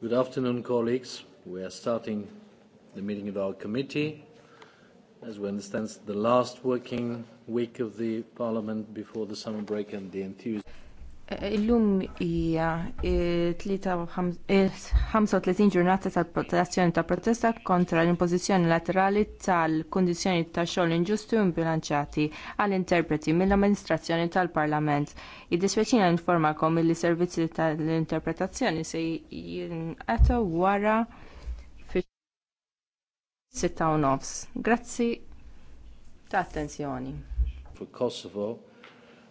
Good afternoon, colleagues. We are starting the meeting of our committee. As we understand, the last working week of the Parliament before the summer break and the enthusiasm. Illum hija 35 ġurnata tal-protezzjoni ta' protesta kontra l-impożizzjoni laterali tal-kundizzjoni ta' xogħol inġustu imbilanċati għall interpreti mill-amministrazzjoni tal-Parlament. Id-dispeċina informakom li servizzi tal-interpretazzjoni se jinqata wara fi 6 nofs. Grazzi ta' attenzjoni.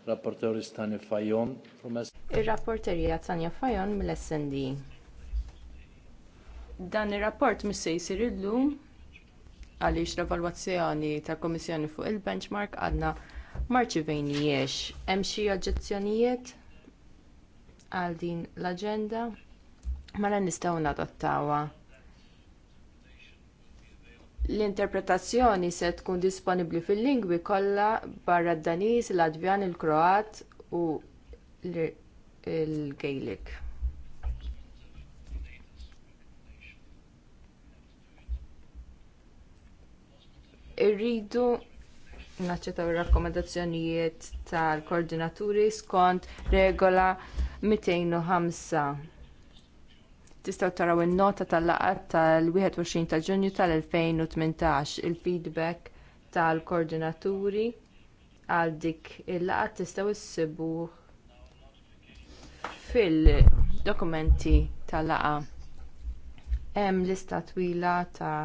Rapporteur is Tanja Fajon from S. Il-rapporterija Tanja Fajon mill-SND. Dan ir-rapport mis-se jsir illum għaliex l-evalwazzjoni tal-Komissjoni fuq il-benchmark għadna marċivejniex. Hemm xi oġġezzjonijiet għal din l-aġenda mela nistgħu nadattawha L-interpretazzjoni se tkun disponibbli fil-lingwi kollha barra d-Daniż, l-Latvjan, il-Kroat u l-Gaelic. Irridu naċċettaw ir-rakkomandazzjonijiet tal-koordinaturi skont regola 205 Tistgħu taraw in-nota tal-laqgħa tal-21 ta' Ġunju tal-2018 il-feedback tal-koordinaturi għal dik il-laqgħa tistgħu issibu fil-dokumenti tal-laqgħa. Hemm lista twila ta'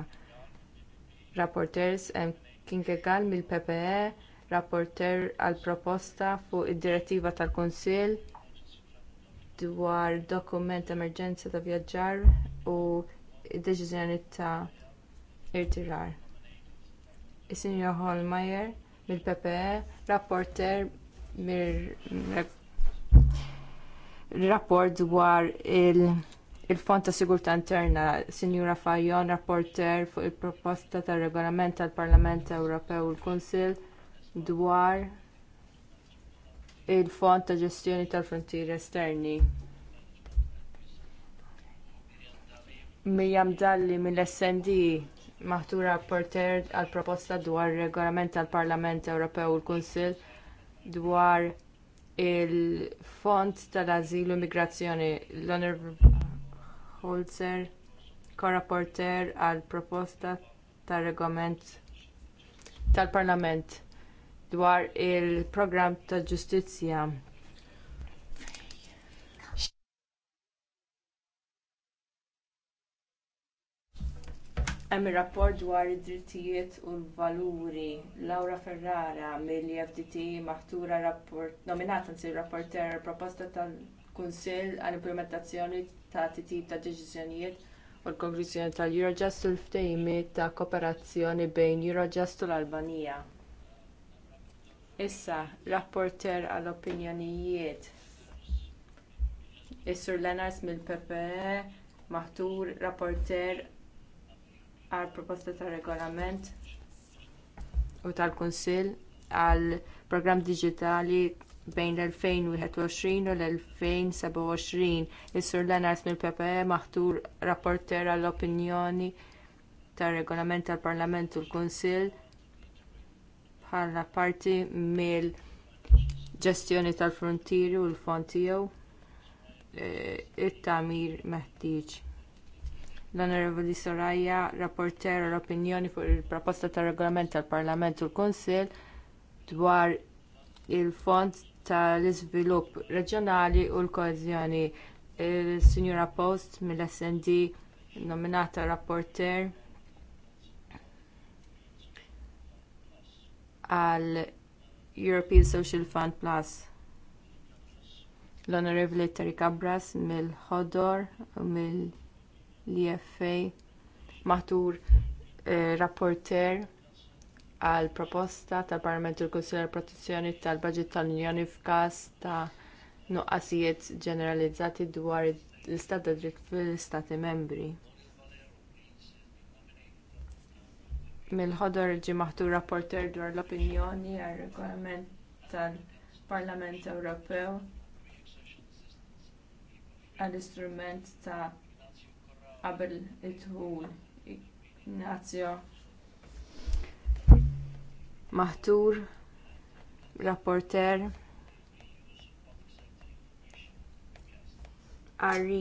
rapporters hemm Kingegal mill-PPE, rapporter għall proposta fuq id-direttiva tal-Kunsill dwar dokument emerġenza ta' vjaġġar u deċiżjoni ta' irtirar. Is-Sinjor Holmeyer mill-PPE, rapporter mir-rapport dwar il- il-Fond ta' Sigurtà Interna, Sinjura Fajon, rapporter fuq il-proposta tar regolament tal-Parlament Ewropew u l-Kunsill dwar il-Fond ta' Ġestjoni tal-Frontieri Esterni. Mijam dalli mill-SND maħtura rapporter għall proposta dwar regolament tal-Parlament Ewropew u l-Kunsill dwar il-Fond tal-Azilu Migrazzjoni l-Honor Holzer korrapporter għall proposta tar regolament tal-Parlament dwar il-programm ta' ġustizzja. Hemm ir-rapport dwar id-drittijiet u l-valuri. Laura Ferrara mill-FDT maħtura rapport nominata nsir rapporter proposta tal-Kunsill għall-implementazzjoni ta' titjib ta' deċiżjonijiet u l-konklużjoni tal-Eurojust u l-ftehimiet ta' kooperazzjoni bejn Eurojust u l-Albanija. Issa, rapporter għall-opinjonijiet. Is-Sur Lenars mill-PPE, maħtur, rapporter għall proposta ta' regolament u tal-Kunsill għall programm diġitali bejn l-2021 u l-2027. Is-Sur Lenars mill-PPE maħtur rapporter għall-opinjoni tar regolament tal-Parlament u l-Kunsill bħala parti mill ġestjoni tal-frontieri u l-fond tiegħu e, it-tamir meħtieġ. L-Onorevoli Soraya, rapporter l-opinjoni fuq il-proposta tar regolament tal-Parlament u l-Kunsill dwar il-Fond tal-Iżvilupp Reġjonali u l-Koeżjoni. Il-Sinjura e, Post mill-SND nominata rapporter għal European Social Fund Plus. L-Onorevoli Terry Cabras mill-ħodor mill-IFA matur eh, rapporter għal proposta tal-Parlament il kunsill għal protezzjoni tal-Baġit tal-Unjoni f'każ ta' nuqqasijiet ġeneralizzati dwar l-istat dritt fl istati membri. mill-ħodor ġie maħtur rapporter dwar l-opinjoni għar regolament tal-Parlament Ewropew għall-istrument ta' qabel it-tħul Ignazio Maħtur rapporter għal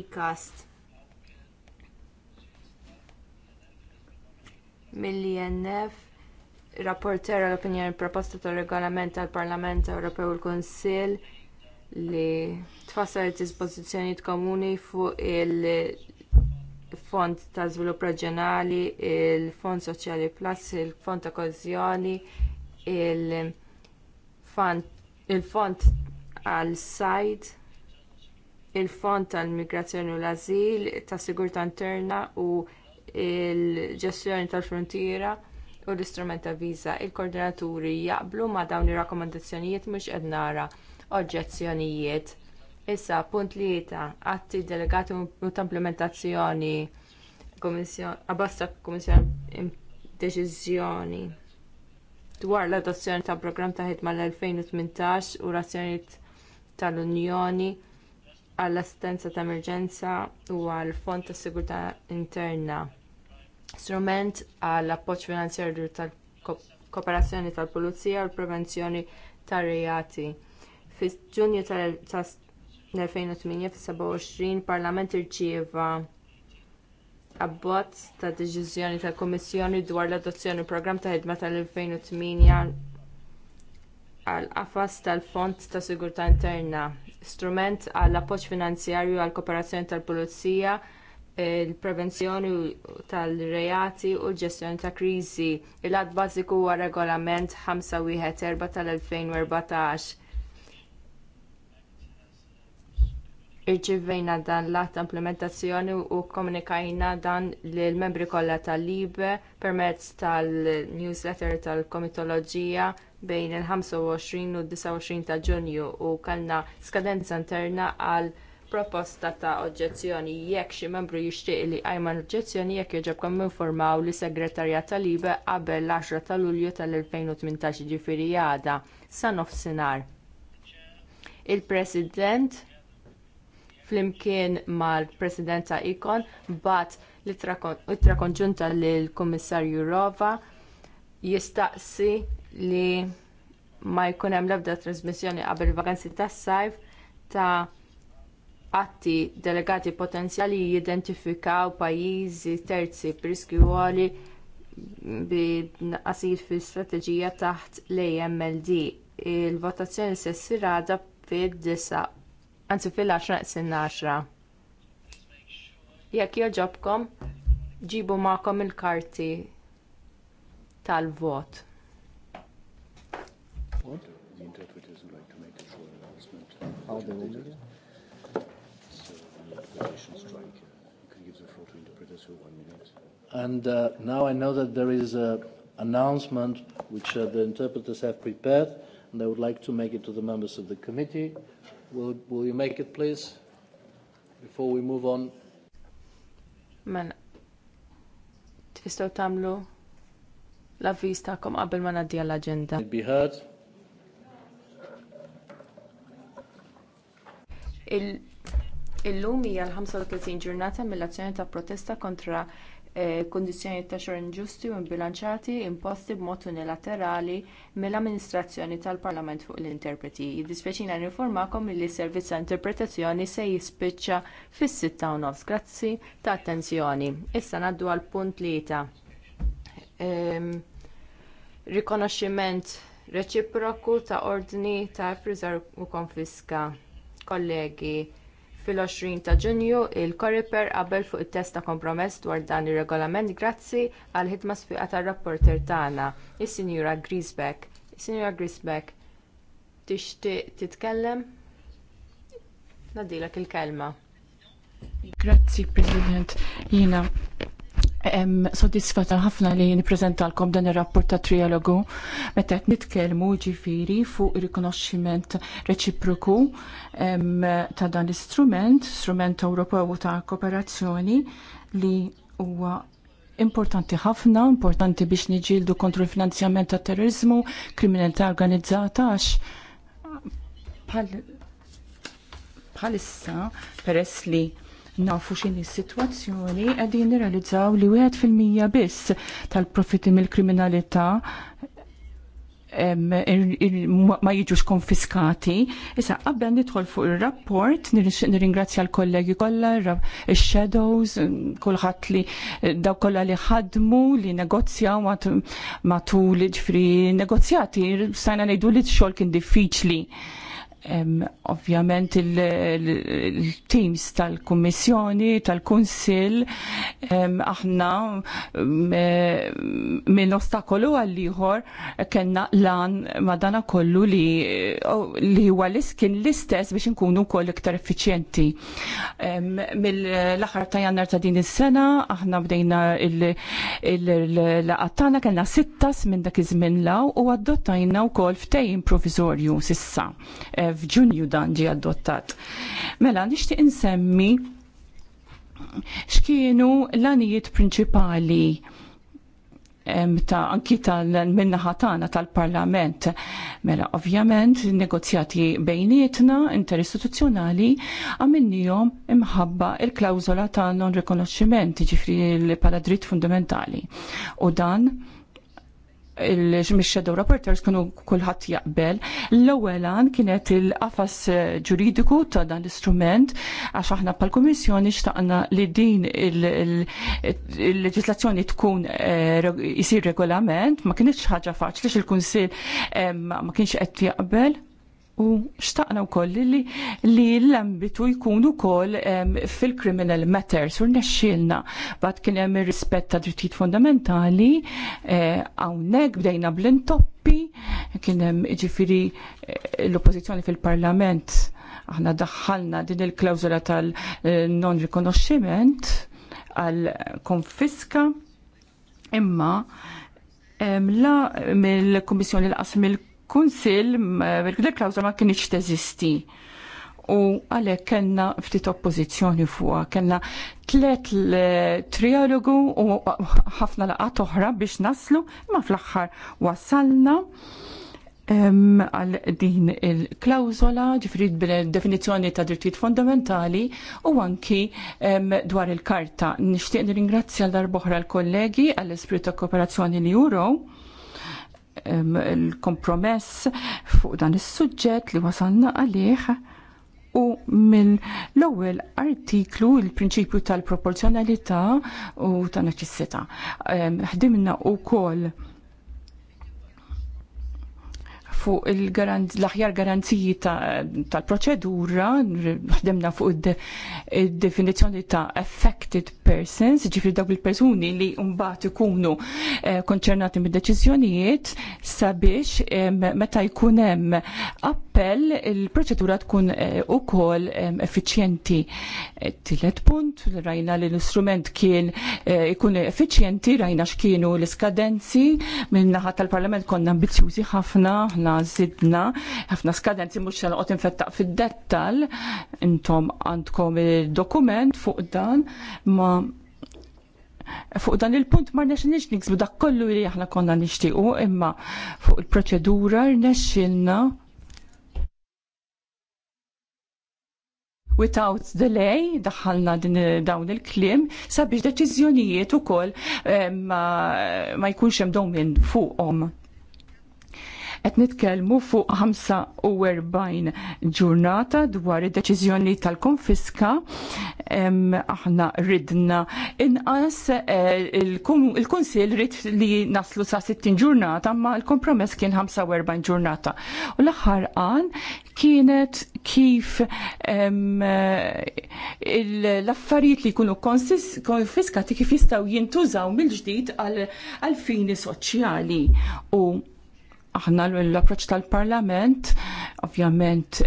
mill-INF rapporter għal-opinjoni proposta tar regolament tal-Parlament Ewropew u l-Kunsill li tfassal dispożizzjonijiet komuni fuq il-Fond ta' Żvilupp Reġjonali, il-Fond Soċjali Plus, il-Fond ta' Kozjoni, il-Fond għal-Sajd, il-Fond tal-Migrazzjoni u l-Azil, tas Sigurtà Interna u il-ġestjoni tal-frontiera u l-istrument ta' viża. Il-koordinaturi jaqblu ma' dawn ir-rakkomandazzjonijiet mhux qed nara oġġezzjonijiet. Issa punt li jita għatti delegati u ta' implementazzjoni għabasta komissjon deċiżjoni dwar l-adozzjoni ta' programm ta' ħidma l-2018 u razzjonijiet tal-Unjoni għall-assistenza ta' emerġenza u għall fond tas sigurtà interna. Strument għall appoġġ finanzjarju tal-kooperazzjoni tal-pulizija u l-prevenzjoni tar reati. Fis ġunju tal-2008 fis-27 Parlament irċieva abbozz ta' deċiżjoni tal-Kummissjoni dwar l-adozzjoni programm ta' ħidma tal-2008 għal qafas tal-Fond ta' Sigurtà Interna, strument għall appoġġ finanzjarju għall kooperazzjoni tal-Pulizija, il-prevenzjoni tal-reati u l-ġestjoni ta' kriżi. Il-għad bażiku huwa regolament 514 tal-2014. Irċivejna dan l-att ta' implementazzjoni u komunikajna dan lill membri kollha tal-Libe permezz tal-newsletter tal-komitoloġija bejn il-25 u 29 ta' ġunju u kellna skadenza interna għal proposta ta' oġġezzjoni jekk xi membru jixtieq li l oġġezzjoni jekk jogħġobkom infurmaw li segretarja tal-Libe qabel l-10 ta' Lulju tal-2018 ġifieri għada sa nofsinhar. Il-President flimkien mal-President ta' Ikon bat l-ittra konġunta lill kummissarju Rova jistaqsi li ma jkun hemm l-ebda trasmissjoni qabel il-vakanzi tas-sajf ta' atti delegati potenzjali jidentifikaw pajjiżi terzi b'riskju għoli b'naqasid fil-strateġija taħt l-AMLD. Il-votazzjoni se ssir għadha fid-9 anzi fil-10 10. Jekk jogħġobkom, ġibu magħkom il-karti tal-vot. How do they do So the population strike, uh, you give the floor to interpreters for one minute. And uh, now I know that there is an announcement which uh, the interpreters have prepared, and I would like to make it to the members of the committee. Will, will you make it, please, before we move on? Man, mela, tistgħu tagħmlu l-avviż tagħkom qabel ma ngħaddi l It Be heard. Illum hija l-35 ġurnata mill-azzjoni ta' protesta kontra eh, kundizzjonijiet ta' xogħol inġusti u mbilanċati imposti b'mod unilaterali mill-amministrazzjoni tal-Parlament fuq l-interpreti. Jiddispjaċina ninformakom li s-servizz ta' interpretazzjoni se jispiċċa fis-6 ta' nofs. Grazzi ta' attenzjoni. Issa ngħaddu għal punt lieta. Ehm, rikonoxximent reċiproku ta' ordni ta' friżar u konfiska kollegi fil-20 ta' Ġunju il-Koriper qabel fuq it-test ta' kompromess dwar dan ir-regolament grazzi għal ħidma sfiqa tar-rapporter tagħna, is-Sinjura Griesbeck. Is-Sinjura Griesbeck, tixtieq titkellem? Nadilek il-kelma. Grazzi, President. Jina Sodisfata' ħafna li niprezentalkom dan ir-rapport ta' trialogu meta qed nitkellmu ġifieri fuq ir-rikonoxximent reċiproku ta' dan l-istrument, strument Ewropew ta' kooperazzjoni li huwa importanti ħafna, importanti biex niġildu kontru l-finanzjament ta' terrorizmu, kriminalità organizzata għax bħalissa peress li nafu xini s-situazzjoni għadin nirrealizzaw li 1% biss tal-profitti mill-kriminalità ma jiġux konfiskati. Issa, qabel nidħol fuq ir rapport nirringrazzja l-kollegi kollha, il-shadows, kulħadd li daw kollha li ħadmu, li negozjaw matul ġifri negozjati, sajna ngħidu li x-xogħol kien diffiċli. Ovvjament il-teams tal-Kummissjoni, tal-Kunsil, aħna eh, minn ostakolu għall ieħor kena lan madana kollu li oh, li huwa l-iskin l-istess biex nkunu koll iktar effiċjenti. Mill-aħħar ta' jannar ta' din is-sena aħna bdejna il-laqattana kellna sittas minn dak iż-żmien law u adottajna wkoll ftejn provizorju sissa f'Ġunju dan ġie adottat. Mela, nixtieq insemmi x'kienu l-anijiet prinċipali ta' anki tal-minnaħa tagħna tal-Parlament. Mela ovvjament negozjati bejnietna interistituzzjonali għamilnihom imħabba il klawzola ta' non-rikonoxximent, ġifri pala dritt fundamentali. U dan il-shadow rapporters kienu kulħadd jaqbel. L-ewwel għan kienet il-qafas ġuridiku ta' dan l-istrument għax aħna pal-Kummissjoni xtaqna li din il-leġislazzjoni tkun jisir eh, regolament, ma kienx ħaġa faċli il-Kunsill eh, ma kienx qed jaqbel U xtaqna u koll li, li l-ambitu jkunu koll fil-criminal matters u nesċilna. Bat kien hemm ir-rispett ta' drittijiet fundamentali, eh, hawnhekk bdejna bl-intoppi, kien hemm ġifiri eh, l-oppożizzjoni fil-Parlament aħna daħħalna din il klawzula tal-non eh, rikonoxximent għal konfiska imma la mill-Kommissjoni l-qas mill l-qasmi l qas mill kunsil dik eh, klawza ma kienx teżisti. U għalhekk kellna ftit oppożizzjoni fuqha, kellna tliet eh, trialogu u ħafna laqat oħra biex naslu, ma fl-aħħar wasalna għal din il-klawzola, ġifri bil-definizjoni ta' drittijiet fondamentali u anki dwar il-karta. Nishtiq nir-ingrazzja l-darboħra l-kollegi għall-esprit ta' kooperazzjoni li juro l-kompromess fuq dan is-suġġett li wasalna għalih u mill-ewwel artiklu il-prinċipju tal-proporzjonalità u ta' neċessità. Ħdimna wkoll fuq l-aħjar garanziji tal-proċedura, ħdemna fuq id-definizjoni ta' affected persons, ġifri dawk il-persuni li mbagħad ikunu eh, konċernati mid-deċiżjonijiet sabiex eh, meta jkun hemm appell il-proċedura tkun eh, ukoll effiċjenti. Eh, Tillet punt, rajna li l-istrument kien eh, ikun effiċjenti, rajna x'kienu l-iskadenzi, minn naħa tal-Parlament konna ambizjużi ħafna, ħna zidna, ħafna skadenzi mhux xalqot infettaq fid-dettal, intom għandkom il-dokument fuq dan, ma fuq dan il-punt ma rnex nix nix dak kollu li aħna konna nixtiequ imma fuq il-proċedura rnexxilna without delay daħħalna dawn il-klim sabiex deċiżjonijiet ukoll eh, ma, ma jkunx hemm minn fuqhom. Qed nitkellmu fuq 45 ġurnata dwar id-deċiżjoni tal-konfiska aħna ridna inqas eh, il-Kunsill rid li naslu sa 60 ġurnata ma l-kompromess kien 45 ġurnata. U l-aħħar qan kienet kif l-affarijiet li jkunu konfiskati kif jistgħu jintużaw mill-ġdid għal fini soċjali u aħna l-approċ tal-parlament, ovvjament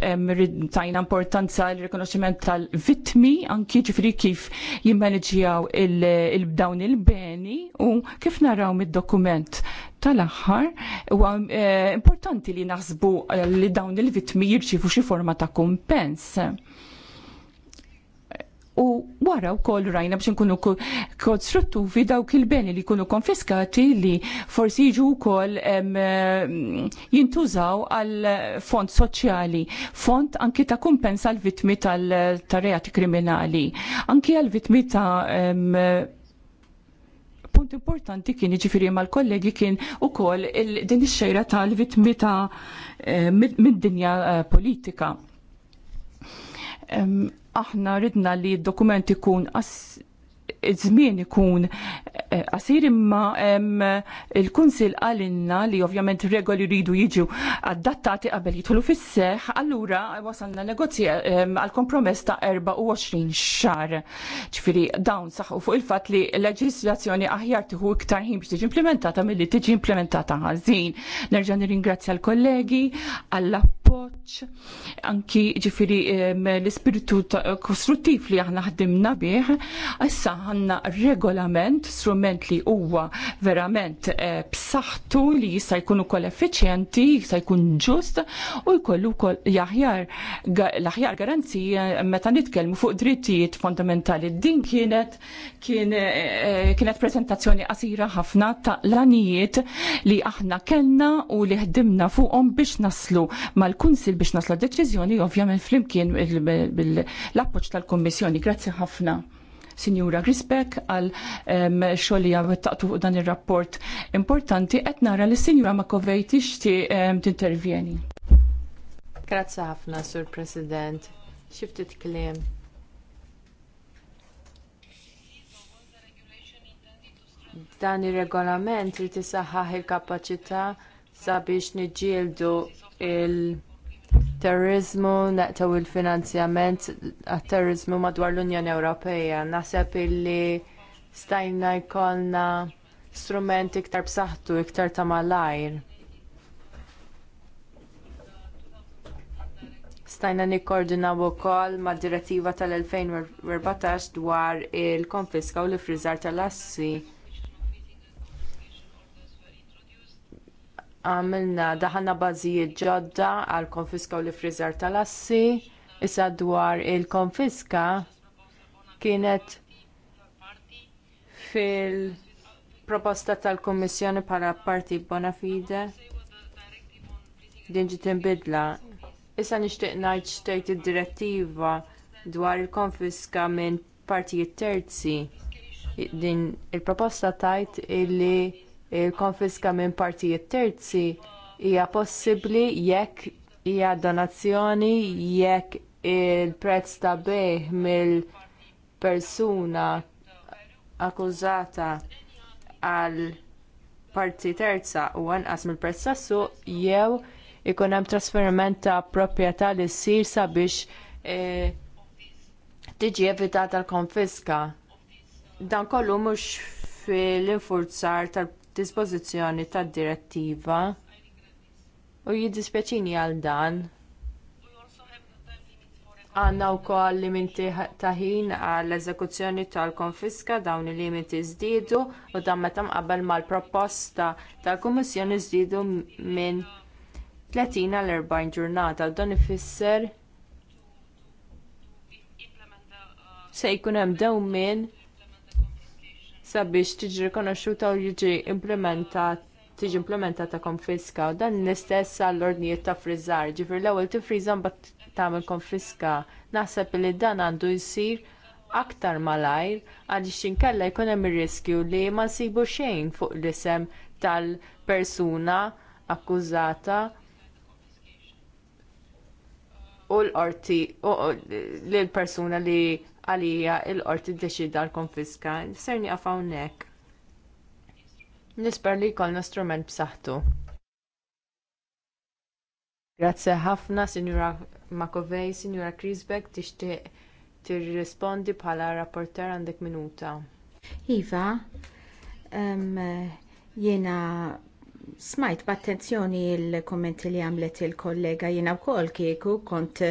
tajna importanza l-rikonoċiment tal-vitmi, anki ġifri kif jimmanġjaw il-dawn il-beni u kif naraw mid-dokument tal-axħar, u eh, importanti li naħsbu eh, li dawn il-vitmi jirċifu xi forma ta' kumpens u wara wkoll rajna biex nkunu konstruttuvi dawk il-beni li jkunu konfiskati li forsi jiġu wkoll eh, jintużaw għal fond soċjali, fond anki ta' kumpensa l vittmi tal-reati kriminali, anki għal vittmi ta' punt importanti kien ġifiri mal-kollegi kien u kol din ix-xejra tal-vitmi ta' eh, mid-dinja eh, politika aħna ridna li d-dokument ikun żmien ikun eh, qasir imma il-Kunsil għalinna li ovvjament regoli jridu jiġu adattati qabel jitħlu fis-seħ, allura wasalna negozji għal kompromess ta' 24 xar. Ġifieri dawn saħu fuq il-fatt li l-leġislazzjoni aħjar tieħu iktar ħin biex tiġi implementata milli tiġi implementata ħażin. Nerġa' nirringrazzja l-kollegi għall-appoġġ anki ġifiri l-ispiritu kostruttiv li aħna ħdimna bih. Issa għanna regolament, strument li huwa verament eh, b'saħħtu li jista' jkun ukoll effiċjenti, jista' jkun ġust u jkollu wkoll jaħjar l-aħjar garanzija meta nitkellmu fuq drittijiet fondamentali. Din kienet kien, eh, kienet prezentazzjoni qasira ħafna ta' lanijiet li aħna kellna u li ħdimna fuqhom biex naslu mal-kunsil biex naslu d-deċiżjoni ovvjament flimkien l-appoġġ tal-Kommissjoni. Grazzi ħafna. Sinjura Grisbeck għal xolija taqtu dan il-rapport importanti qed nara li Sinjura Makovej tixti t-intervjeni. Grazie ħafna, Sur President. Xiftit klim. Dan ir-regolament li t-saħħaħ il-kapaċità sabiex niġġieldu il-, -regolament, il terrorizmu, naqtaw il-finanzjament għat-terrorizmu madwar l-Unjoni Ewropea. Naħseb illi stajna jkollna strument iktar b'saħħtu, iktar ta' malajr. Stajna nikkoordinaw ukoll mad direttiva tal-2014 dwar il-konfiska u l-ifriżar tal-assi għamilna daħna bażijiet ġodda għal konfiska u l-frizar tal-assi, issa dwar il-konfiska kienet fil-proposta tal kummissjoni bħala parti bona fide din ġiet Issa nixtieq ngħid xtejt id-direttiva dwar il-konfiska minn partijiet terzi. Din il-proposta tajt illi il-konfiska minn partijiet terzi hija possibbli jekk hija donazzjoni jekk il-prezz ta' beħ mill-persuna akkużata għal parti terza u anqas mill-prezz tas-suq jew ikun hemm trasferiment ta' proprjetà li ssir sabiex e, tiġi evitata l-konfiska. Dan kollu mhux fil-infurzar tal dispożizzjoni tad-direttiva u jiddispjaċini għal dan. Għandna wkoll limiti ta' ħin għall eżekuzzjoni tal-konfiska dawn il-limiti żdiedu u dan meta mqabbel mal-proposta tal-Kummissjoni żdiedu minn 30 għal 40 ġurnata. Dan ifisser se jkun hemm dewmien sabiex tiġi rikonoxxuta u jiġi implementat tiġi implementata konfiska u dan l-istess għall-ordnijiet ta' frizzar. Ġifir l-ewwel tifriża bat tagħmel konfiska. Naħseb li dan għandu jsir aktar malajr għaliex inkella jkun hemm ir-riskju li ma nsibu xejn fuq l-isem tal-persuna akkużata u l-qorti u l-persuna li għalija il-qorti ddeċida l-konfiska, ser nieqaf hawnhekk. Nisper li jkollna strument b'saħħtu. Grazzi ħafna, Sinjura Makovej, Sinjura Krisbeck, tixtieq tirrispondi bħala rapporter għandek minuta. Iva, jena smajt b'attenzjoni l kommenti li għamlet il-kollega jiena wkoll kieku kont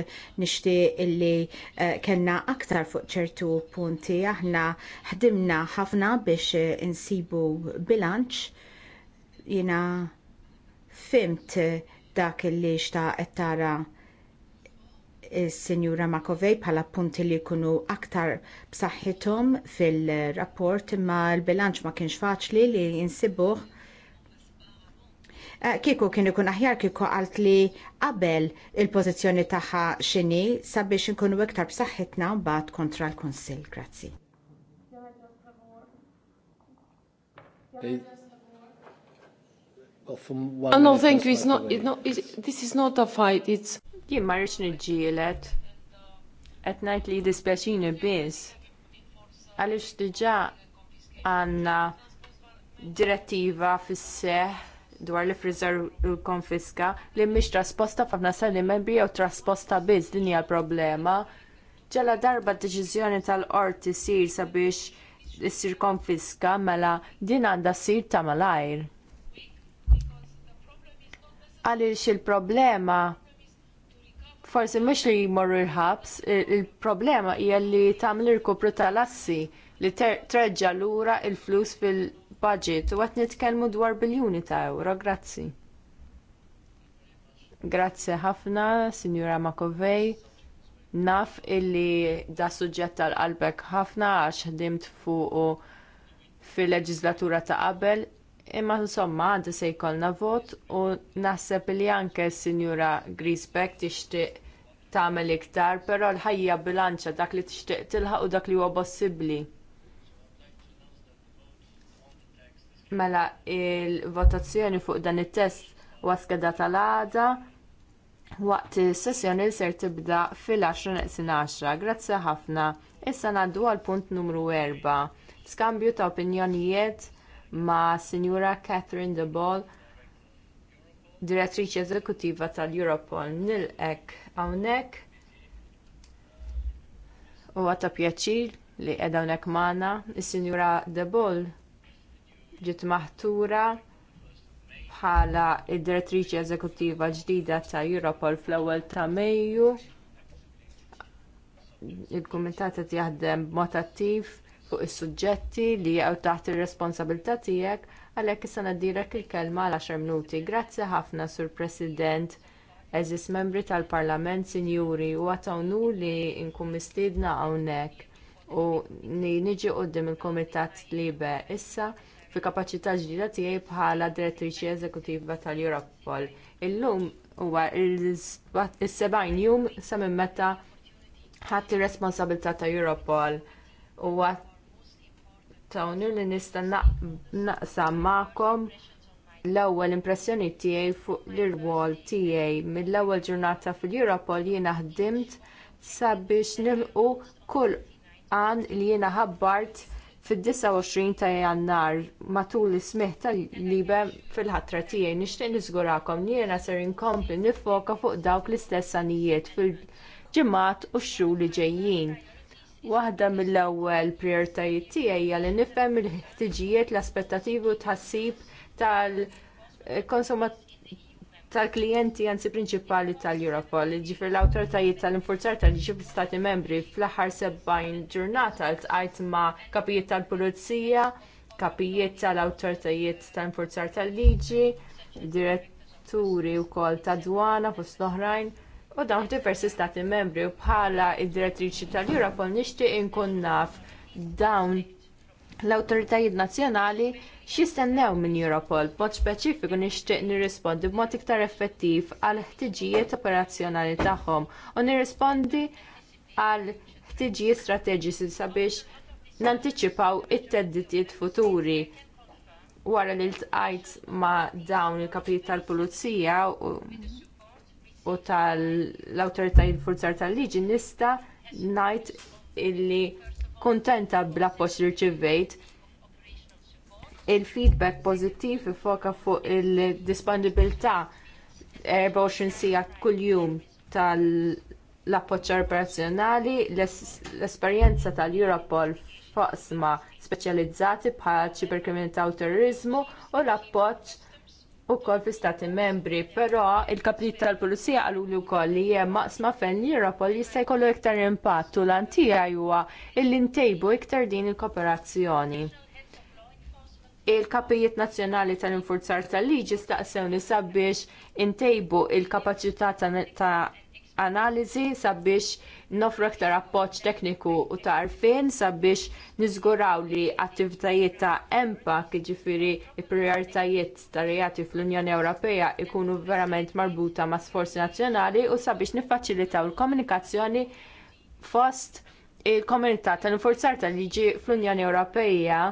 nixtieq illi eh, kellna aktar fuq ċertu punti aħna ħdimna ħafna biex insibu bilanċ jiena fimt dak li xtaqet tara il-Sinjura Makovej bħala punti li jkunu aktar b'saħħithom fil-rapport imma l-bilanċ ma kienx faċli li jinsibuh Eh, kiku kien ikun aħjar kiku għalt li qabel il pozizjoni taħħa xini sabiex nkunu iktar b'saħħitna mbagħad kontra l konsil Grazzi. Oh, no, thank you. It's not, it's not, it's, this is not a fight. It's. Jien ma rridx niġġielet. Qed ngħid li dispjaċini biss. Għaliex diġà għandna direttiva fis-seħ dwar li frizzar u konfiska li mhix trasposta f'ħafna sali membri jew trasposta biss din hija problema. Ġala darba d deċiżjoni tal-qorti sir sabiex issir konfiska mela din għandha ssir ta' malajr. Għaliex il-problema forsi mhux li jmorru l-ħabs, il-problema hija li tagħmel rkupru tal-assi li terġa' lura l flus fil- budget u qed nitkellmu dwar biljuni ta' euro. Grazzi. Grazzi ħafna, Sinjura Makovej. Naf illi da suġġett tal-qalbek ħafna għax ħdimt fuq fil-leġislatura ta' qabel, imma insomma għandi se jkollna vot u naħseb li anke s-Sinjura Grisbeck tixtieq tagħmel iktar, però l-ħajja bilanċa dak li tixtieq tilħaq u dak li huwa possibbli. Mela il-votazzjoni fuq dan it-test waskeda tal-għada waqt is-sessjoni li ser tibda fil-10 Grazzi ħafna. Issa ngħaddu għal punt numru 4. Skambju ta' opinjonijiet ma' Signora Catherine de Ball direttriċi eżekutiva tal-Europol nilqek hawnhekk u ta' pjaċir li qiegħda hawnhekk magħna is-Sinjura De Boll ġiet maħtura bħala id-direttriċi eżekuttiva ġdida ta' Europol fl-ewwel ta' Mejju. Il-kumitat qed jaħdem b'mod attiv fuq is-suġġetti li jew taħt ir-responsabilità tiegħek għalhekk issa naddirek il-kelma għal 10 minuti. Grazzi ħafna sur President eżis membri tal-Parlament Sinjuri u għatawnu li nkun mistiedna hawnhekk u niġi quddiem il kumitat Libe issa fi kapaċità ġdida tiegħi bħala direttriċi eżekutiva tal-Europol. Illum huwa il-70 jum sa minn meta ħadd ir-responsabilità ta' Europol u ta' li nista' naqsam magħkom l-ewwel impressjoni tiegħi fuq l-irwol tiegħi mill-ewwel ġurnata fil-Europol jiena ħdimt sabiex nilqu kull għan li jiena ħabbart fid-29 ta' jannar matul is smeħ tal-libe fil-ħatra tiegħi nixtieq niżgurakom li jiena ser inkompli nifoka fuq dawk l-istess anijiet fil-ġimgħat u x-xhur li ġejjin. Waħda mill-ewwel prijoritajiet tiegħi hija li nifhem il-ħtiġijiet l-aspettattivi u tħassib tal-konsumat tal-klijenti anzi prinċipali tal-Europol, ġifir l-autoritajiet tal-infurzar tal-ġifir fl-Stati membri fl-aħħar 70 ġurnata l-tqajt ma' kapijiet tal-Pulizija, kapijiet tal-autoritajiet tal-infurzar tal-liġi, diretturi u kol ta' dwana fost l-oħrajn, u dawn diversi stati membri u bħala id-direttriċi tal-Europol nixtieq inkun naf dawn l-autoritajiet nazzjonali xistennew minn Europol b'mod speċifiku nixtieq nirrispondi b'mod iktar effettiv għal ħtiġijiet operazzjonali tagħhom u nirrispondi għal ħtiġijiet strateġiċi sabiex nantiċipaw it-tedditiet futuri wara li ltqajt ma' dawn il-kapijiet tal-pulizija u tal-awtoritajiet forzar tal-liġi nista' ngħid illi kuntenta bl-appoġġ li rċivejt. Il-feedback pożittiv ifoka fuq il-disponibilità 24 sija kuljum tal-appoġġ operazzjonali, l-esperjenza tal-Europol faqsma speċjalizzati bħal ċiberkriminalità u terrorizmu u l-appoġġ u koll fi stati membri, però il-kapit tal-Polizija għallu li u koll li jem maqsma fejn l-Europol jista' jkollu iktar impatt u l-antija juwa il-intejbu iktar din il-kooperazzjoni. Il-kapijiet nazzjonali tal-infurzar tal-liġi staqsewni sabiex intejbu il-kapacità ta' analizi sabiex nofru aktar appoġġ tekniku u ta' sabiex niżguraw li attivitajiet ta' EMPA jiġifieri l prioritajiet ta' reati fl-Unjoni Ewropea jkunu verament marbuta ma' sforzi nazzjonali u sabiex niffaċilitaw il-komunikazzjoni fost il-komunità tal-infurzar tal-liġi fl-Unjoni Ewropea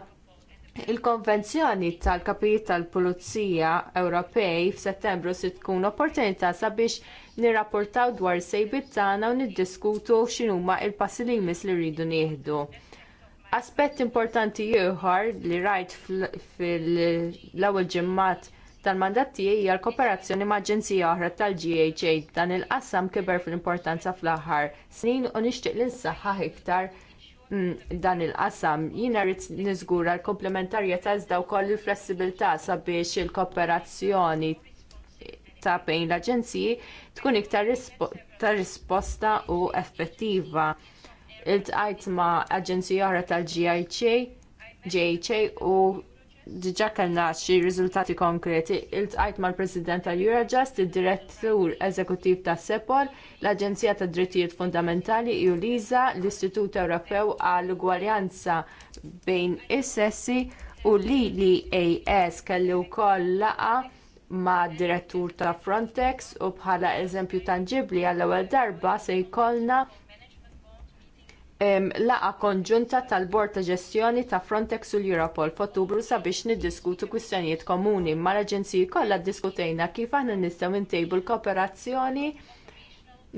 Il-konvenzjoni tal-kapijiet tal-Pulizija Ewropej f'Settembru se tkun opportunità sabiex nirrapportaw dwar sejbit tagħna u niddiskutu x'inhuma l passi li jmiss li rridu nieħdu. Aspett importanti ieħor li rajt fil-ewwel ġimgħat tal-mandat tiegħi hija l-kooperazzjoni ma' aġenzija oħra tal-GHA dan il-qassam kiber fl-importanza fl-aħħar snin u nixtieq li nsaħħaħ iktar Mm, dan il-qasam. Jiena rrid niżgura l-komplementarjetà iżda wkoll il-flessibilità sabiex il-kooperazzjoni ta' bejn l-aġenziji tkun iktar ta' risposta u effettiva. Iltqajt ma' aġenzija oħra tal-GICA u diġa kellna xi riżultati konkreti. Il-tqajt mal-President tal-Eurojust, id-Direttur Eżekuttiv ta' Sepol, l-Aġenzija ta' Drittijiet Fundamentali Juliza, l-Istitut Ewropew għall-Ugwaljanza bejn is-sessi u lili AS kelli wkoll laqgħa ma' direttur ta' Frontex u bħala eżempju tangibbli għall-ewwel darba se jkollna laqgħa konġunta tal-Bord ta' Ġestjoni ta' Frontex u l-Europol f'Ottubru sabiex niddiskutu kwistjonijiet komuni mal-Aġenziji kollha ddiskutejna kif aħna nistgħu ntejbu l-kooperazzjoni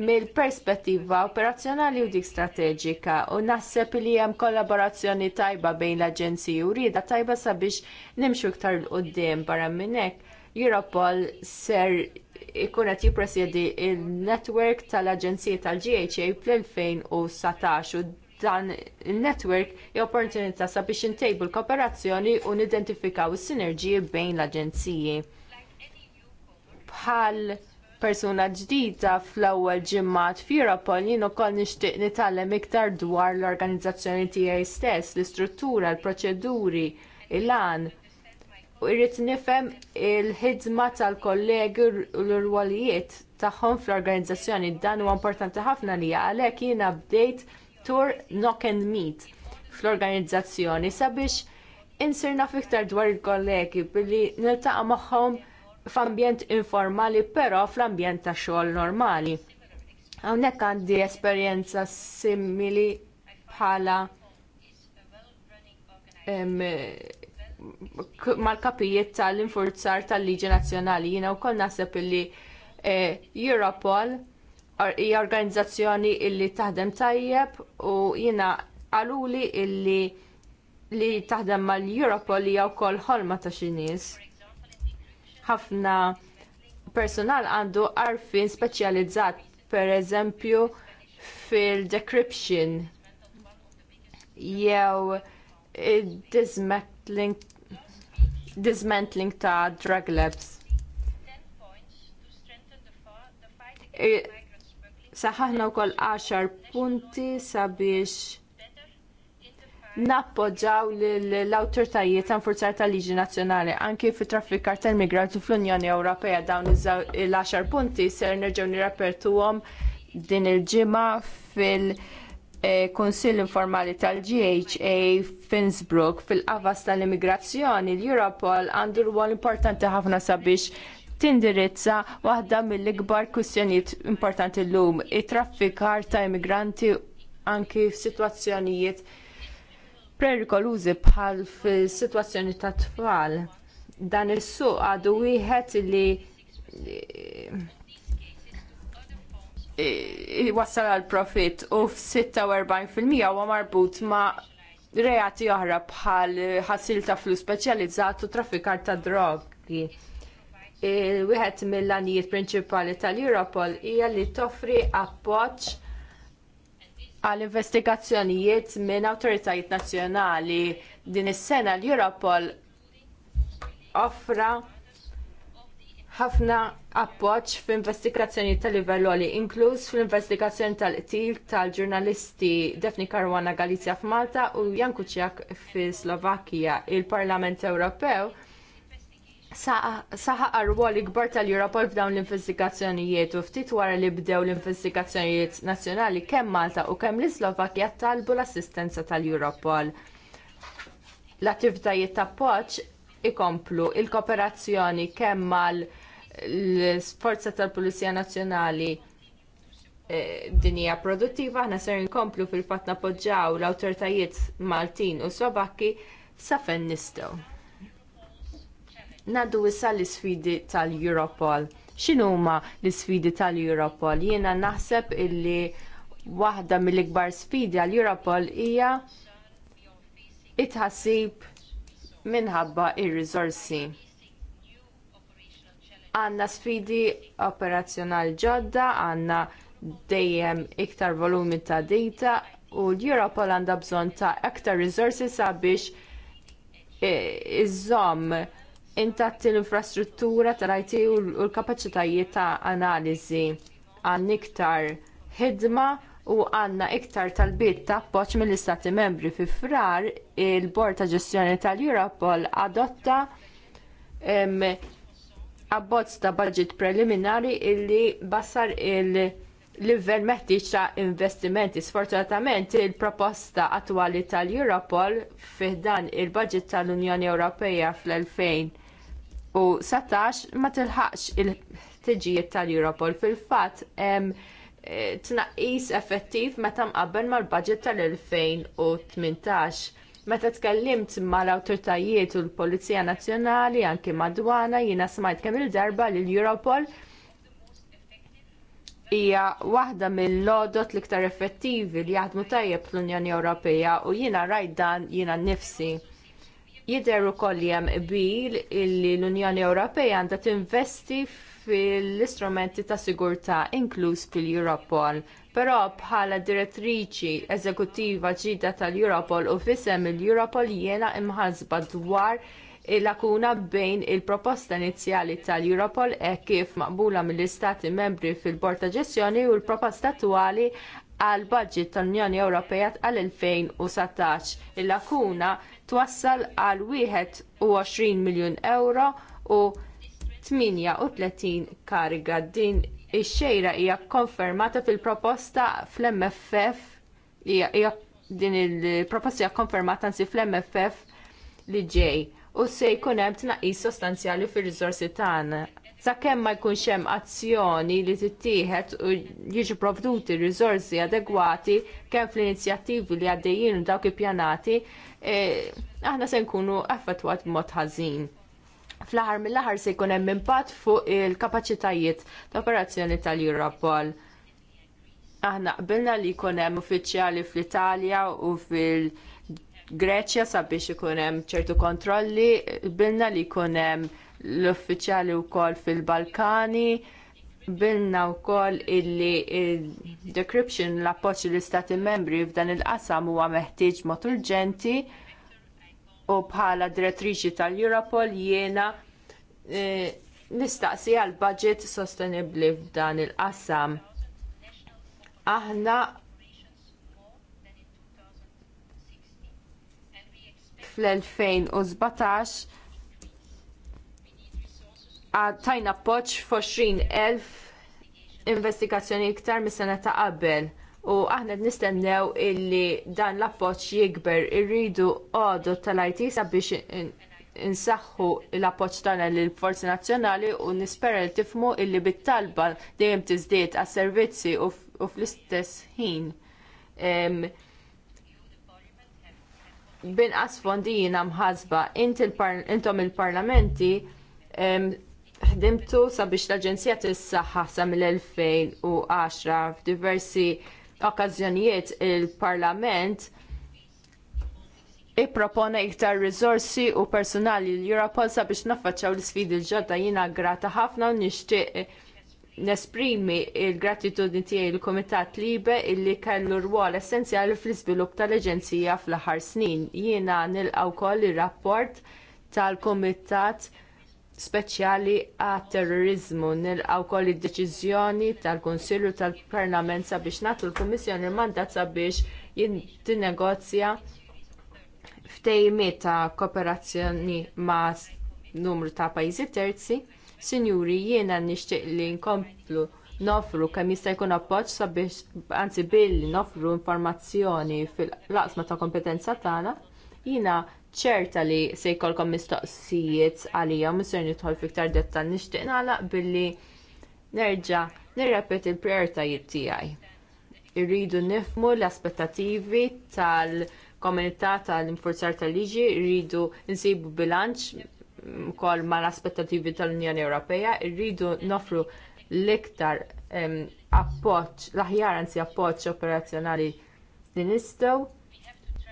mill-perspettiva operazzjonali u dik strateġika u naħseb li hemm kollaborazzjoni tajba bejn l-Aġenziji u rieda tajba sabiex nimxu iktar l-qudiem barra minn hekk. Europol ser ikun qed jippresjedi il-network tal-Aġenziji tal-GHA fl-2017 u dan il-network hija opportunità sabiex intejbu l-kooperazzjoni u nidentifikaw is-sinerġiji bejn l-aġenziji. Bħal persuna ġdida fl-ewwel ġimgħat f'Europol jien ukoll nixtieq nitgħallem iktar dwar l-organizzazzjoni tiegħi stess, l-istruttura, l-proċeduri, il-għan, irrid nifhem il-ħidma tal-kollegi u l-rwalijiet tagħhom fl-organizzazzjoni dan huwa importanti ħafna li għalhekk jiena bdejt tur knock and meet fl-organizzazzjoni sabiex insirna fiktar dwar il-kollegi billi niltaqa' magħhom f'ambjent informali però fl-ambjent ta' xogħol normali. Hawnhekk għandi esperjenza simili bħala mal-kapijiet tal-infurzar tal-Liġi Nazzjonali. Jiena wkoll naħseb illi eh, Europol hija organizzazzjoni illi taħdem tajjeb u jiena għaluli illi li taħdem mal-Europol hija wkoll ħolma ta' xi nies. Ħafna personal għandu għarfien speċjalizzat, pereżempju fil-decryption jew id-dismek dismantling dismantling ta' drug labs. Saħħna u koll 10 punti sabiex nappoġġaw l-autoritajiet nfurzar tal-liġi nazzjonali anki fi traffikar tal-migranti fl-Unjoni Ewropea dawn l 10 punti ser nerġgħu nirrapertuhom din il-ġimgħa fil- E, Kunsill informali tal-GHA Finsbrook fil-qavas tal-immigrazzjoni l-Europol għandu rwol importanti ħafna sabiex tindirizza waħda mill-ikbar kwistjonijiet importanti llum it-traffikar ta' immigranti anki f'sitwazzjonijiet perikolużi bħal fis-sitwazzjoni ta' tfal. Dan is-suq għadu wieħed li Eh, wassal għal profit u f-46% huwa marbut ma' reati oħra bħal ħasil ta' flus speċjalizzat u traffikar ta' drogi. E, wieħed mill-għanijiet prinċipali tal-Europol hija li toffri appoġġ għal investigazzjonijiet minn awtoritajiet nazzjonali. Din is-sena l-Europol offra ħafna appoġġ fl-investigazzjoni tal livell għoli, inkluż fl-investigazzjoni tal-qtil tal-ġurnalisti Defni Karwana Galizja f'Malta u Jan Kuċjak fil-Slovakkija. Il-Parlament Ewropew saħaq rwol ikbar tal-Europol f'dawn l-investigazzjonijiet u ftit wara li bdew l-investigazzjonijiet nazzjonali kemm Malta u kemm l-Slovakkja talbu l-assistenza tal-Europol. L-attivitajiet ta' appoġġ ikomplu il-kooperazzjoni kemm mal- l-sforza tal-Pulizija Nazzjonali eh, dinija produttiva, aħna ser inkomplu fil-fat napoġġaw l awtoritajiet Maltin u Slovakki sa fen nistgħu. Naddu issa l isfidi tal-Europol. X'inhuma l isfidi tal-Europol? Jiena naħseb illi waħda mill-ikbar sfidi għall europol hija it-ħassib minħabba ir-riżorsi Għanna sfidi operazzjonali ġodda, għanna dejjem iktar volumi ta' data u l-Europol għandha bżonn ta' aktar resources sabiex eh, iżomm intatti l-infrastruttura tal-IT u l-kapaċitajiet ta' analiżi għan iktar ħidma u għandna iktar talbiet ta' appoġġ mill-Istati membri fi frar il-Bord ta' Ġestjoni tal-Europol adotta abbozz ta' budget preliminari illi bassar il-livell meħtieġ ta' investimenti. Sfortunatament il-proposta attwali tal-Europol fih dan il-budget tal-Unjoni Ewropea fl-2017 ma tilħaqx il-ħtiġijiet tal-Europol fil-fatt hemm eh, tnaqqis effettiv meta mqabbel mal-budget tal-2018 Meta tkellimt mal-awtoritajiet u l-Polizija Nazzjonali anke madwana jiena smajt kemm il-darba l Europol hija waħda mill-lodot l-iktar effettivi li jaħdmu tajjeb l-Unjoni Ewropea u jiena rajt dan jiena nnifsi. Jidher ukoll hemm qbil illi l-Unjoni Ewropea għandha tinvesti fil-istrumenti ta' sigurtà inkluż fil-Europol. Però bħala direttriċi eżekuttiva ġdida tal-Europol u fisem il-Europol jiena imħasba dwar il-lakuna bejn il-proposta inizjali tal-Europol e kif maqbula mill-Istati membri fil-Bord ta' Ġestjoni u l-proposta attwali għal budget tal-Unjoni Ewropea għal-2017. Il-lakuna twassal għal 21 miljun euro u 38 kariga din ix-xejra hija konfermata fil-proposta fl-MFF din il-proposta hija konfermata fl-MFF li ġej u se jkun hemm tnaqqis sostanzjali fir-riżorsi tagħna. Sakemm ma jkunx hemm azzjoni li tittieħed u jiġu provduti riżorsi adegwati kemm fl-inizjattivi li għaddejjin u dawk ippjanati, eh, aħna se nkunu affettwat b'mod ħażin fl-aħħar mill-aħħar se jkun hemm impatt fuq il-kapaċitajiet ta' operazzjoni tal-Europol. Aħna qbilna li jkun hemm uffiċjali fl-Italja u fil- Greċja sabiex ikun hemm ċertu kontrolli, bilna li jkun hemm l-uffiċjali wkoll fil-Balkani, bilna wkoll illi il-decryption l-appoċ l-istati membri f'dan il-qasam huwa meħtieġ mod urġenti u bħala direttriċi tal-Europol jiena eh, nistaqsi għal budget sostenibbli f'dan il-qasam. Aħna fl-2017 tajna poċ f'20.000 investigazzjoni iktar mis-sena ta' qabel u aħna nistennew illi dan l-appoċ jikber irridu għadu tal-IT sabiex insaħħu l-appoċ tagħna lill forzi Nazzjonali u nispera li tifmu illi bit-talba dejjem tiżdied għas-servizzi u fl-istess ħin. Binqas fondijina mħazba, intom il-parlamenti ħdimtu sabiex l-Aġenzija tissaħħa saħħa sa mill-2010 f'diversi okkażjonijiet il-Parlament ippropona iktar rizorsi u personali l-Europol sabiex naffaċċaw l-sfidi l-ġodda jiena grata ħafna u nixtieq nesprimi l gratitudni tiegħi il kumitat Libe illi kellu rwol essenzjali fl-iżvilupp tal-Aġenzija fl-aħħar snin. Jiena nilqgħu wkoll ir-rapport tal-Kumitat speċjali għat terrorizmu nilqaw wkoll id-deċiżjoni tal-Kunsillu tal-Parlament sabiex nagħtu l-Kummissjoni mandat sabiex tinnegozja ftejmiet ta' kooperazzjoni ma' numru ta' pajjiżi terzi. Sinjuri, jiena nixtieq li nkomplu nofru kemm jista' jkun appoġġ sabiex anzi billi nofru informazzjoni fil-laqsma ta' kompetenza tagħna. Jiena ċerta li se jkollkom mistoqsijiet għalija u ser nidħol fiktar dettal nixtieq nagħlaq billi nerġa' nirrepet il-prioritajiet tiegħi. Irridu nifmu l-aspettativi tal-komunità tal-infurzar tal-liġi, irridu nsibu bilanċ kol ma l-aspettativi tal-Unjoni Ewropea, irridu nofru l-iktar appoċ, l-aħjar anzi appoċ operazzjonali li nistgħu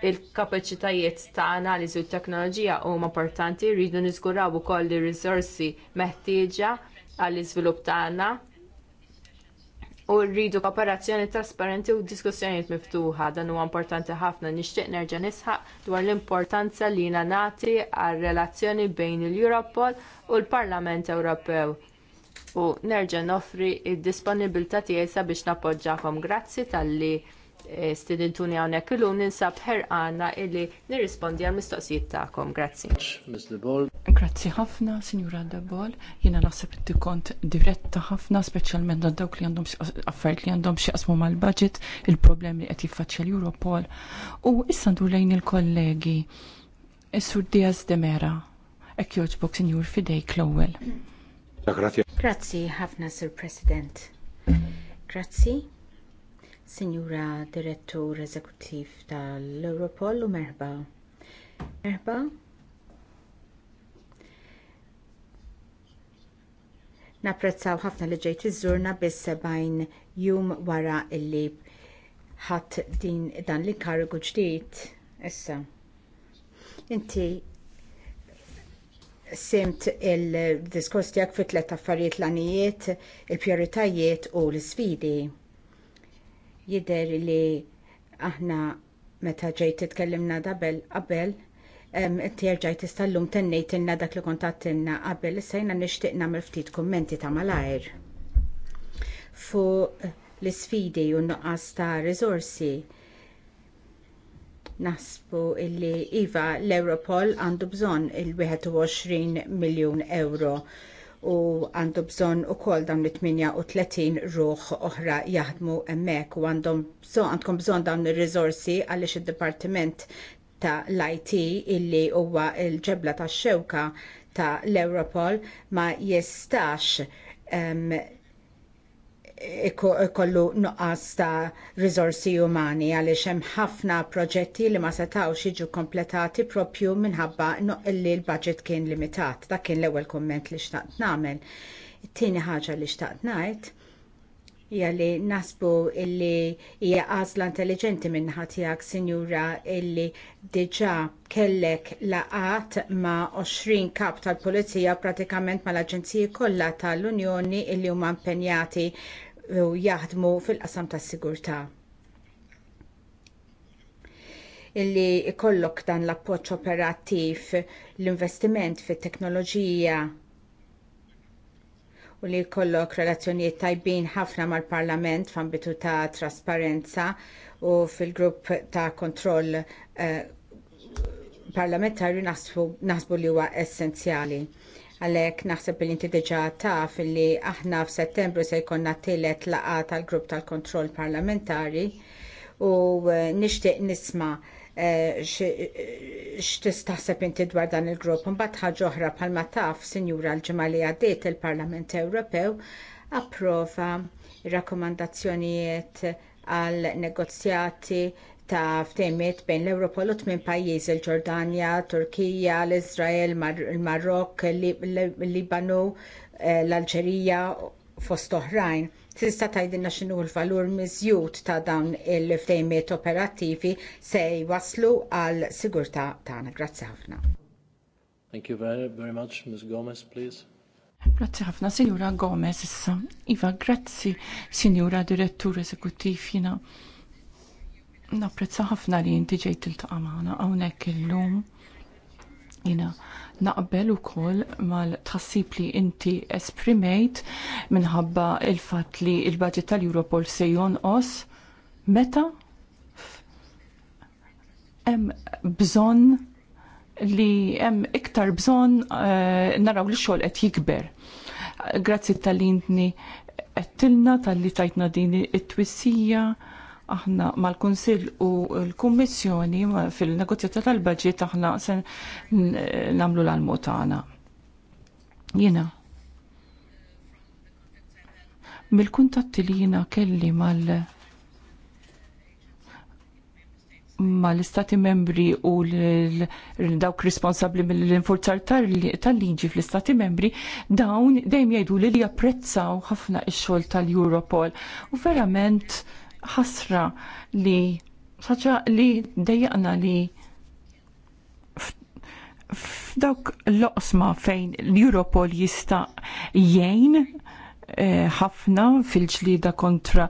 il-kapaċitajiet ta' analiżi u t teknoloġija huma importanti, rridu niżguraw ukoll ir-riżorsi meħtieġa għall-iżvilupp tagħna u rridu kooperazzjoni trasparenti u diskussjonijiet miftuħa. Dan huwa importanti ħafna nixtieq nerġa' nisħaq dwar l-importanza li jiena nagħti għar relazzjoni bejn il-Europol u l-Parlament Ewropew. U nerġa' noffri d disponibilità tiegħi sabiex nappoġġakom. Grazzi talli stidintuni għawnek illu ninsab ħerqana illi nirrispondi għal mistoqsijiet ta'kom. Grazzi. Grazzi ħafna, Signora Dabol. Jena naħseb li kont diretta ħafna, specialment da dawk li għandhom affarijiet li għandhom xi qasmu mal-budget, il-problemi li qed jiffaċċja l-Europol. U issa ndur lejn il-kollegi. Is-Sur Diaz de Mera, ek joġbok Signor Fidejk l-ewwel. Grazzi ħafna, Sir President. Grazzi Sinjura Direttur Eżekuttiv tal-Europol u merba? Merba? Napprezzaw ħafna li ġejt iżżurna biss sebajn jum wara illi ħadd din dan l-inkarigu ġdid issa. Inti simt il-diskors tiegħek fit tliet affarijiet l-anijiet, il-prijoritajiet u l-isfidi. Jider li aħna meta ġej titkellimna dabel qabel terġaj tistallum tennejtinna dak li kontattinna qabel issajna nixtieq nagħmel ftit kummenti ta' malajr. Fu l isfidi u nuqqas ta' rizorsi nasbu illi Iva l-Europol għandu bżonn il-21 miljun euro u għandu bżonn ukoll dawn l-38 ruħ oħra jaħdmu hemmhekk u għandhom bżonn għandkom bżonn dawn ir-riżorsi għaliex id-dipartiment ta' l-IT illi huwa l-ġebla tax xewka ta' l-Europol ma jistax um, ikollu nuqqas ta' rizorsi umani għaliex hemm ħafna proġetti li ma setgħux jiġu kompletati propju minħabba li l-budget kien limitat. Dak kien l-ewwel komment li xtaqt nagħmel. It-tieni ħaġa li xtaqt ngħid hija li nasbu illi hija għażla intelligenti minn tiegħek sinjura illi diġà kellek laqat ma' 20 kap tal-Pulizija pratikament mal aġenziji kollha tal-Unjoni illi huma impenjati u jaħdmu fil-qasam tas-sigurtà illi jkollok dan l-appoġġ operattiv l-investiment fit teknoloġija u li jkollok relazzjonijiet tajbin ħafna mal-Parlament f'ambitu ta' trasparenza u fil-grupp ta' kontroll eh, parlamentari nasbu, nasbu li huwa essenzjali. Għalhekk naħseb li inti diġà taf li aħna f'Settembru se jkollna tielet laqgħa tal-grupp tal-kontroll parlamentari u eh, nixtieq nisma' eh, eh, x'tistaħseb inti dwar dan il-grupp. Mbagħad ħaġa oħra bħalma taf, Sinjura l-ġimgħa li għaddiet il-Parlament Ewropew approva rakkomandazzjonijiet għal negozjati ta' ftehmiet bejn l-Ewropol u tmien pajjiż il-Ġordanja, Turkija, l-Izrael, il marokk l libanu eh, l-Alġerija fost oħrajn. Tista' tgħidilna x'inhu l-valur miżjud ta' dawn il ftejmiet operattivi se jwaslu għal sigurtà tagħna. Grazzi ħafna. Thank you very, very much, Ms. Gomez, please. Grazzi ħafna, Sinjura Gomez issa. Iva, grazzi, Sinjura Direttur Eżekuttiv, jina. You know Napprezza ħafna li inti ġejt tiltaqa' għawnek hawnhekk illum. Jina naqbel ukoll mal-tħassib li inti esprimejt minħabba il-fatt li l il budget tal-Europol se jonqos meta hemm bżonn li hemm iktar bżonn uh, naraw li xogħol qed jikber. Grazzi tal-li għettilna tal-li tajtna din it-twissija. it twissija aħna mal-Kunsill u l-Kummissjoni fil-negozjata tal-budget aħna se nagħmlu l-almutana. Jiena. Mill-kuntatti li jiena kelli mal- mal-istati membri u dawk responsabli mill-infurzar tal-liġi fl-istati membri, dawn dejjem jgħidu li li japprezzaw ħafna ix-xogħol tal-Europol. U verament ħasra li saċa li dejjaqna li f'dawk l-oqsma fejn l-Europol jista' jgħin eh, ħafna fil-ġlida kontra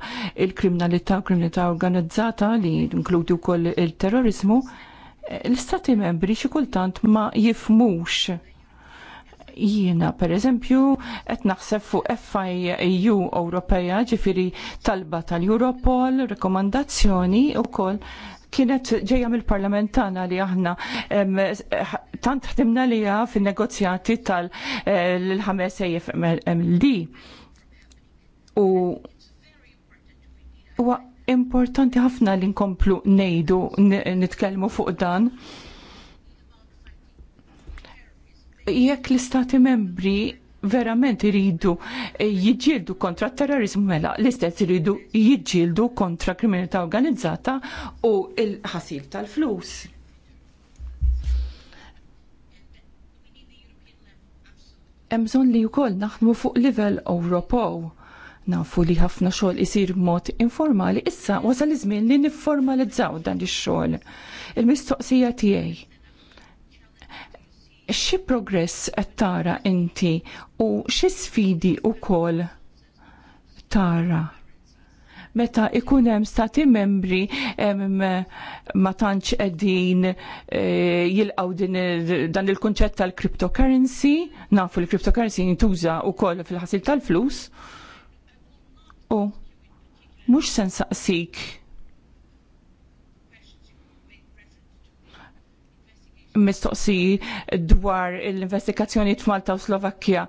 il-kriminalità u kriminalità organizzata li inkludi wkoll il-terrorizmu, eh, l-istati membri xi kultant ma jifmux Jiena pereżempju qed naħseb fuq FIU e Ewropea ġifiri talba tal-Europol, rekomandazzjoni wkoll kienet ġejja mill-parlament tagħna li aħna tant ħdimna liha fin-negozjati tal-ħames eh, AFMLD. U huwa importanti ħafna li nkomplu ngħidu nitkellmu fuq dan jekk l-istati membri verament iridu eh, jiġġieldu kontra t terrorizmu mela l-istess iridu jiġġieldu kontra kriminalità organizzata u l ħasib tal-flus. Hemm bżonn li wkoll naħdmu fuq livell Ewropew nafu li ħafna xogħol isir b'mod informali, issa wasal iż-żmien li nifformalizzaw dan ix-xogħol. Il-mistoqsija tiegħi xi progress qed tara inti u xi sfidi wkoll tara meta ikun hemm stati membri ma tantx qegħdin eh, jilqgħu dan il-kunċett tal-cryptocurrency, nafu l-cryptocurrency jintuża wkoll fil-ħasil tal-flus. U mhux se nsaqsik mistoqsi dwar l-investigazzjoni t-Malta u Slovakkja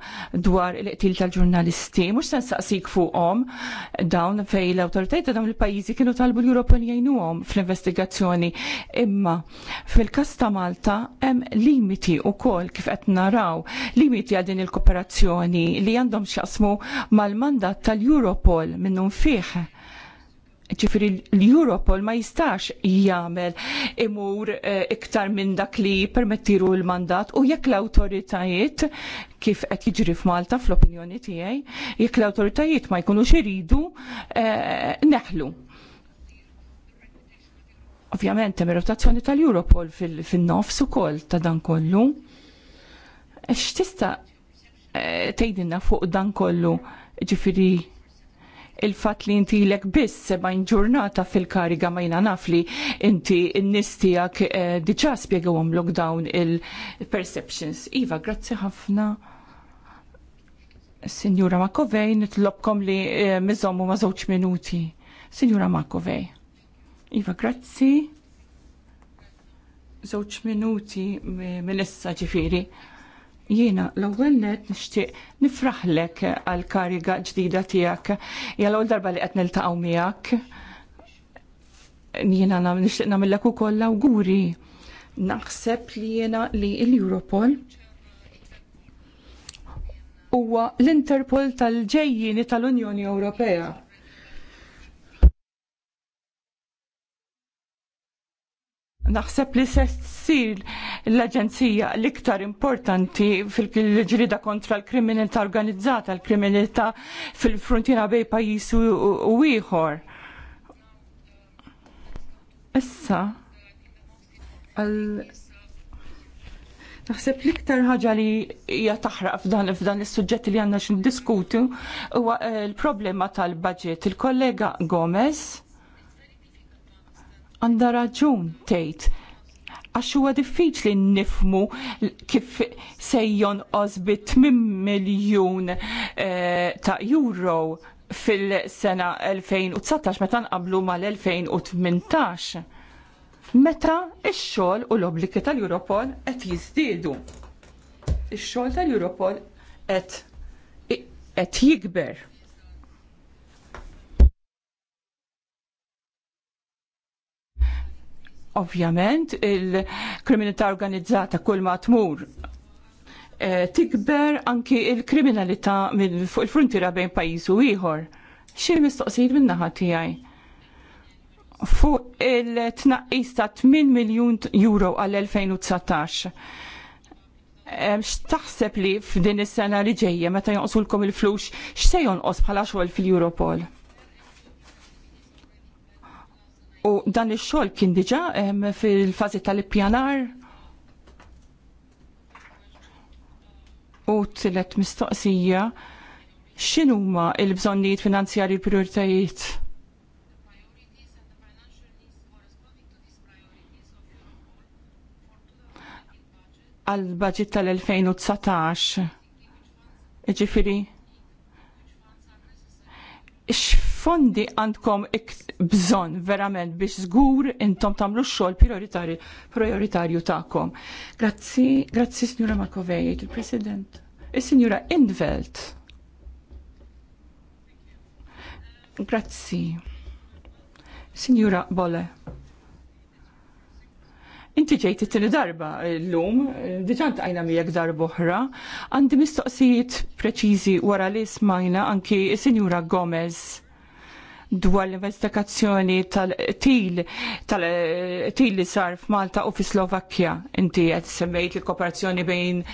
dwar il-qtil tal-ġurnalisti. Mux sen saqsik fuqom dawn fej l-autoritajt ta' dawn il-pajizi kienu talbu l europol jajnu fl-investigazzjoni. Imma fil-kas ta' Malta hemm limiti u kol kif qed naraw limiti għal din il-kooperazzjoni li għandhom xasmu mal-mandat tal-Europol minnum fih ċifri l-Europol ma jistax jagħmel imur eh, iktar minn dak li permettiru l-mandat u jekk l-awtoritajiet kif qed jiġri f'Malta fl-opinjoni tiegħi, jekk l-awtoritajiet ma jkunux iridu eh, neħlu. Ovvjament hemm rotazzjoni tal-Europol fin-nofs ukoll ta' dan kollu. X'tista' eh, tgħidilna fuq dan kollu ġifiri il-fat li inti lek biss sebajn ġurnata fil-kariga ma jina nafli inti n-nistijak eh, diġa spiegawom lockdown il-perceptions. Iva, grazzi ħafna. Signora Makovej, nitlobkom li eh, mizzomu ma zoċ minuti. Signora Makovej. Iva, grazzi. Zoċ minuti minn issa ġifiri. Jiena l-ewwel net nixtieq nifraħlek għal kariga ġdida tiegħek. Ja l-ewwel darba li qed niltaqgħu miegħek. Jiena nixtieq nagħmellek ukoll awguri. Naħseb li jiena li l-Europol huwa l-Interpol tal-ġejjini tal-Unjoni Ewropea Naħseb li se ssir l-aġenzija l-iktar importanti fil-ġrida kontra l-kriminalità organizzata, l-kriminalità fil-frontina bej pajis u ieħor. Issa, Naħseb l-iktar ħaġa li hija taħraq f'dan f'dan is-suġġett li għandna xindiskutu huwa eh, l-problema tal-budget. Il-kollega Gomez għandha raġun tgħid għax huwa diffiċli nifmu kif sejjon ozbit 8 miljun eh, ta' euro fil-sena 2019 meta nqablu mal-2018. Meta ix-xogħol u l-obbligi tal-Europol qed jiżdiedu. Ix-xogħol tal-Europol qed qed jikber. Ovvjament, il-kriminalità organizzata kull ma tmur eh, tikber anki il-kriminalità fuq il-frontiera bejn pajjiż ieħor. Xi mistoqsijiet minn naħa tiegħi. Fuq il-tnaqqis ta' 8 miljun euro għal 2019 x'taħseb li f'din is-sena li ġejja meta jonqsulkom il-flux x'se jonqos bħala xogħol fil-Europol? U dan il-xol kien diġa fil fazi tal pjanar U t-tillet mistoqsija xinu ma il bżonnijiet finanzjarji prioritajiet? għal budget tal-2019. Ġifiri, fondi għandkom bżon verament biex zgur intom tamlu xol prioritarju, prioritarju ta'kom. Grazzi, grazzi signora Makovej, il-President. E signora Indveld. Grazzi. Signora Bolle. Inti ġejti t-tini darba l-lum, diġant għajna miegħek darba oħra, għandi mistoqsijiet preċizi wara li smajna anki Signora Gomez dwar l-investigazzjoni tal-til tal-til li sar f'Malta u fis Slovakkja. Inti qed semmejt il-kooperazzjoni bejn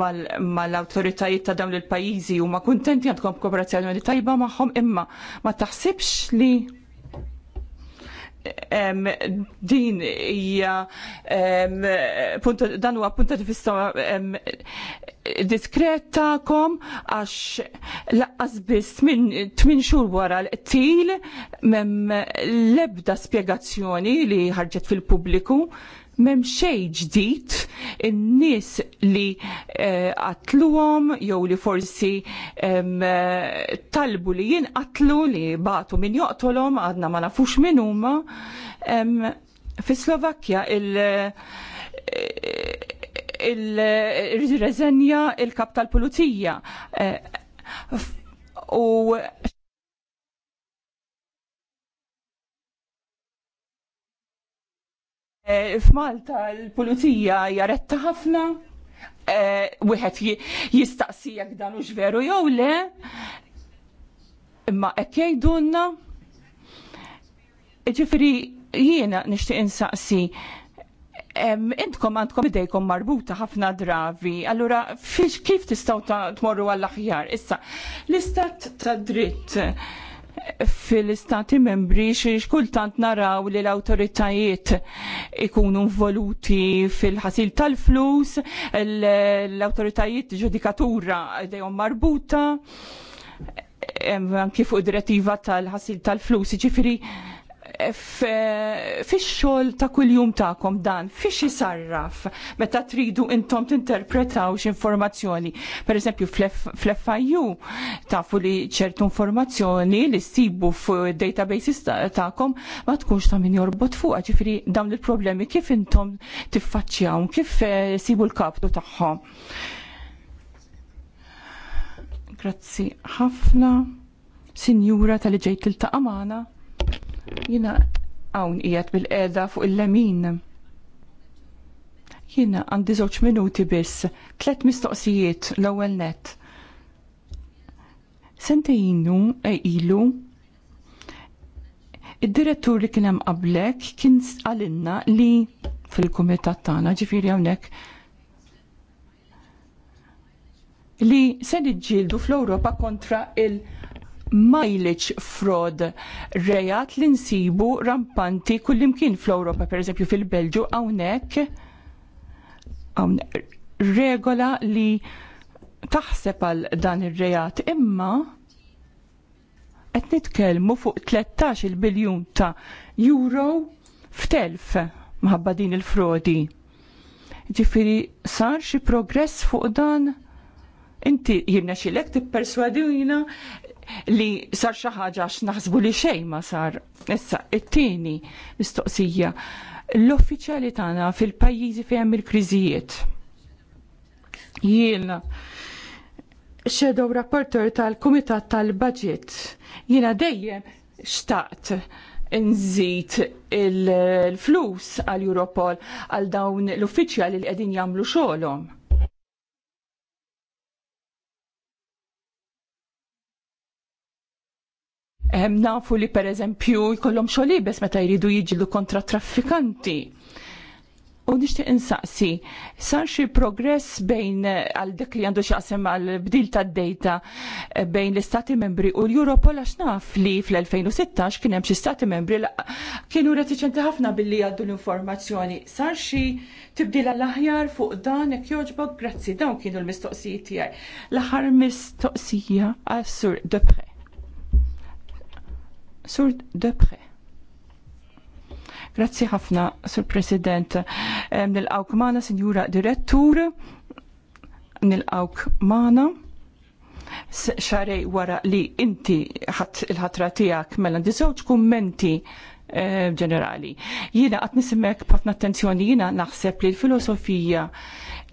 mal-awtoritajiet ta' dawn il-pajjiżi u ma kuntenti għandkom kooperazzjoni tajba magħhom imma ma taħsibx li din hija dan huwa punta di vista diskretakom għax laqqas biss minn tmin xhur wara l-qtil l-ebda spjegazzjoni li ħarġet fil-pubbliku Mem xej ġdid in-nies li eh, qatluhom eh, jew li forsi eh, talbu li jinqatlu li batu min joqtolhom għadna ma nafux min huma. Eh, fi Slovakkja il eh, il-reżenja il-kap tal-pulizija u Eh, F'Malta l-pulizija jaretta ħafna, eh, wieħed jistaqsi jekk dan hux veru jew le, imma hekk jgħidulna. ġifri jiena nixtieq insaqsi intkom għandkom idejkom marbuta ħafna dravi, allura fiex kif tistgħu tmorru għall-aħjar? Issa, l-istat ta' dritt fil-istati membri xiex kultant naraw li l-autoritajiet ikunu involuti fil-ħasil tal-flus, l-autoritajiet ġudikatura dejjem marbuta, Anke fuq direttiva tal-ħasil tal-flus, ġifiri fix-xogħol ta' kuljum tagħkom dan, fiex jisarraf meta tridu intom x-informazzjoni. Per Pereżempju fl-FIU tafu li ċertu informazzjoni li ssibu f'databases tagħkom ma tkunx ta' min jorbot fuqha, ġifiri dawn il-problemi kif intom tiffaċċjaw, kif eh, sibu l-kaptu tagħhom. Grazzi ħafna, Sinjura tal-ġejt il-taqamana Jina hawn qiegħed bil-qeda fuq il-lemin. Jina għandi żewġ minuti biss, tliet mistoqsijiet l-ewwel net. Sentejnu e ilu id-direttur li kien hemm qablek kien għalinna li fil-kumitat tagħna ġifieri hawnhekk li se niġġieldu fl-Ewropa kontra il- mileage fraud rejat li nsibu rampanti kullimkien fl-Ewropa, pereżempju fil-Belġu, hawnhekk regola li taħseb għal dan ir-rejat imma qed nitkellmu fuq 13 biljun ta' euro f'telf minħabba din il-frodi. Ġifiri sar xi progress fuq dan? Inti jirna xilek tipperswadina li sar xi ħaġa għax naħsbu li xejn ma sar. Issa, it-tieni mistoqsija l-uffiċjali tagħna fil-pajjiżi fejn hemm il-kriżijiet. Jiena xedow rapporter tal-Kumitat tal-Budget. Jiena dejjem xtaqt nżid il-flus għal Europol għal dawn l-uffiċjali li qegħdin jagħmlu xogħolhom Ehm, nafu li pereżempju jkollhom xolibes meta jridu jiġilu kontra traffikanti. U nixtieq insaqsi, sar xi progress bejn għal dik li għandu xaqsem għal bdil tad dejta eh, bejn l-Istati membri u l-Europol għax naf li fl-2016 kien hemm xi Stati membri kienu reticenti ħafna billi għaddu l-informazzjoni. Sar xi tibdil għall-aħjar fuq dan jekk joġbok grazzi dawn kienu l-mistoqsijiet tiegħi. L-aħħar mistoqsija għal Sur Depre. Sur Depre. Grazzi ħafna, Sur President. Nil-għawk mana, Sinjura Direttur. Nil-għawk mana. xarej wara li inti ħat il-ħatra tijak mela di żewġ kummenti eh, ġenerali. jina għat nisimek patna attenzjoni jina naħseb li l-filosofija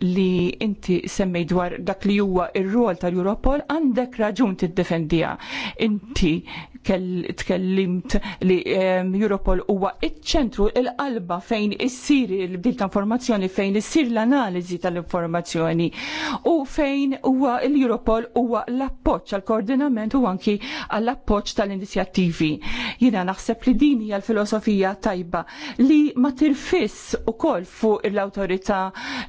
li inti semmej dwar dak li huwa ir-rol tal-Europol għandek raġun tiddefendija. Inti tkellimt li Europol huwa iċ-ċentru il-qalba fejn issir il-bdil ta' informazzjoni, fejn issir l-analiżi tal-informazzjoni u fejn huwa l-Europol huwa l-appoġġ għall koordinament u anki għall appoġġ tal-inizjattivi. Jiena naħseb li din hija l-filosofija tajba li ma tirfiss ukoll fuq l-awtorità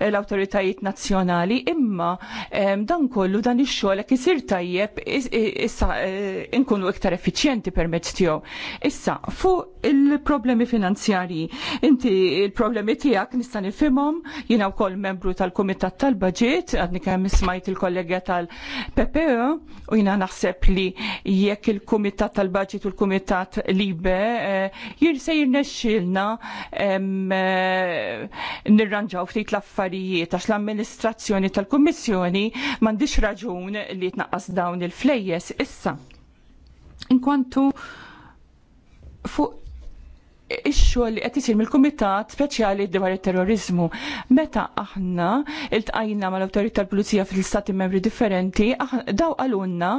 l-awtoritajiet nazzjonali imma dan kollu dan ix-xogħol jekk isir tajjeb issa eh, inkunu iktar effiċjenti effiċjenti permezz tiegħu. Issa, fuq il-problemi finanzjarji, inti il-problemi tiegħek nista' nifhimhom, jiena wkoll membru tal-Kumitat tal-Baġit, għadni kemm smajt il-kollega tal-PPE, u jiena naħseb li jekk il-Kumitat tal-Baġit u l-Kumitat Libe eh, jirse jirnexxilna eh, nirranġaw ftit l-affarijiet għax l-amministrazzjoni tal-Kummissjoni m'għandix raġun li tnaqqas dawn il-flejjes issa inkwantu fuq ix-xogħol li qed isir mill-Kumitat Speċjali dwar it-Terrorizmu. Meta aħna ma mal-awtorità tal-Pulizija fil-Stati membri differenti, daw għalunna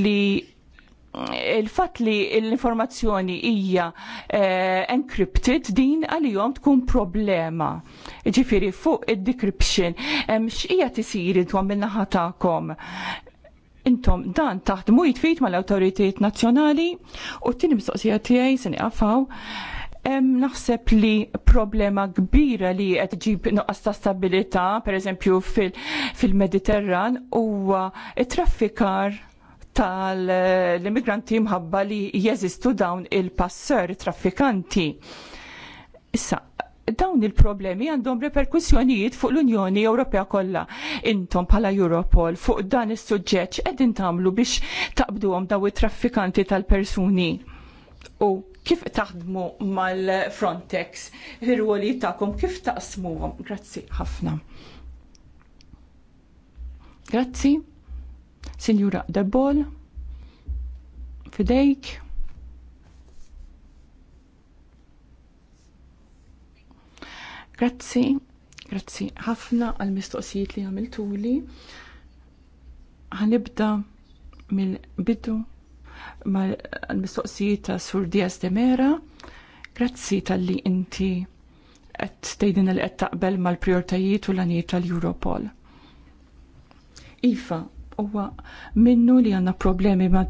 li il-fat li l-informazzjoni hija eh, encrypted din għalihom tkun problema. Ġifiri fuq id-decryption, eh, ija tisir intom minnaħa tagħkom intom dan fit ma mal-autoritiet nazzjonali u t-tini mistoqsija tiegħi se għafaw naħseb li problema kbira li qed ġib nuqqas ta' stabilità, pereżempju fil-Mediterran, huwa traffikar tal-immigranti mħabba li jeżistu dawn il-passer traffikanti. Issa, dawn il-problemi għandhom reperkussjonijiet fuq l-Unjoni Ewropea kollha. Intom bħala Europol fuq dan is-suġġett qegħdin tagħmlu biex taqbduhom daw it-traffikanti tal-persuni. U kif taħdmu mal-Frontex? Ir-ruoli tagħkom kif taqsmuhom? Grazzi ħafna. Grazzi. Sinjura Debol. Fidejk. Grazzi, grazzi ħafna għal mistoqsijiet li għamiltuli. Għanibda mill-bidu għal mistoqsijiet ta' Sur Diaz de Mera. Grazzi tal-li inti qed tgħidin li qed taqbel mal prioritajiet u l-għanijiet tal-Europol. Iva, huwa minnu li għanna problemi ma'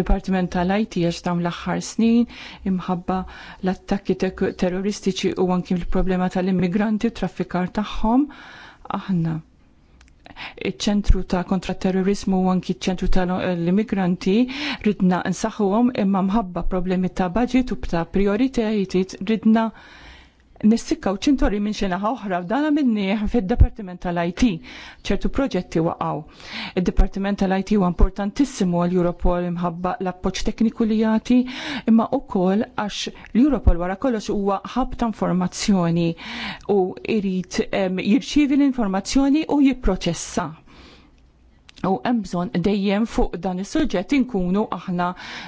Departiment tal-IT għax dawn l-aħħar snin imħabba l-attakki terroristiċi u anki l-problema tal-immigranti u traffikar tagħhom aħna iċ-ċentru ta' kontraterrorizmu u anki ċ-ċentru tal-immigranti ridna nsaħħuhom imma mħabba problemi ta' budget u ta' prioritajiet ridna nissikkaw ċintori minn xi naħa oħra f'dan minniħ fid-Departiment tal-IT. ċertu proġetti waqgħu. il departiment tal-IT huwa importantissimu għal Europol imħabba l-appoġġ tekniku li jagħti, imma wkoll għax l-Europol wara kollox huwa ħab ta' informazzjoni u jrid jirċievi l-informazzjoni u jipproċessa U bżonn dejjem fuq dan is-suġġett inkunu aħna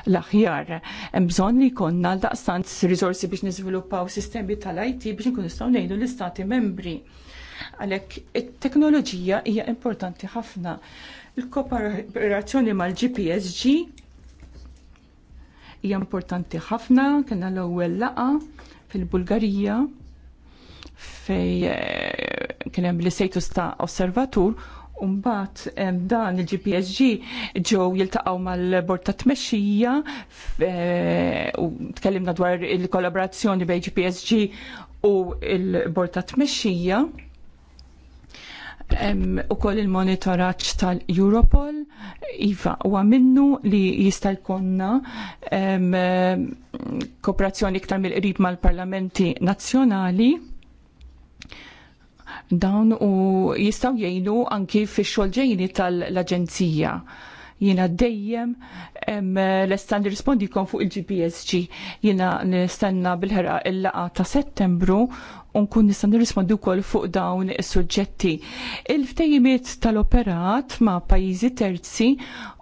l-aħjar. Hemm bżonn li jkollna l-daqstant risorsi biex niżviluppaw sistemi tal-IT biex nkunu nistgħu ngħidu l-istati membri. Għalhekk it-teknoloġija hija importanti ħafna. Il-kooperazzjoni mal-GPSG hija importanti ħafna, kena l-ewwel laqa fil-Bulgarija fej eh, kien hemm li sejtus ta' osservatur Umbat dan il-GPSG ġew jiltaqgħu mal-bord ta' tmexxija eh, u tkellimna dwar il-kollaborazzjoni bejn GPSG u il-bord ta' tmexxija. U koll il-monitoraċ tal-Europol, Iva, u minnu li jista' jkollna kooperazzjoni iktar mill-qrib mal-parlamenti nazzjonali dawn u jistaw jgħinu anki fi xolġejni tal-Aġenzija. Jina dejjem l-estan kon fuq il-GPSG. Jina nistenna bil-ħera il-laqa ta' settembru unkun nista' nirrispondi wkoll fuq dawn is-suġġetti. Il-ftejimiet tal-operat ma' pajjiżi terzi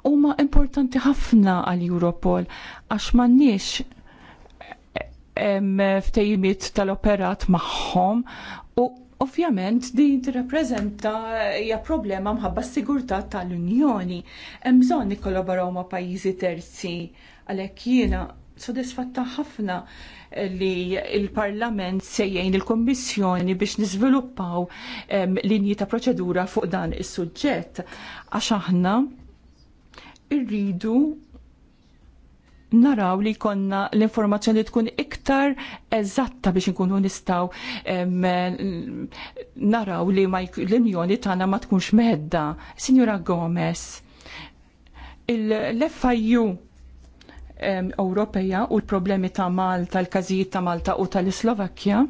huma importanti ħafna għal Europol għax m'għandniex ftejimiet tal-operat magħhom u Ovvjament din tirrappreżenta hija problema mħabba s-sigurtà tal-Unjoni. Hemm bżonn nikkolaboraw ma' pajjiżi terzi għalhekk jiena sodisfatta ħafna li il-Parlament jgħin il-Kommissjoni biex niżviluppaw ehm, linji ta' proċedura fuq dan is-suġġett għax aħna irridu naraw li konna l-informazzjoni li tkun iktar eżatta biex nkunu nistaw naraw li l-unjoni tagħna ma tkunx medda. Signora Gomez, l-FIU Ewropeja u l-problemi ta' Malta, l-każijiet ta' Malta u tal-Slovakkja,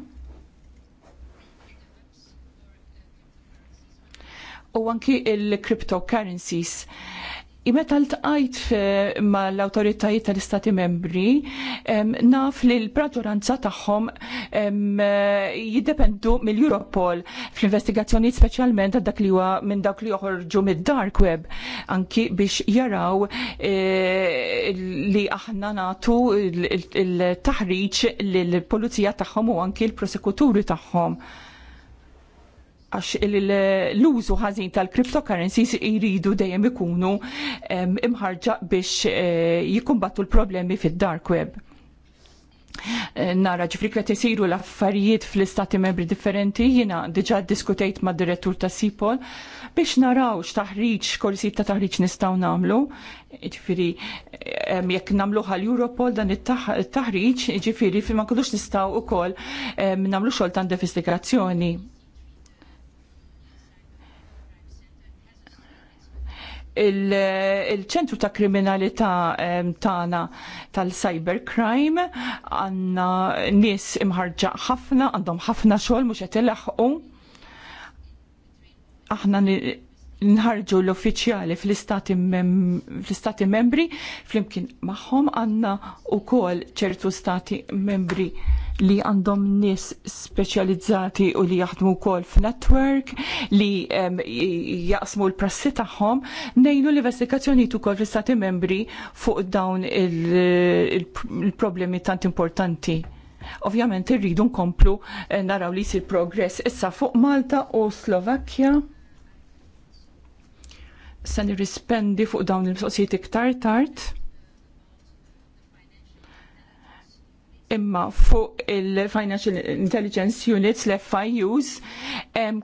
u anki il-cryptocurrencies Imeta l-tqajt eh, ma l-autoritajiet tal-istati membri, naf li l-praġuranza tagħhom eh, jiddependu mill-Europol fl-investigazzjoni speċjalment dak li huwa minn dak li joħorġu mid-dark web anki biex jaraw eh, li aħna natu l-taħriġ lill-pulizija tagħhom u anki l-prosekuturi tagħhom għax l-użu ħażin tal-cryptocurrencies jridu dejjem ikunu imħarġa biex eh, jikumbattu l-problemi fid-dark web. Eh, nara ġifri kret isiru l-affarijiet fl-istati membri differenti, jina diġa diskutejt ma' direttur ta' Sipol biex naraw x'taħriġ sit ta' taħriġ nistaw namlu, ġifiri jekk namlu għal Europol dan it-taħriġ, ġifiri fil ma' kudux nistaw u kol namlu xol ta' investigazzjoni il-ċentru ta' kriminalità tagħna tal-cybercrime għandna nies imħarġa ħafna, għandhom ħafna xogħol mhux qed ilaħħqu. Aħna nħarġu l-uffiċjali fl-istati membri flimkien magħhom għandna wkoll ċertu stati membri li għandhom nis speċjalizzati u li jaħdmu kol f-network li um, jaqsmu l-prassi tagħhom nejnu l-investigazzjoni tukol fl-istati membri fuq dawn il-problemi il il tant importanti. Ovvjament irridu nkomplu eh, naraw li sir progress issa fuq Malta u Slovakkja se nirrispendi fuq dawn il-mistoqsijiet iktar tard imma fuq il-Financial Intelligence Units, l-FIUs,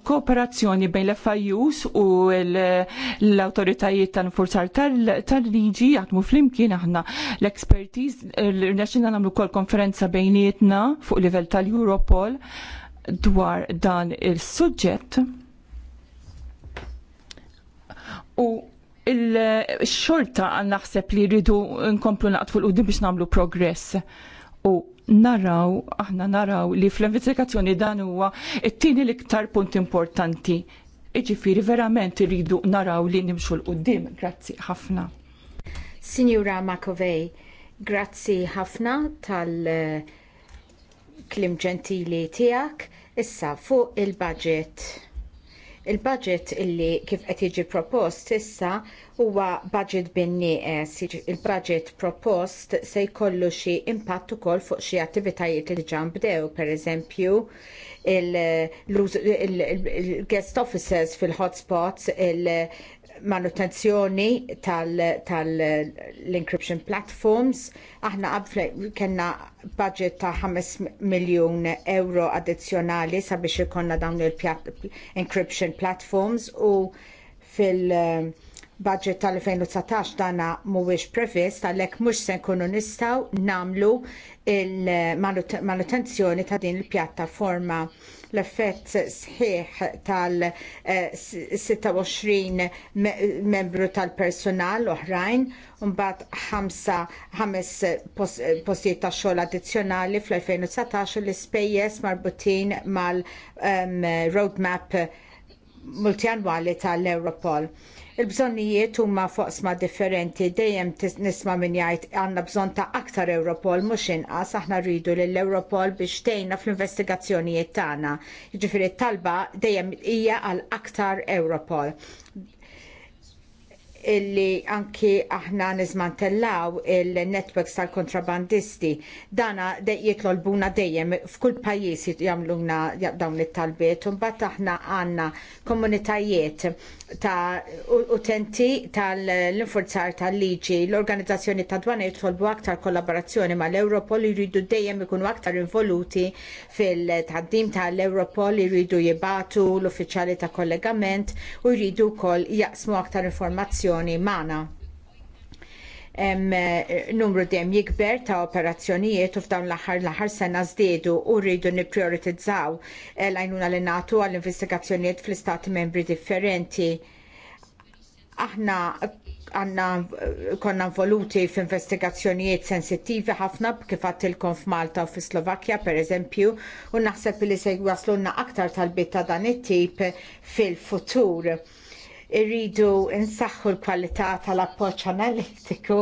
kooperazzjoni bejn l-FIUs u l-autoritajiet tal-forzar tal-liġi jaħdmu flimkien aħna l ekspertiz l-naxina għamlu kol konferenza bejnietna fuq livell tal-Europol dwar dan il-sujġett. U il-xorta naħseb li rridu nkomplu naqtfu l-qudiem biex namlu progress. U naraw, aħna naraw li fl-investigazzjoni dan huwa it-tieni l-iktar punt importanti. Iġifiri verament irridu naraw li nimxu l qudiem Grazzi ħafna. Signora Makovej, grazzi ħafna tal- eh, klim ġentili tiegħek issa fuq il-budget. Il-budget illi kif qed jiġi propost issa huwa budget bin-nieqes. Il-budget propost se jkollu xi impatt ukoll fuq xi attivitajiet li diġà nbdew, pereżempju il-guest officers fil-hotspots, il manutenzjoni tal-encryption tal platforms. Aħna għabfle kena budget ta' 5 miljun euro addizzjonali sabiex ikonna dawn il-encryption platforms u fil- eh, budget tal-2019 dana mhuwiex previst għalhekk mhux se nkunu nistgħu nagħmlu il-manutenzjoni ta' din il-pjattaforma l-effett sħiħ tal-26 membru tal-personal oħrajn mbagħad ħames postijiet ta' xogħol addizzjonali fl-2019 l-ispejjeż marbutin mal-roadmap multjanwali tal-Europol. Il-bżonnijiet huma foqsma differenti dejjem nisma' min jgħid għandna bżonn ta' aktar Europol mhux inqas aħna rridu lill Europol biex tgħinna fl-investigazzjonijiet tagħna. Jiġifieri t talba dejjem hija għal aktar Europol illi anki aħna nizmantellaw il-networks tal-kontrabandisti. Dana l-buna dejjem f'kull pajjiż jagħmluna dawn it-talbiet un mbagħad aħna għandna komunitajiet ta' utenti tal-infurzar tal-liġi, l-organizzazzjoni ta' dwana jitolbu aktar kollaborazzjoni ma' l-Europol jridu dejjem ikunu aktar involuti fil-taddim tal-Europol jridu jibatu l-uffiċjali ta' kollegament u jridu kol jaqsmu aktar informazzjoni operazzjoni maħna hemm eh, numru dejjem jikber ta' operazzjonijiet u f'dawn l-aħħar l-aħħar sena żdiedu u rridu nipprioritizzaw eh, l-għajnuna li nagħtu għall investigazzjonijiet fl-istati membri differenti. Aħna għanna eh, konna involuti f'investigazzjonijiet sensittivi ħafna kif għattilkom f'Malta u fis-Slovakkja pereżempju u naħseb li se jwaslunna aktar tal ta' dan it-tip fil-futur irridu nsaħħu l-kwalità tal-appoċ analitiku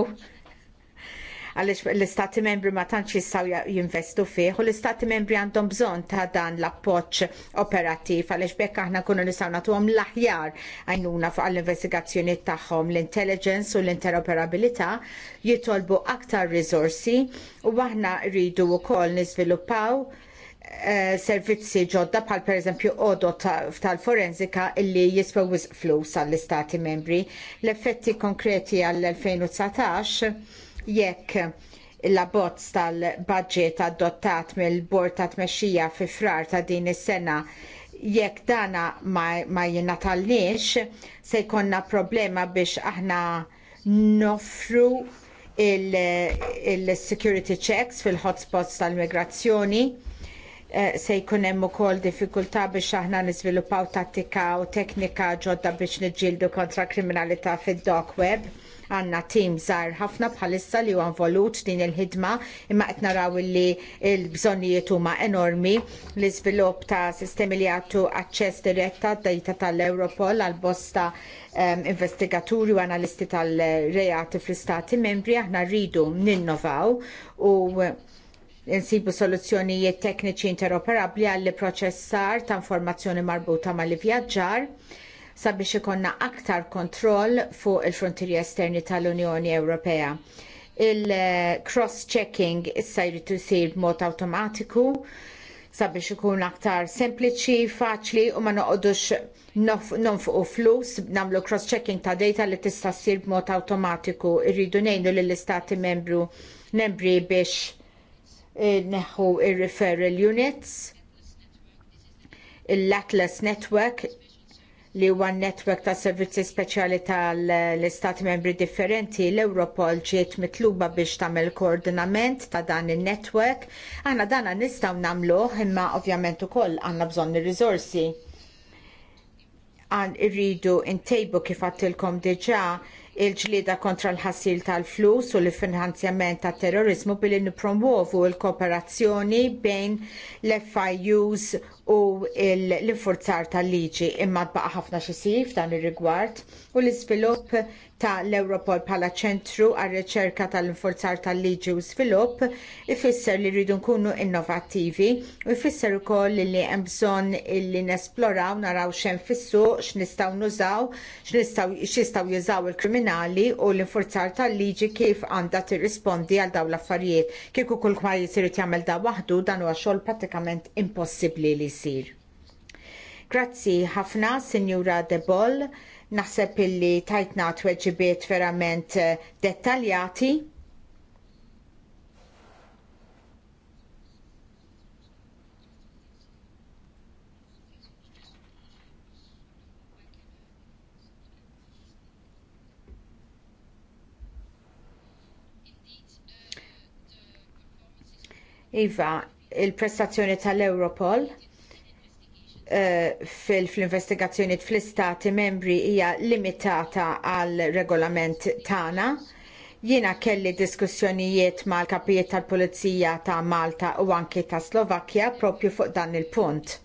għalix l-istati membri ma tantx jistgħu jinvestu fih u l-istati membri għandhom bżonn ta' dan l-appoġġ operattiv għaliex bekk aħna nkunu nistgħu nagħtuhom l-aħjar għajnuna fuq l-investigazzjoni tagħhom l-intelligence u l-interoperabilità jitolbu aktar risorsi u aħna rridu wkoll niżviluppaw Eh, servizzi ġodda bħal pereżempju eżempju tal-forenzika illi jiswew flus għall-istati membri. L-effetti konkreti għall-2019 jekk l-abbozz tal-budget adottat mill-Bord ta' Tmexxija fi frar ta' din is-sena jekk dana ma, ma jingħatalniex se jkollna problema biex aħna nofru il-security il checks fil-hotspots tal-migrazzjoni Eh, se jkun hemm ukoll diffikultà biex aħna niżviluppaw tattika u teknika ġodda biex niġġieldu kontra kriminalità fid-dark web għanna tim żgħar ħafna bħalissa li huwa involut din il-ħidma imma qed naraw li l-bżonnijiet huma enormi l-iżvilupp ta' sistemi li għattu aċċess diretta data tal-Europol għal bosta ehm, investigaturi u analisti tal-reati fl-istati membri aħna rridu ninnovaw u insibu soluzzjonijiet tekniċi interoperabbli għall proċessar ta' informazzjoni marbuta mal-ivvjaġġar sabiex ikonna aktar kontroll fuq il-frontieri esterni tal-Unjoni Ewropea. Il-cross-checking eh, issa jrid jsir b'mod awtomatiku sabiex ikun aktar sempliċi, faċli u ma noqodux nonfuqu flus nagħmlu cross-checking ta' data li tista' ssir b'mod awtomatiku. Irridu ngħinu lill istati membru membri biex Eh, neħu il-referral units, l-Atlas Network li huwa n netwerk ta' servizzi speċjali tal-istati membri differenti l-Europol ġiet mitluba biex tagħmel koordinament ta' dan in netwerk Aħna dan nistgħu nagħmluh imma ovvjament ukoll għandna bżonn ir-riżorsi. Għan irridu ntejbu kif għattilkom diġà il ġlieda kontra l-ħassil tal-flus u l-finanzjament tat terrorizmu billi nipromuovu l-kooperazzjoni bejn l-FIUs u l forzar tal-liġi imma tbaqa ħafna xi xisif dan ir-rigward u l isvilupp tal l-Europol bħala ċentru għar riċerka tal-infurzar tal-liġi u svilupp ifisser li rridu nkunu innovattivi u ifisser ukoll li hemm bżonn li nesploraw naraw x'hemm fissu, suq x'nistgħu nużaw, x'jistgħu jużaw il-kriminali u l-infurzar tal-liġi kif għandha tirrispondi għal dawn l-affarijiet. Kieku kull kwajjiż irid jagħmel da waħdu dan huwa xogħol prattikament impossibbli li jsir. Grazzi ħafna, Sinjura De Boll Naħseb illi tajtna tweġibiet verament eh, dettaljati. Iva, il-prestazzjoni tal-Europol Eh, fil-investigazzjoni fl-istati membri hija limitata għal regolament tagħna. Jiena kelli diskussjonijiet mal-kapijiet tal-Pulizija ta' Malta u anki ta' Slovakkja propju fuq dan il-punt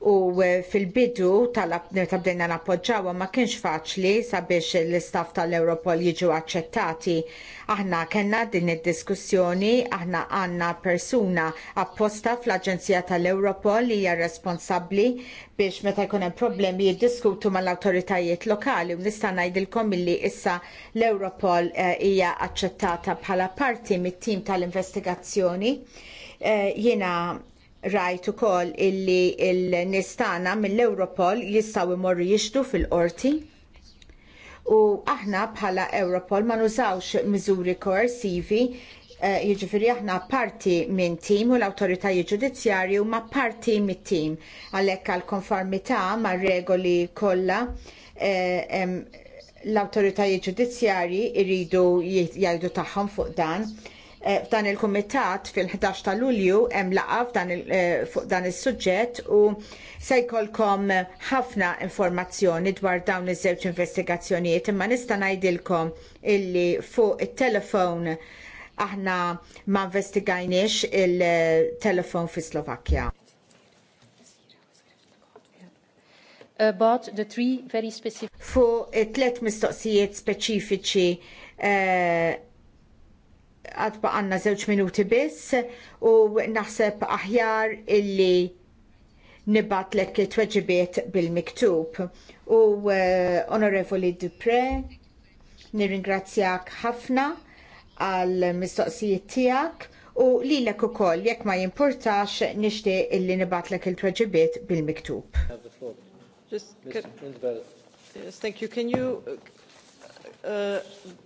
u eh, fil-bidu tal-bdejna nappoġġawa ma kienx faċli sabiex l-istaff tal-Europol jiġu aċċettati. Aħna kellna din id-diskussjoni, aħna għandna persuna apposta fl-Aġenzija tal-Europol li hija responsabbli biex meta jkun hemm problemi jiddiskutu mal-awtoritajiet lokali u nista' ngħidilkom illi issa l-Europol eh, hija aċċettata bħala parti mit-tim tal-investigazzjoni. E, rajt ukoll illi l-nistana mill-Europol jistgħu jmorru jixtu fil-qorti u aħna bħala Europol ma nużawx miżuri koersivi eh, jiġifieri aħna parti minn tim u l-awtoritajiet ġudizzjarji huma parti mit tim għalhekk għal konformità mar regoli kollha eh, l-awtoritajiet ġudizzjarji jridu jgħidu tagħhom fuq dan Eh, f'dan il-kumitat fil-11 ta' Lulju hemm laqgħa eh, fuq dan is-suġġett u se jkollkom ħafna informazzjoni dwar dawn iż-żewġ investigazzjonijiet imma nista' ngħidilkom illi fuq it-telefon aħna ma investigajniex il-telefon fi Slovakkja. About the three very specific... Fu it-tlet mistoqsijiet speċifiċi uh, għad baqanna zewċ minuti biss u naħseb aħjar illi nibatlek tweġibiet bil-miktub. U uh, Onorevoli Dupre, nirringrazzjak ħafna għal mistoqsijiet tijak u li l ukoll jekk ma jimpurtax nixtieq illi nibatlek il-tweġibiet bil-miktub. Yes, thank you. Can you, uh, uh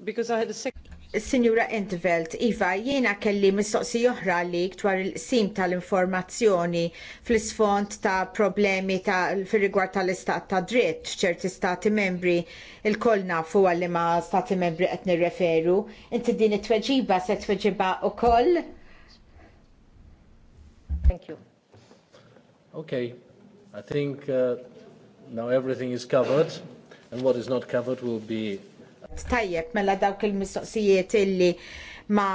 because I had a second. Signora Entveld, Iva, jiena kelli mistoqsi oħra li dwar il-qsim tal-informazzjoni fl isfond ta' problemi ta' fil-rigward tal-istat ta' dritt f'ċerti stati membri il-koll nafu għalli ma' stati membri qed nirreferu. Inti din it-tweġiba se tweġiba ukoll? Thank you. Okay, I think uh, now everything is covered and what is not covered will be Tajjeb, mela dawk il-mistoqsijiet illi ma,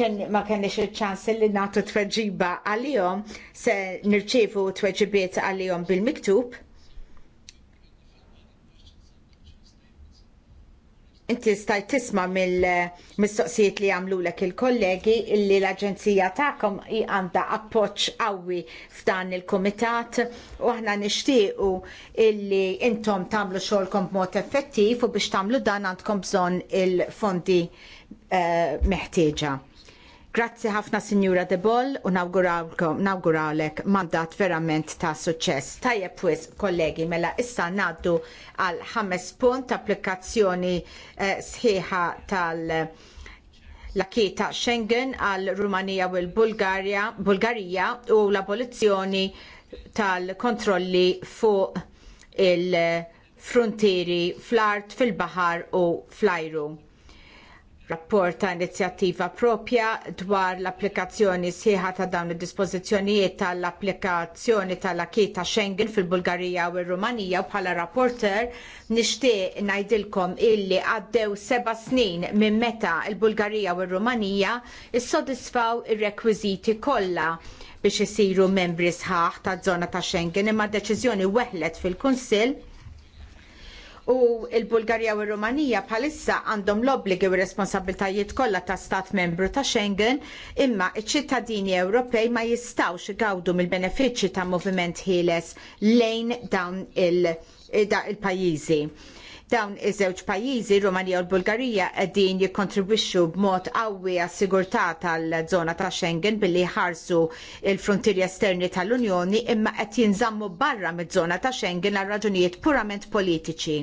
ken, ma kenniex il-ċans li nagħtu tweġiba għalihom se nirċievu tweġibiet għalihom bil-miktub. Inti stajt tisma' mill-mistoqsijiet li għamlulek il-kollegi illi l-Aġenzija tagħkom għandha appoġġ qawwi f'dan il-kumitat u aħna nixtiequ illi intom tagħmlu xogħolkom b'mod effettiv u biex tagħmlu dan għandkom bżonn il-fondi uh, meħtieġa. Grazzi ħafna Signora De Boll u nawguralek mandat verament ta' suċċess. Tajjeb wis kollegi mela issa naddu għal ħames punt applikazzjoni eh, sħiħa tal- l ta' Schengen għal Rumanija u l-Bulgarija Bulgarija u l-abolizzjoni tal-kontrolli fuq il-frontieri fl-art, fil-bahar u fl-ajru rapport ta' inizjattiva propja dwar l-applikazzjoni sħiħa ta' dawn id-dispożizzjonijiet tal-applikazzjoni tal-akit ta' Schengen fil-Bulgarija u r-Rumanija bħala rapporter nixtieq ngħidilkom illi għaddew seba' snin minn meta l bulgarija u r-Rumanija issodisfaw ir-rekwiżiti kollha biex isiru membri sħaħ taż żona ta' Schengen imma deċiżjoni weħlet fil-Kunsill u il-Bulgarija u l rumanija bħalissa għandhom l-obbligi u responsabiltajiet kollha ta' stat membru ta' Schengen imma iċ-ċittadini Ewropej ma jistawx igawdu mill-benefiċċji ta' moviment ħieles lejn dawn il-pajjiżi. il, il pajjiżi Dawn iż-żewġ pajjiżi, Rumanija u l-Bulgarija, qegħdin jikkontribwixxu b'mod qawwi għas-sigurtà tal-żona ta' Schengen billi ħarsu il-frontieri esterni tal-Unjoni imma qed jinżammu barra miż-żona ta' Schengen għal raġunijiet purament politiċi.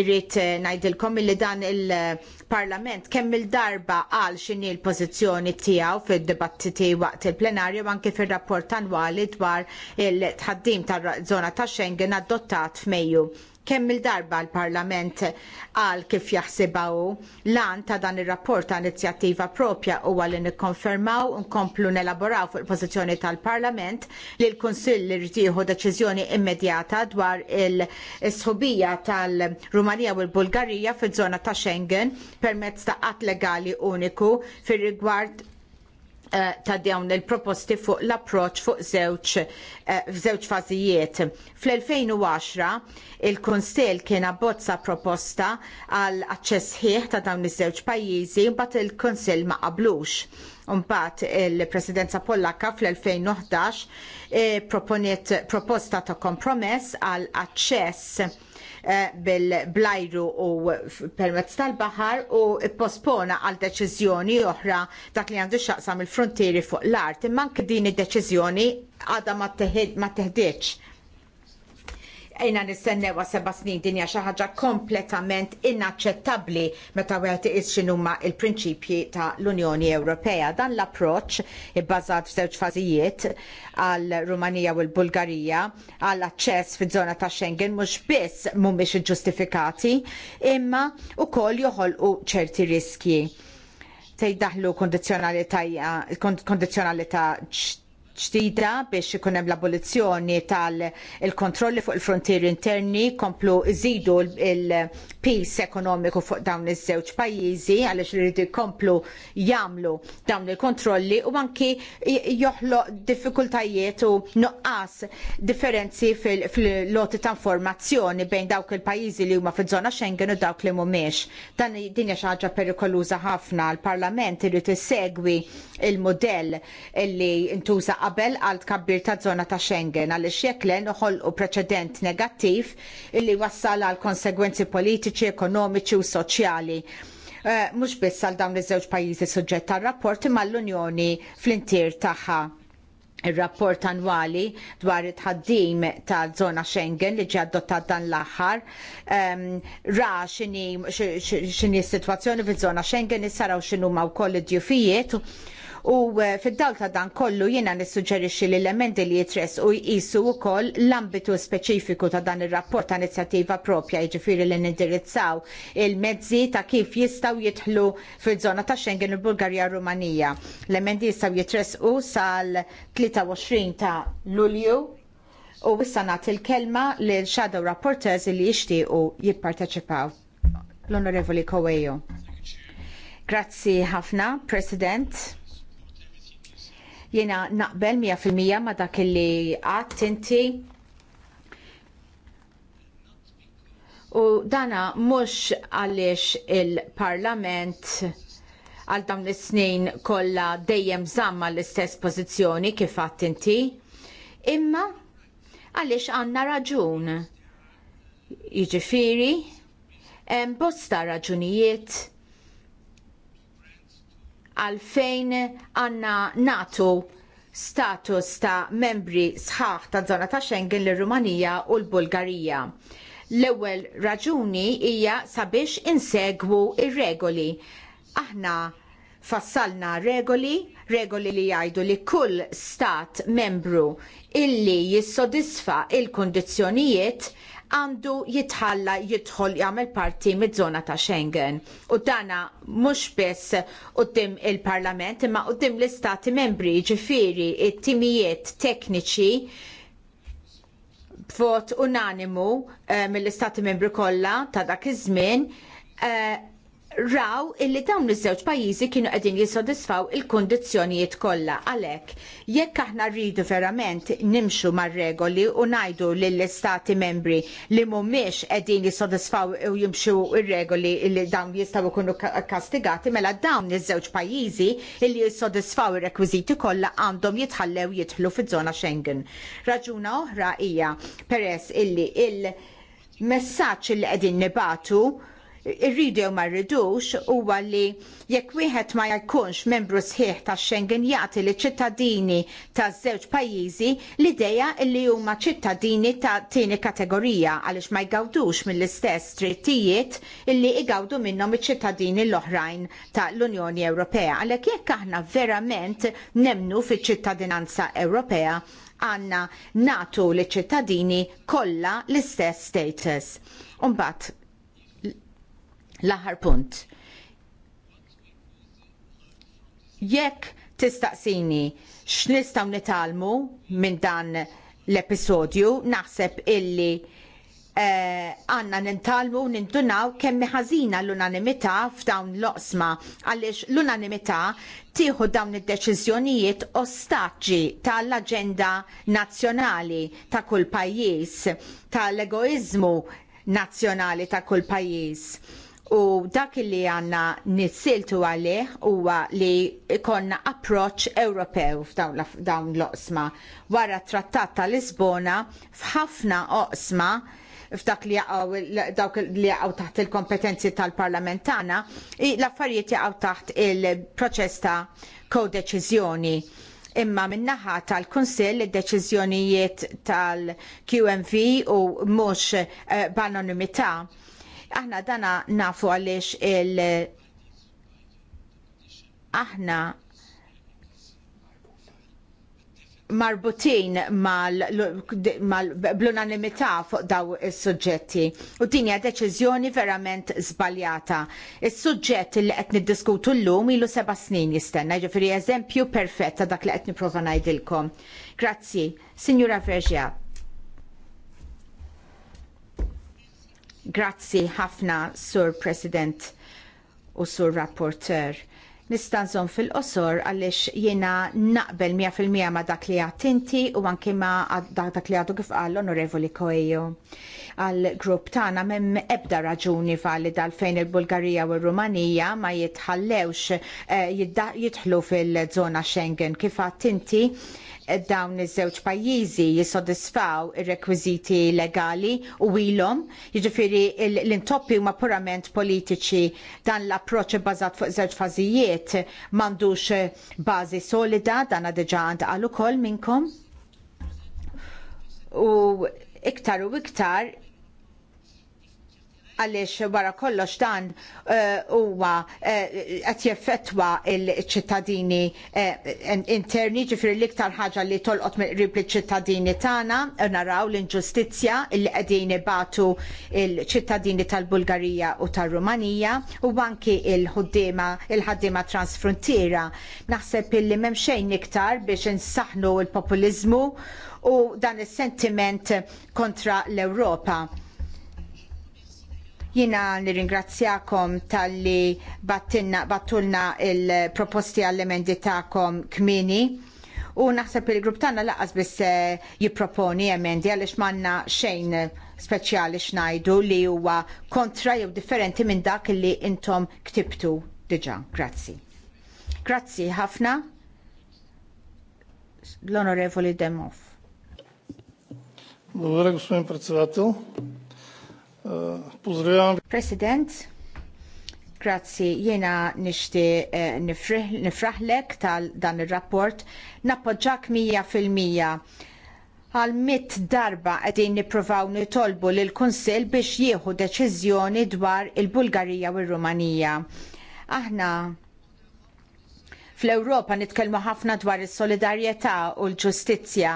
Irrid eh, ngħidilkom li dan il-Parlament kemm il-darba għal x'inhi l-pożizzjoni tiegħu fid-dibattiti waqt il-plenarju anke fir-rapport annwali dwar il-tħaddim tal-żona ta' Schengen adottat f'Mejju kemm il-darba l-Parlament għal kif jaħsibaw lan ta' dan ir-rapport ta' inizjattiva propja huwa li nikkonfermaw nkomplu nelaboraw fuq il-pożizzjoni tal-Parlament li l-Kunsill li rtieħu deċiżjoni immedjata dwar il-sħubija tal-Rumanija u l-Bulgarija fiż-żona ta' Schengen permezz ta' qatt legali uniku fir rigward Eh, ta' dawn il-proposti fuq l approċċ fuq żewġ eh, fażijiet. Fl-2010 il-Kunsell kien abbozza proposta għal aċċess ħieħ ta' dawn iż-żewġ pajjiżi mbagħad il-Kunsell ma qablux. Mbagħad il-Presidenza Pollakka fl-2011 eh, proponiet proposta ta' kompromess għal aċċess Eh, bil-blajru u permezz tal-bahar u pospona għal deċiżjoni oħra dak li għandu xaqsam il-frontieri fuq l-art. imma anke din id-deċiżjoni għadha ma teħdiċ ejna nistennewa seba' snin dinja xi ħaġa kompletament inaċċettabbli meta wieħed iqis x'inhuma l-prinċipji ta' l-Unjoni Ewropea. Dan l-approċċ ibbażat f'żewġ fażijiet għal Rumanija u l-Bulgarija għall aċċess fiż-żona ta' Schengen mhux biss mhumiex iġġustifikati imma wkoll joħolqu ċerti riskji kundizzjonalità kondizjonalità ġdida biex ikun hemm l-abolizzjoni tal-kontrolli fuq il-frontieri interni komplu iżidu il-pis ekonomiku fuq dawn iż-żewġ pajjiżi għaliex iridu jkomplu jagħmlu dawn il-kontrolli u anki joħloq diffikultajiet u nuqqas differenzi fil-loti ta' informazzjoni bejn dawk il-pajjiżi li huma fiż-żona Schengen u dawk li mhumiex. Dan din hija xi ħaġa perikoluża ħafna l-Parlament irid isegwi il-modell li ntuża qabel għal tkabbir ta' żona ta' Schengen għaliex jekk le noħolqu preċedent negattiv illi wassal għal konsegwenzi politiċi, ekonomiċi u soċjali. Eh, mhux biss għal dawn iż-żewġ pajjiżi suġġett tar-rapport imma l-Unjoni fl-intir tagħha il-rapport annwali dwar it-ħaddim ta' zona Schengen li ġie adottat dan l-aħħar um, ra xini, xini situazzjoni fil-zona Schengen issaraw xinu ma' wkoll id-djufijiet U eh, fid-dawl ta' dan kollu jiena nissuġġerixxi li l-emendi li jitress u jqisu wkoll l-ambitu speċifiku ta' dan ir-rapport ta' inizjattiva propja jiġifieri li nindirizzaw il-mezzi ta' kif jistgħu jidħlu fiż-żona ta' Schengen u Bulgarija u Rumanija. L-emendi jistgħu jitressqu sal-23 ta' Lulju u issa nagħti l kelma lil shadow rapporters li jixtiequ jipparteċipaw. L-Onorevoli Kowejo. Grazzi ħafna, President. Jena naqbel 100% ma dak li għat inti. U dana mux għalix il-parlament għal dawn is-snin kollha dejjem żamma l-istess pożizzjoni kif għadt inti. Imma għaliex għandna raġun. Jiġifieri hemm bosta raġunijiet għalfejn għandna nagħtu status ta' membri sħaħ ta' żona ta' Schengen l rumanija u l-Bulgarija. L-ewwel raġuni hija sabiex insegwu r regoli Aħna fassalna regoli, regoli li jgħidu li kull stat membru illi jissodisfa il kundizzjonijiet għandu jitħalla jidħol jagħmel parti miż-żona ta' Schengen. U dana mhux biss quddiem il-Parlament imma quddiem l-Istati membri ġifieri it-timijiet tekniċi b'vot unanimu eh, mill-Istati membri kollha ta' dak iż-żmien eh, raw illi dawn iż-żewġ pajjiżi kienu qegħdin jissodisfaw il-kundizzjonijiet kollha. Għalhekk jekk aħna rridu verament nimxu mar-regoli u ngħidu lill-istati membri li mhumiex qegħdin jissodisfaw u jimxu ir-regoli li dawn jistgħu jkunu kastigati mela dawn iż-żewġ pajjiżi illi jissodisfaw ir-rekwiżiti kollha għandhom jitħallew jidħlu fiż-żona Schengen. Raġuna oħra hija peress illi il-messaġġ li qegħdin nibatu irridu ma rridux huwa li jekk wieħed ma jkunx membru sħiħ tax Schengen jagħti li ċittadini taż żewġ pajjiżi l-idea li huma ċittadini ta' tieni kategorija għaliex ma jgawdux mill-istess drittijiet illi jgawdu minnhom iċ-ċittadini l-oħrajn ta' l-Unjoni Ewropea. Għalhekk jekk aħna verament nemnu fiċ-ċittadinanza Ewropea għandna nagħtu liċ ċittadini kollha l-istess status. Umbat, L-aħħar punt. Jekk tistaqsini x'nistgħu nitalmu minn dan l-episodju, naħseb illi eh, għanna uh, nintalmu nindunaw kemmi ħażina l-unanimità f'dawn l-oqsma għaliex l-unanimità tieħu dawn id-deċiżjonijiet ostaġġi tal-aġenda nazzjonali ta' kull pajjiż, tal-egoizmu nazzjonali ta' kull pajjiż u dak li għandna nissiltu għalih huwa li konna approċċ Ewropew f'dawn l-oqsma. Wara t trattat ta' Lisbona f'ħafna oqsma f'dak li jaqgħu dawk li għaw taħt il-kompetenzi tal-Parlament tagħna, l-affarijiet jaqgħu taħt il-proċess ta' kodeċiżjoni. Imma min-naħa tal-Kunsill id-deċiżjonijiet tal-QMV u mhux eh, b'anonimità Aħna dana nafu għaliex il- aħna marbutin mal-bl-unanimità mal, fuq daw is-suġġetti. U din hija deċiżjoni verament żbaljata. Is-suġġett li qed niddiskutu llum ilu seba' snin jistenna, jiġifieri eżempju perfetta dak li qed nipprova ngħidilkom. Grazzi, Signora Verġjat. Grazzi ħafna, Sur President u Sur Rapporteur. Nistanżon fil-qosor għalix jena naqbel 100% ma dak li għattinti u anke ma dak li għadu kif għall onorevoli Koejo. Għal grupp tana mem ebda raġuni valid għalfejn il-Bulgarija u il-Rumanija ma jitħallewx eh, jitħlu fil-zona Schengen kif għattinti dawn iż-żewġ pajjiżi jissodisfaw ir-rekwiżiti legali u ilhom, jiġifieri l-intoppi huma purament politiċi dan l-approċċ bbażat fuq żewġ fażijiet m'għandux bażi solida, dan diġà għand ukoll minnkom. U iktar u iktar għaliex wara kollox dan eh, huwa eh, qed jeffettwa l-ċittadini eh, interni ġifieri l-iktar ħaġa li tolqot minn qrib liċ-ċittadini tagħna naraw l-inġustizzja li qegħdin ibatu l-ċittadini tal-Bulgarija u tar-Rumanija u anki l-ħuddiema il-ħaddiema transfrontiera. Naħseb illi m'hemm xejn iktar biex insaħnu l-populiżmu u dan is-sentiment kontra l-Ewropa Jina nirringrazzjakom tal-li battulna il-proposti għall-emendi ta'kom kmini. U naħseb il-grupp tagħna laqas biss jipproponi emendi għaliex m'għandna xejn speċjali xnajdu li huwa kontra jew differenti minn dak li intom ktibtu diġà. Grazzi. Grazzi ħafna l-Onorevoli Demov. Благодаря, President, Grazzi, Jiena nishti eh, nifraħlek tal dan ir rapport Nappoġġak mija fil-mija għal mit darba qegħdin nippruvaw nitolbu lill kunsill biex jieħu deċiżjoni dwar il-Bulgarija u r-Rumanija. Aħna Fl-Ewropa nitkellmu ħafna dwar is-solidarjetà u l-ġustizzja,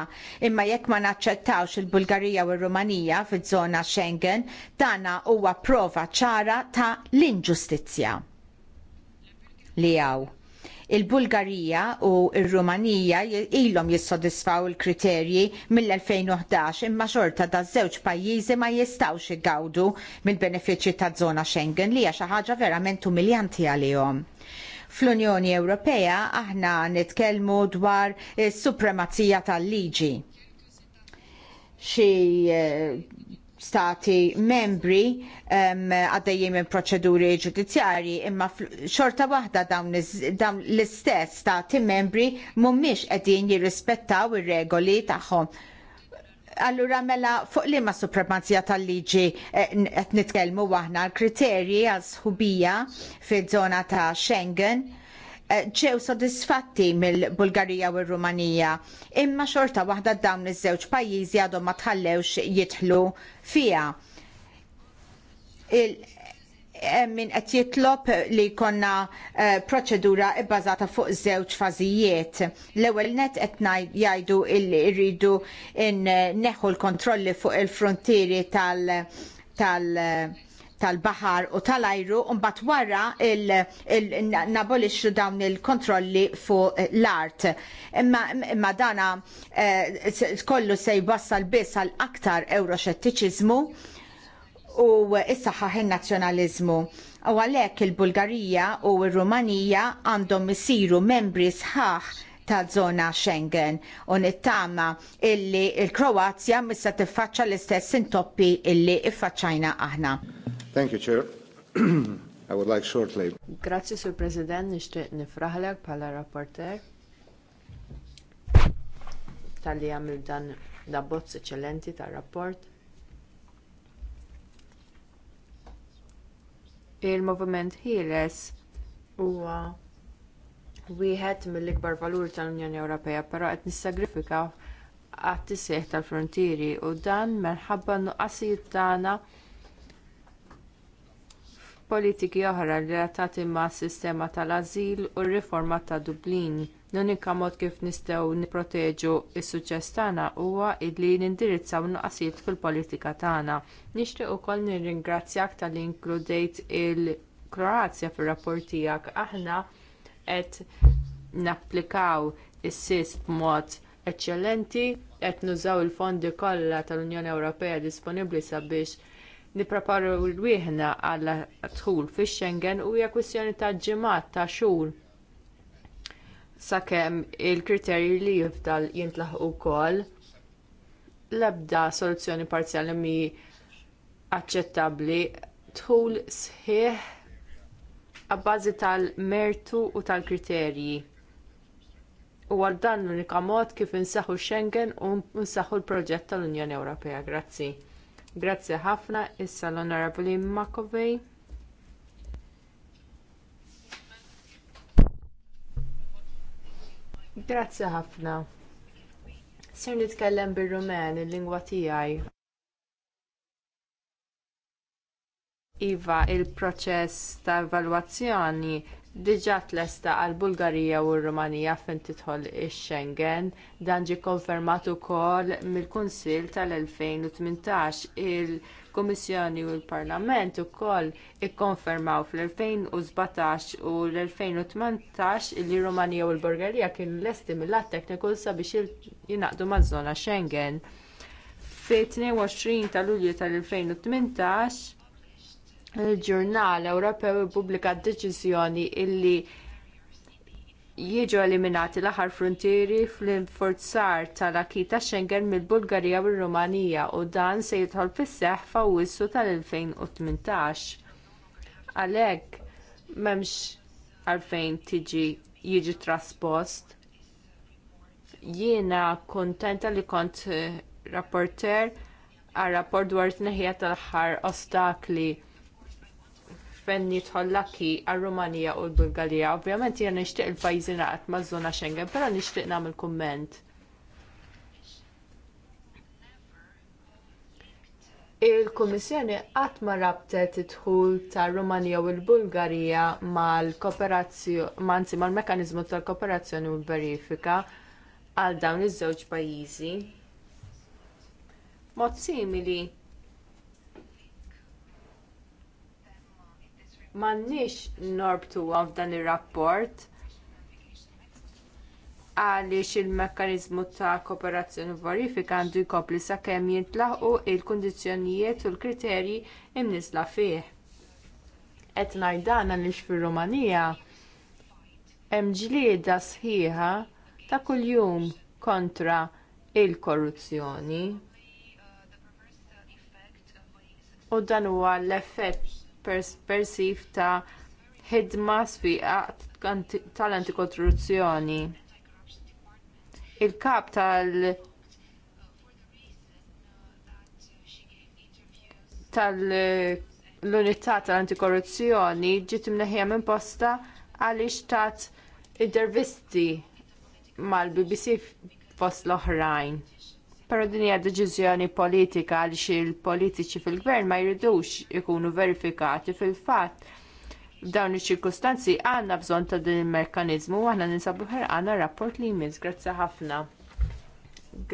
imma jekk ma naċċettawx il-Bulgarija u r-Rumanija fiż-żona Schengen, dana huwa prova ċara ta' l-inġustizzja li hawn. Il-Bulgarija u r rumanija ilhom jissodisfaw il-kriterji mill-2011 imma xorta da' żewġ pajjiżi ma jistgħux igawdu mill-benefiċċji ta' żona Schengen li hija xi ħaġa verament umiljanti għalihom Fl-Unjoni Ewropea aħna nitkellmu dwar is-supremazija tal-liġi. Xi eh, stati membri għaddejjin minn proċeduri ġudizzjarji imma xorta waħda dawn l-istess stati membri mhumiex qegħdin jirrispettaw ir-regoli tagħhom Allura mela fuq li ma supremazija tal-liġi eh, qed nitkellmu waħna l-kriterji għal sħubija fiż-żona ta' Schengen eh, ġew sodisfatti mill-Bulgarija u r-Rumanija imma xorta waħda dawn iż-żewġ pajjiżi għadhom ma tħallewx jidħlu fiha min qed jitlob li jkollna eh, proċedura bbażata fuq żewġ fażijiet. L-ewwel net qed jgħidu li rridu neħu l-kontrolli fuq il-frontieri tal- tal tal baħar u tal-ajru un bat wara il-nabolixu dawn il-kontrolli fuq l-art. Imma, imma dana eh, kollu se jwassal biss għal aktar euroxettiċizmu u is in-nazzjonaliżmu. U għalhekk il-Bulgarija u r-Rumanija għandhom isiru membri sħaħ ta' zona Schengen u nittama illi il-Kroazja missa tiffaċċa l-istess intoppi illi iffaċċajna aħna. Thank you, Chair. I would like shortly. Grazzi, Sur President, nixtieq nifraħlek bħala rapporter tal-li għamil dan da bozz eccellenti tar rapport il-moviment ħieles huwa wieħed mill-ikbar valur tal-Unjoni Ewropea, però qed nissagrifika għat-tisseħ tal-frontieri u dan minħabba nuqqasijiet tagħna politiki oħra relatati mas sistema tal-azil u r-riforma ta' Dublin L-unika mod kif nistgħu nipproteġu s-suċċess tagħna huwa li nindirizzaw nuqqasijiet fil-politika tagħna. Nixtieq ukoll nirringrazzjak tal-li inkludejt il-Kroazja fir-rapport tiegħek. Aħna qed napplikaw is-sis b'mod eċċellenti, qed nużaw il-fondi kollha tal-Unjoni Ewropea disponibbli sabiex nippreparaw l-wieħna għal dħul fix-Schengen u hija kwistjoni ta' ġimgħat ta' xhur sakemm il-kriterji li jifdal jintlaħ wkoll l-ebda soluzzjoni parzjali mi aċċettabbli dħul sħiħ għabbażi tal-mertu u tal-kriterji. U dan l-unika mod kif insaħħu Schengen u nsaħħu l-proġett tal-Unjoni Ewropea. Grazzi. Grazzi ħafna issa l-Onorabli Makovej. Grazzi ħafna. Ser nitkellem bir-Rumen, il-lingwa tiegħi. Iva, il-proċess ta' evalwazzjoni diġà tlesta għall bulgarija u r-Rumanija fejn tidħol ix-Schengen dan ġie konfermat ukoll mill-Kunsill tal-2018 il- il-Kummissjoni u l-Parlament ukoll ikkonfermaw fl-2017 u l-2018 li Rumanija u l-Bulgarija kienu lesti mill-att tekniku sabiex jinaqdu maż-żona Schengen. Fi 22 ta' Lulju tal-2018 il-Ġurnal Ewropew ippubblika d deċiżjoni illi jiġu eliminati l-aħħar frontieri fl-inforzar tal-akita Schengen mill-Bulgarija u r-Rumanija u dan se jidħol fis-seħħ f'Awwissu tal-2018. Għalhekk m'hemmx għalfejn tiġi jiġi traspost. Jiena kuntenta li kont eh, rapporter għar rapport dwar t tneħħija tal-aħħar ostakli fenni tħollaki għal-Rumanija u l-Bulgarija. Ovvjament jena nixtieq il-pajzi naqat maż-żona Schengen, però nixtieq nagħmel kumment. Il-Kummissjoni qatt ma rabtet id-dħul tar Rumanija u l-Bulgarija mal-kooperazzjoni, manzi mal-mekanizmu tal-kooperazzjoni u l-verifika għal dawn iż-żewġ pajjiżi. Mod simili m'għandniex norbtuha f'dan ir-rapport għaliex il-mekkaniżmu ta' kooperazzjoni verifika għandu jkopli sakemm jintlaħqu l-kundizzjonijiet u l-kriterji imnisla fih. Qed ngħid dan għaliex fir-Rumanija hemm ġlieda sħiħa ta' kuljum kontra l korruzzjoni U dan huwa l-effett persif ta' ħidma sfiqa tal-antikorruzzjoni. Il-kap tal- tal-unità tal-antikorruzzjoni ġiet imneħija minn posta għaliex tat intervisti mal-BBC fost l-oħrajn. Pero din hija deċiżjoni politika għaliex il-politiċi fil-gvern ma jridux ikunu verifikati fil-fatt. F'dawn iċ-ċirkustanzi għandna bżonn ta' din il-mekkaniżmu u aħna ninsabu għandna rapport li jmiss. Grazzi ħafna.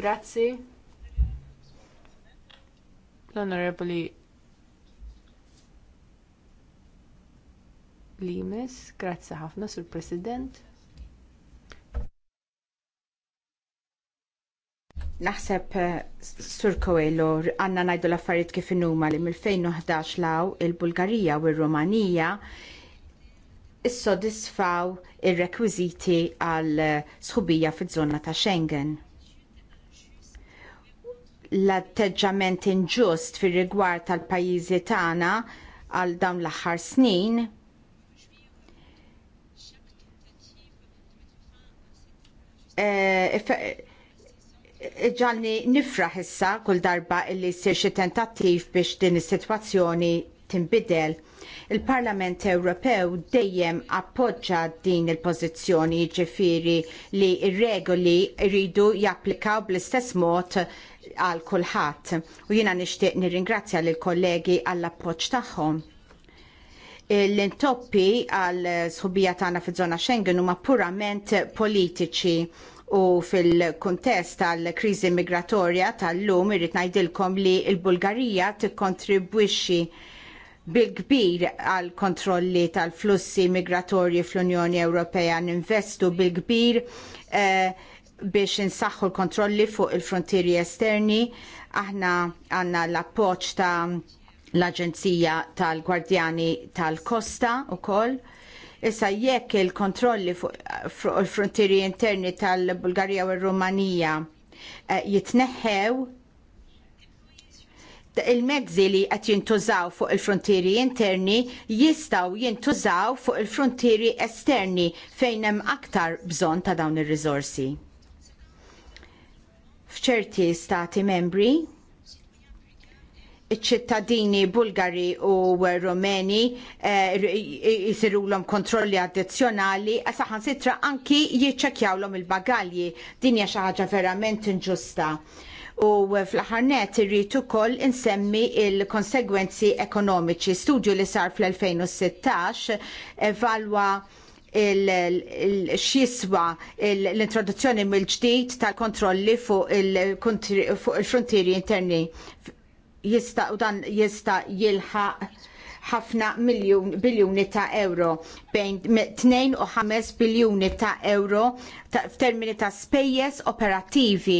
Grazzi. L-Onorevoli Limes, a ħafna sur President. Naħseb eh, Sur Coelho għanna najdu l-affarijiet kif innuma li mill-2011 law il-Bulgarija u r-Rumanija sodisfaw ir-rekwiżiti għal eh, sħubija fiż-żona ta' Schengen. L-atteġġament inġust fir-rigward tal-pajjiżi tagħna għal dawn l-aħħar snin e, ġalni nifraħ issa kull darba illi jsir xi tentattiv biex din is-sitwazzjoni tinbidel. Il-Parlament Ewropew dejjem appoġġa din il-pożizzjoni ġifiri li r-regoli rridu japplikaw bl-istess mod għal kulħadd. U jiena nixtieq nirringrazzja lill kollegi għall appoġġ tagħhom. L-intoppi għal sħubija tagħna fiż-żona Schengen huma purament politiċi U fil-kontest tal-kriżi migratorja tal-lum irrid ngħidilkom li l-Bulgarija tikkontribwixxi bil-kbir għal kontrolli tal-flussi migratorji fl-Unjoni Ewropea ninvestu bil-kbir eh, biex insaħħu l-kontrolli fuq il-frontieri esterni. Aħna għandna l appoġġ ta' l-Aġenzija tal-Gwardjani tal-Kosta wkoll Issa jekk il-kontrolli fuq il-frontieri interni tal-Bulgarija u r-Rumanija eh, jitneħħew, il-mezzi li qed jintużaw fuq il-frontieri interni jistgħu jintużaw fuq il-frontieri esterni fejn hemm aktar bżonn ta' dawn ir-riżorsi. F'ċerti stati membri ċittadini bulgari u rumeni eh, jisirulom kontrolli addizzjonali, għasaxan sitra anki jiċċekjawlhom il-bagalji. Din hija xi ħaġa verament inġusta. U fl-aħħar net kol ukoll insemmi l konsegwenzi ekonomiċi. Studju li sar fl-2016 evalwa il-xiswa l-introduzzjoni mill-ġdid tal-kontrolli fuq il-frontieri interni jista' u dan jista' jilħa ħafna miljun biljuni ta' euro bejn 2 u 5 biljuni ta' euro f'termini ta' spejjeż operattivi.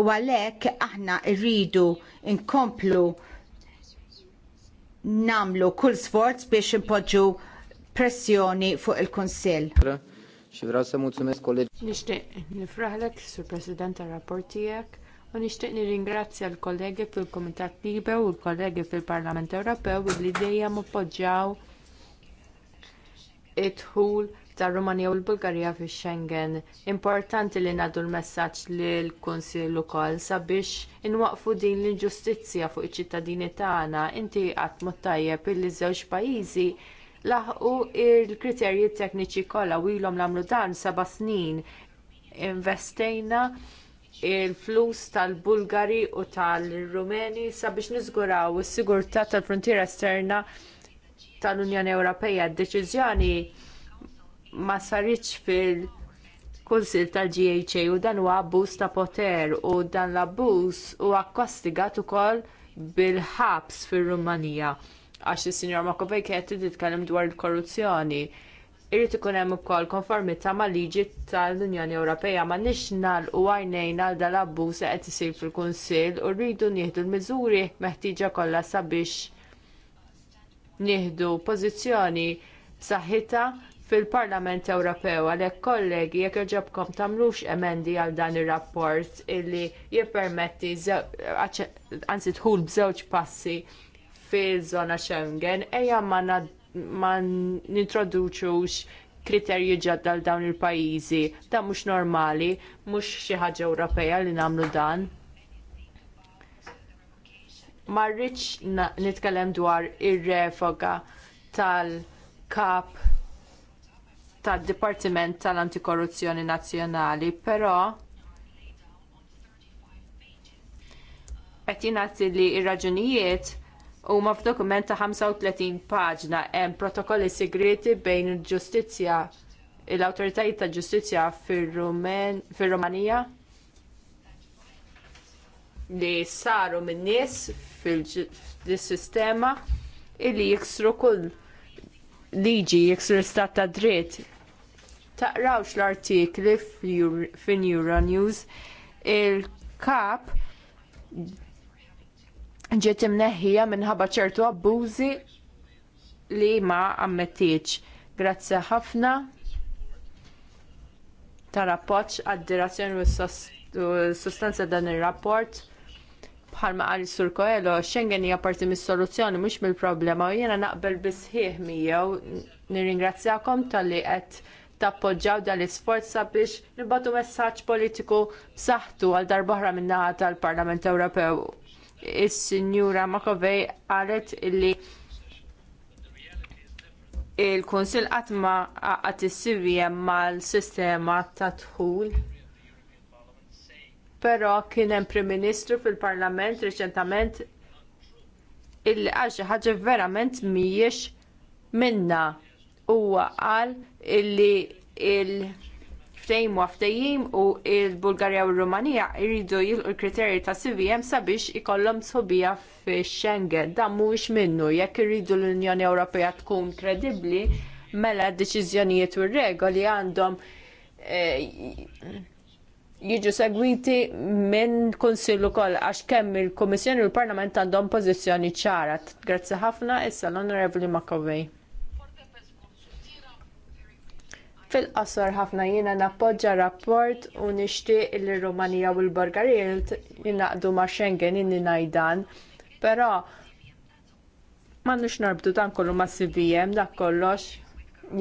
U għalhekk aħna rridu nkomplu namlu kull sforz biex impoġġu pressjoni fuq il-Kunsill. Nixtieq nifraħlek sur President tar-rapport tiegħek U nixtieq nirringrazzja l-kollegi fil-Kumitat Libe u l-kollegi fil-Parlament Ewropew li dejjem appoġġjaw id-dħul tar-Rumanija u l-Bulgarija fix Schengen. Importanti li nagħdu l-messaġġ lill kunsill ukoll sabiex inwaqfu din l-inġustizzja fuq iċ-ċittadini tagħna. Inti qatt mod tajjeb illi żewġ pajjiżi laħqu l kriterji tekniċi kollha u ilhom l-għamlu dan seba' snin investejna il-flus tal-Bulgari u tal-Rumeni sabiex niżguraw is-sigurtà tal-frontiera esterna tal-Unjoni Ewropea. Deċiżjoni ma saritx fil- kunsil tal-GHA u dan huwa abbuż ta' poter u dan l-abbuż huwa kkostigat ukoll bil-ħabs fir-Rumanija għax is-Sinjor Makovej qed titkellem dwar il-korruzzjoni. Irrid ikun hemm ukoll konformità mal-liġi tal-Unjoni Ewropea ma nix nagħlqu għajnejn għal dal-abbuż qed isir fil-Kunsill u rridu nieħdu l-miżuri meħtieġa kollha sabiex nieħdu pożizzjoni saħħita fil-Parlament Ewropew għalhekk kollegi jekk irġobkom tagħmlux emendi għal dan ir-rapport illi jippermetti anzi dħul b'żewġ passi fil-żona Schengen ejja ma ma nintroduċux kriterji ġaddal għal dawn il-pajjiżi. Da mhux normali, mhux xi ħaġa Ewropea li nagħmlu dan. Ma rridx nitkellem dwar ir-refoga tal-kap tad-Dipartiment tal-Antikorruzzjoni Nazzjonali, però qed jingħati li r raġunijiet huma f'dokument ta' 35 paġna hemm protokolli segreti bejn il-ġustizzja l-awtoritajiet ta' ġustizzja fir-Rumanija li saru minn nies fil-sistema illi jiksru kull liġi jiksru istat ta' dritt. Taqrawx l-artikli fin Euronews il-kap ġiet imneħħija minħabba ċertu abbużi li ma ammettiċ. Grazzi ħafna ta' rapporti għad-dirazzjoni u s-sustanza dan ir rapport bħalma qal sur Koelo, Schengen hija parti mis-soluzzjoni mhux mill-problema u jiena naqbel bisħieħ miegħu nirringrazzjakom talli qed tappoġġjaw dan l-isforz sabiex nibatu messaġġ politiku b'saħħtu għal darbohra min-naħa tal-Parlament Ewropew is-Sinjura Makovej qalet li il kunsill qatt ma qatt mal-sistema ta' dħul. Però kien hemm Prim Ministru fil-Parlament riċentement illi qal xi ħaġa verament mhijiex minna huwa qal illi il- ftejm u ftejim u il-Bulgarija u l-Rumanija jridu jilqu l-kriterji ta' CVM sabiex ikollhom sobija fix Schengen. Dan mhuwiex minnu jekk irridu l-Unjoni Ewropea tkun kredibbli mela d deċiżjonijiet u r-regoli għandhom e, jiġu segwiti minn konsillu ukoll għax kemm il-Komissjoni u l-Parlament għandhom pożizzjoni ċara. Grazzi ħafna issa l-Onorevoli Makovej. fil qasor ħafna jiena nappoġġa rapport u nixtieq li rumanija u l-Bulgarija jinaqdu ma' Schengen inni najdan, però ma nix narbdu dan kollu ma' CVM dak kollox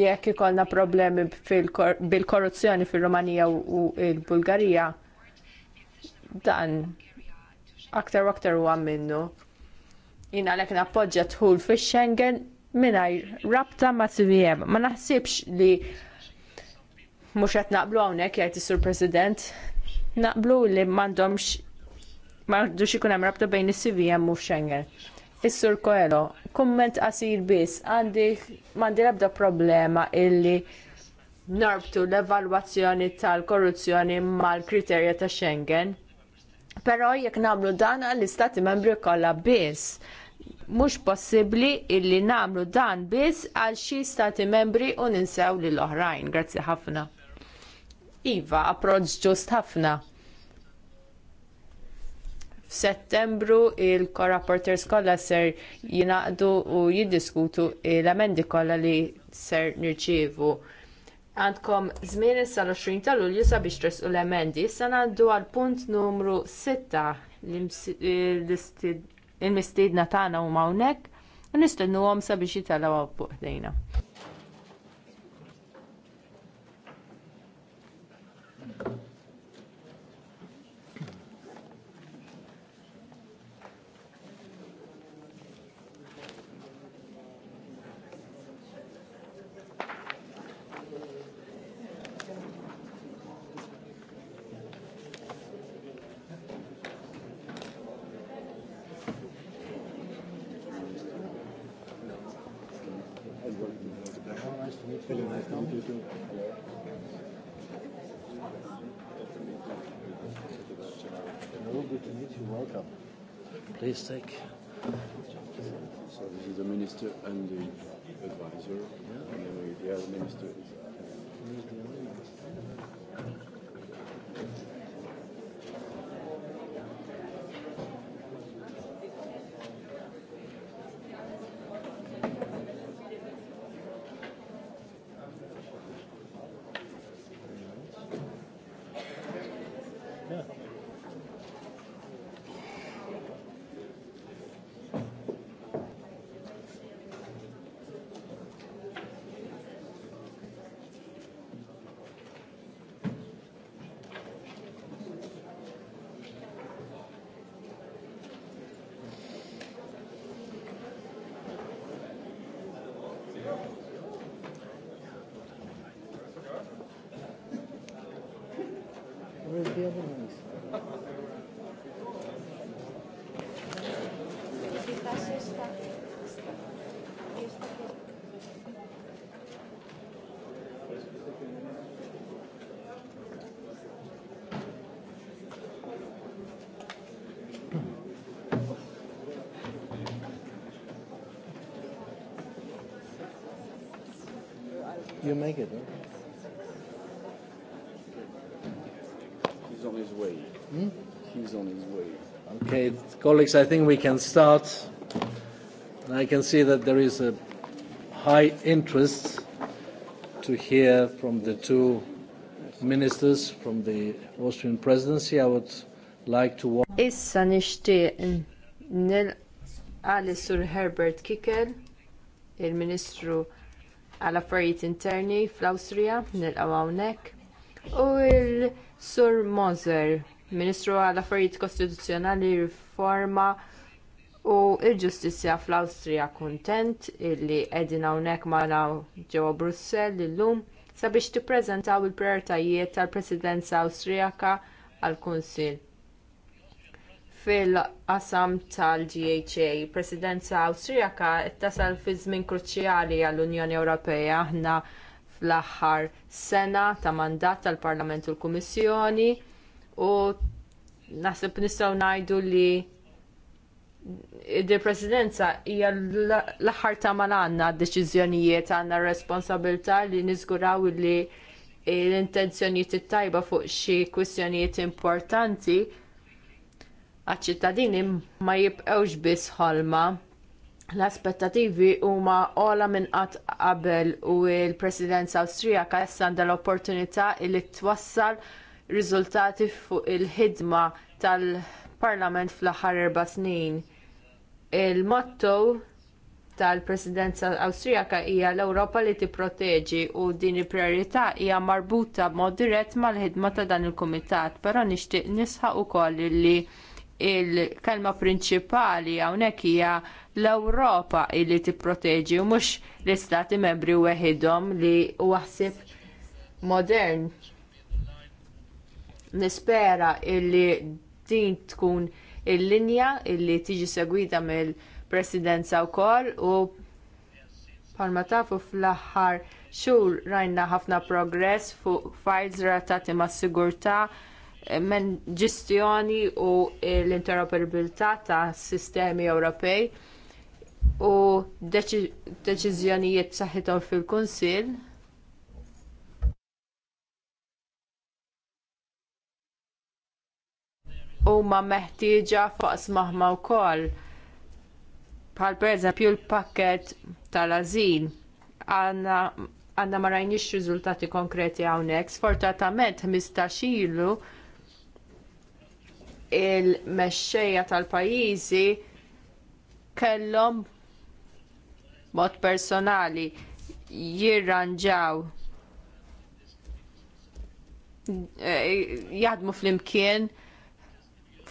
jekk ikollna problemi bil-korruzzjoni fil-Rumanija u l-Bulgarija dan aktar u aktar huwa minnu. Jina għalhekk nappoġġa dħul fix Schengen mingħajr rabta ma' CVM. Ma naħsibx li mhux qed naqblu hawnhekk jgħajt is-Sur President, naqblu li m'għandhomx m'għandux ikun hemm rabta bejn is-CVM u Schengen. Is-Sur Koelo, kumment qasir biss, għandi m'għandi l-ebda problema illi narbtu l-evalwazzjoni tal-korruzzjoni mal-kriterja ta' Schengen. Però jekk nagħmlu dan għall-istati membri kollha biss, mhux possibbli illi nagħmlu dan biss għal xi stati membri u ninsew lill oħrajn Grazzi ħafna. Iva, approċ ġust ħafna. F'Settembru il-korrapporters kollha ser jinaqdu u jiddiskutu l-emendi kollha li ser nirċievu. Għandkom żmien sal-20 tal Lulju sabiex tresqu l-emendi, issa għandu għal punt numru 6 il-mistiedna tagħna huma hawnhekk u għom sabiex jitalaw buħdejna. you make it? Huh? He's on his way. Hmm? He's on his way. Okay, colleagues, I think we can start. I can see that there is a high interest to hear from the two ministers from the Austrian presidency. I would like to... walk. nishtiq sur Herbert Kikel, il-Ministru għal affarijiet interni fl-Awstrija, nilqgħu hawnhekk. U l-Sur Moser, Ministru għal affarijiet kostituzzjonali riforma u l-ġustizzja fl-Awstrija kuntent illi qegħdin hawnhekk magħna ġewwa Brussell illum sabiex tippreżentaw il-prioritajiet tal-Presidenza Awstrijaka għall kunsill fil-qasam tal-GHA. Presidenza Awstrijaka qed tasal fi żmien kruċjali għall-Unjoni Ewropea aħna fl-aħħar sena ta' mandat tal-Parlament u l-Kummissjoni u naħseb nistgħu ngħidu li il-presidenza hija l-aħħar ta' malanna d-deċiżjonijiet għandna responsabilità li niżguraw li l-intenzjonijiet tajba fuq xi kwistjonijiet importanti għaċ-ċittadini ma jibqgħux biss ħolma. L-aspettativi huma ola minn qatt qabel u l-Presidenza Awstrijaka issa għandha l-opportunità li twassal riżultati fuq il-ħidma tal-Parlament fl-aħħar erba' snin. Il-motto tal-presidenza Awstrijaka hija l-Ewropa li tipproteġi u din il-priorità hija marbuta b'mod dirett mal-ħidma ta' dan il-kumitat, però nixtieq nisħaq ukoll li il-kelma prinċipali hawnhekk hija l-Ewropa li tipproteġi u mhux l-istati membri weħidhom li waħsib modern. Nispera illi din tkun il-linja illi tiġi segwita mill-presidenza wkoll u palma tafu fl-aħħar xhur rajna ħafna progress fuq files relatati mas sigurtà men ġestjoni u l-interoperabilità ta' sistemi Ewropej u deċiżjonijiet saħħithom fil-Kunsill ma meħtieġa faqs maħma wkoll. Bħal pereżempju l-pakket tal azin għandna għanna ma rajniex riżultati konkreti hawnhekk. Sfortunatament 15 ilu il-mexxejja tal-pajjiżi kellhom mod personali jirranġaw eh, jaħdmu fl-imkien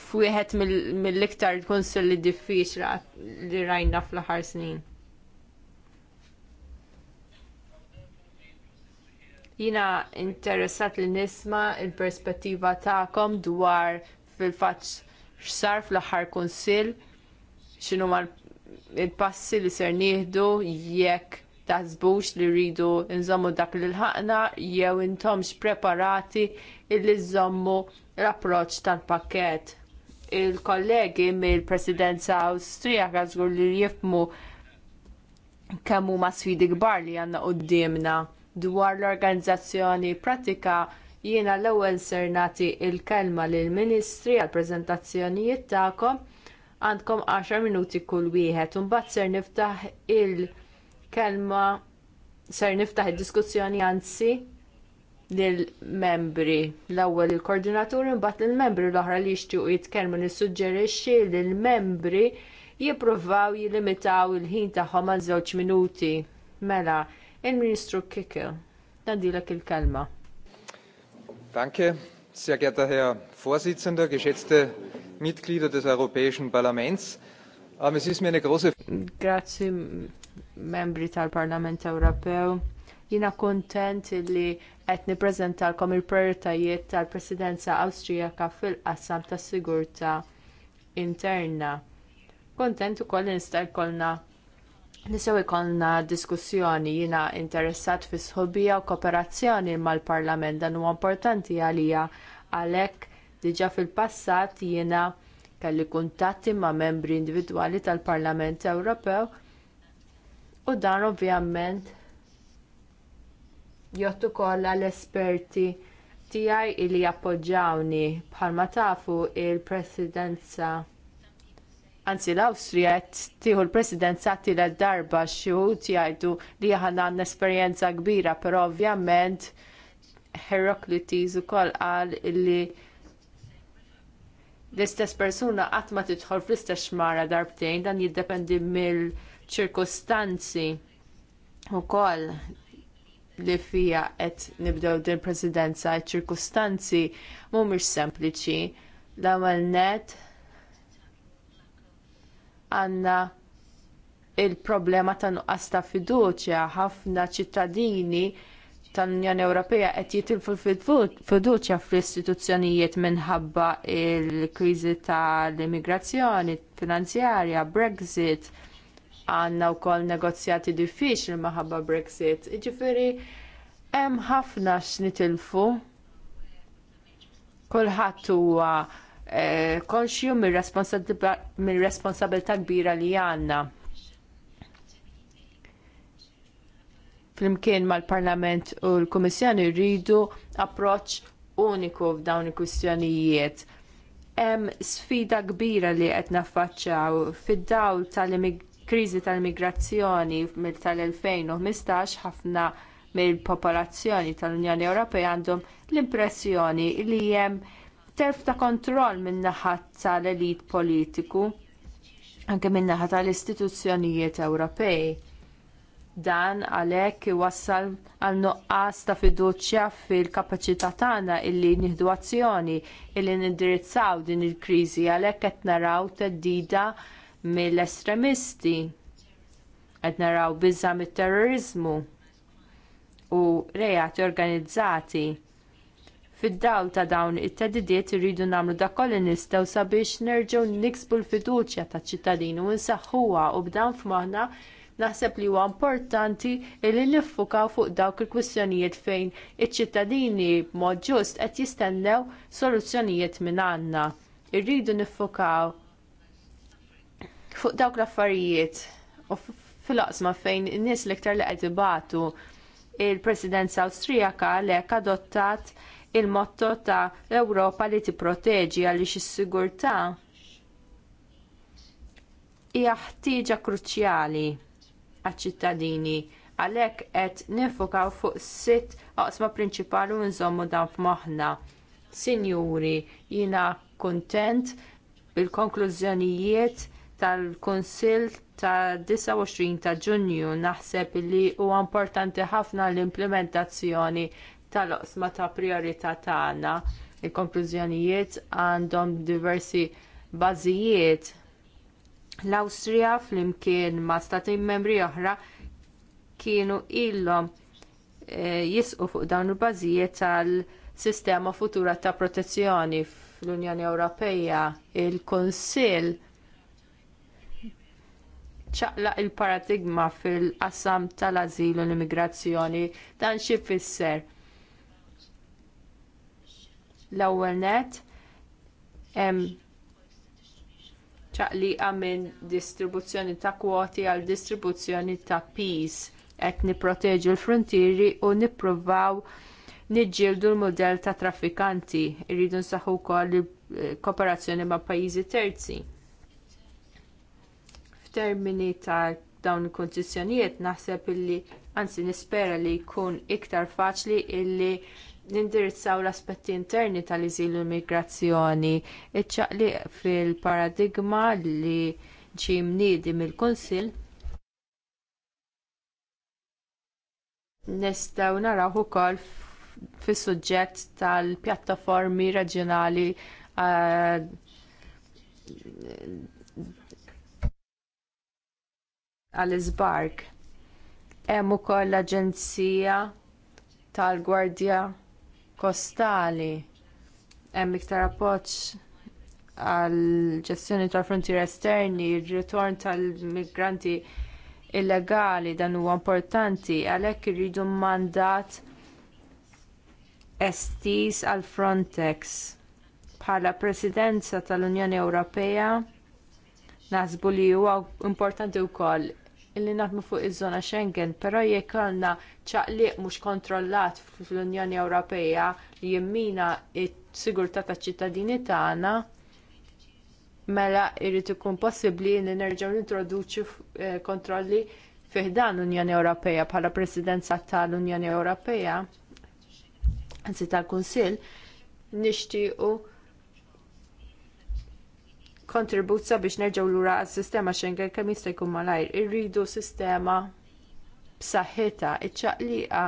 f'wieħed mill-iktar kunsilli diffiċli li rajna fl-aħħar snin. Jina interessat li nisma il-perspettiva ta'kom dwar fil-fatt x'sar fl-aħħar kunsill x'inhu il-passi li ser nieħdu jekk taħsbux li rridu nżommu dak li l-ħakna jew intomx preparati illi nżommu l-approċ tal-pakket. Il-kollegi mill-presidenza Awstrijaka żgur li jifmu kemm huma sfidi kbar li għandna quddiemna dwar l-organizzazzjoni pratika Jiena l-ewwel ser nagħti l kelma lill ministri għall preżentazzjonijiet tagħkom għandkom 10 minuti kull wieħed u mbagħad ser niftaħ il-kelma ser niftaħ id-diskussjoni anzi lill-membri l-ewwel il-koordinatur imbagħad lill-membri l-oħra li jixtiequ jitkellmu nissuġġerixxi lill-membri jippruvaw jilimitaw il-ħin tagħhom għal żewġ minuti. Mela, il-Ministru Kikil, nadilek il-kelma. Danke, sehr geehrter Herr Vorsitzender, geschätzte Mitglieder des Europäischen Parlaments. Um, es ist mir eine große. Grazie, membri tal-Parlament Europeo. Jina kontent li qed nippreżentalkom il-prioritajiet tal-Presidenza Awstrijaka fil-qassam tas-sigurtà interna. Kontent ukoll nista' jkollna Nisew ikollna diskussjoni jina interessat fi sħobija u kooperazzjoni mal-Parlament dan huwa importanti għalija għalhekk diġa' fil-passat jiena kelli kuntatti ma' membri individwali tal-Parlament Ewropew u dan ovvjament jottu kollha l-esperti tiegħi li jappoġġawni bħalma tafu l presidenza Anzi, l-Awstrija qed tieħu l-presidenza tielet darba xi jgħidu li aħna għandna esperjenza kbira, però ovvjament Heroclites ukoll qal li l-istess persuna qatt ma tidħol fl-istess xmara darbtejn dan jiddependi mill-ċirkostanzi ukoll li fiha qed nibdew din presidenza ċ ċirkustanzi mhumiex sempliċi l-ewwel nett għanna il-problema ta' nuqqas ta' fiduċja ħafna ċittadini tal-Unjoni Ewropea qed jitilfu fiduċja fl-istituzzjonijiet minħabba l kriżi tal-immigrazzjoni finanzjarja, Brexit, għandna wkoll negozjati diffiċli minħabba Brexit. Jiġifieri hemm ħafna x'nitilfu. Kulħadd huwa Eh, konxju mir-responsabilità kbira li għandna. Flimkien mal-Parlament u l-Kummissjoni rridu approċċ uniku f'dawn il-kwistjonijiet. Hemm sfida kbira li qed naffaċċjaw fid-dawl tal-kriżi tal-immigrazzjoni tal-2015 ħafna mill-popolazzjoni tal-Unjoni Ewropea għandhom l-impressjoni li hemm terf ta' kontroll min naħa tal-elit politiku, anke min naħa tal-istituzzjonijiet Ewropej. Dan għalhekk iwassal għal nuqqas ta' fiduċja fil-kapaċità tagħna illi nieħdu azzjoni illi nindirizzaw din il-kriżi għalhekk qed naraw theddida mill-estremisti. Qed naraw biża mit-terrorizmu u reati organizzati Fid-dawl ta' dawn it-tedidiet irridu nagħmlu dak kolli nistgħu sabiex nerġgħu niksbu l-fiduċja taċ ċittadin u nsaħħuha u b'dan f'moħħna naħseb li huwa importanti li niffukaw fuq dawk il-kwistjonijiet fejn iċ-ċittadini b'mod ġust qed jistennew soluzzjonijiet minn għandna. Irridu niffukaw fuq dawk l-affarijiet u fil-qasma fejn in-nies l-iktar li qed ibatu il-Presidenza Awstrijaka għalhekk adottat il-motto ta' ewropa li tipproteġi għaliex is-sigurtà hija ħtieġa kruċjali għaċ-ċittadini għalhekk qed nifokaw fuq sitt oqsma prinċipali u nżommu dan f'moħħna. Sinjuri, jiena kuntent bil-konklużjonijiet tal-Kunsill ta' 29 ta' Ġunju naħseb li huwa importanti ħafna l-implementazzjoni tal-oqsma ta' priorità tagħna. Il-konklużjonijiet għandhom diversi bażijiet. L-Awstrija flimkien ma' stati membri oħra kienu ilhom eh, jisqu fuq dawn il-bażijiet tal-sistema futura ta' protezzjoni fl-Unjoni Ewropea. Il-Kunsill ċaqlaq il-paradigma fil-qasam tal-azil u l-immigrazzjoni dan xi fisser L-ewwel net hemm ċaqliqa minn distribuzzjoni ta' kwoti għal distribuzzjoni ta' pis qed nipproteġu l-frontieri u nippruvaw niġġieldu l mudell ta' traffikanti. Irridu nsaħħu wkoll il-kooperazzjoni ma' pajjiżi terzi. F'termini ta' dawn il-konċessjonijiet naħseb illi anzi nispera li jkun iktar faċli illi nindirizzaw l-aspetti interni tal-iżil immigrazzjoni, iċċaqli fil-paradigma li ġie mniedi mill-Kunsill. Nistgħu naraw ukoll fis-suġġett tal-pjattaformi reġjonali għall-iżbark. Hemm ukoll l-Aġenzija tal-Gwardja kostali hemm iktar appoġġ għal ġestjoni tal-frontier esterni, ir-ritorn tal-migranti illegali dan huwa importanti għalhekk irridu mandat estis għal Frontex. Bħala presidenza tal-Unjoni Ewropea naħsbu li huwa importanti wkoll illi naħdmu fuq iż-żona Schengen, però jekk għandna ċaqliq mhux kontrollat fl-Unjoni Ewropea li jimmina s-sigurtà taċ-ċittadini tagħna, mela jrid ikun possibbli li nerġgħu nintroduċu eh, kontrolli fih dan l-Unjoni Ewropea bħala Presidenza tal-Unjoni Ewropea, anzi tal-Kunsill, nixtiequ kontribuzza biex nerġgħu lura għas-sistema Schengen kemm jista' jkun malajr. Irridu sistema b'saħħitha, iċċaqliqa,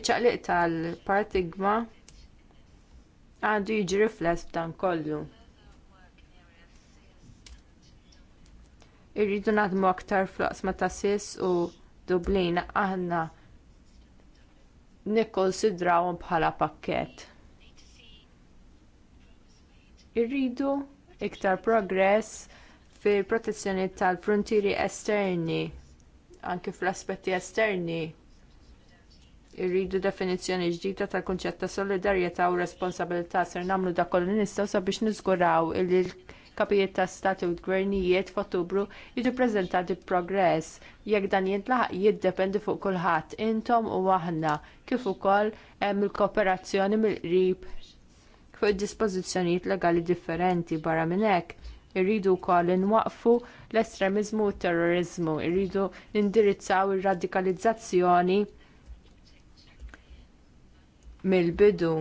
iċċaqliq tal-paradigma għandu jiġi rifless f'dan kollu. Irridu naħdmu aktar fl-oqsma ta' sis u Dublin aħna nikkonsidrawhom bħala pakkett. Irridu iktar progress fil-protezzjoni tal-frontieri esterni, anke fl-aspetti esterni. Irridu definizzjoni ġdida tal-kunċett ta' solidarjetà u responsabilità ser nagħmlu dak kollu nistgħu sabiex niżguraw li l-kapijiet ta' stati u gvernijiet f'Ottubru jiġu ppreżentati progress jekk dan jintlaħaq jiddependi fuq kulħadd intom u aħna kif ukoll hemm il-kooperazzjoni mill-qrib fuq dispożizzjonijiet legali differenti barra minn hekk. Irridu wkoll inwaqfu l-estremiżmu u t terrorizmu, irridu nindirizzaw ir-radikalizzazzjoni mill-bidu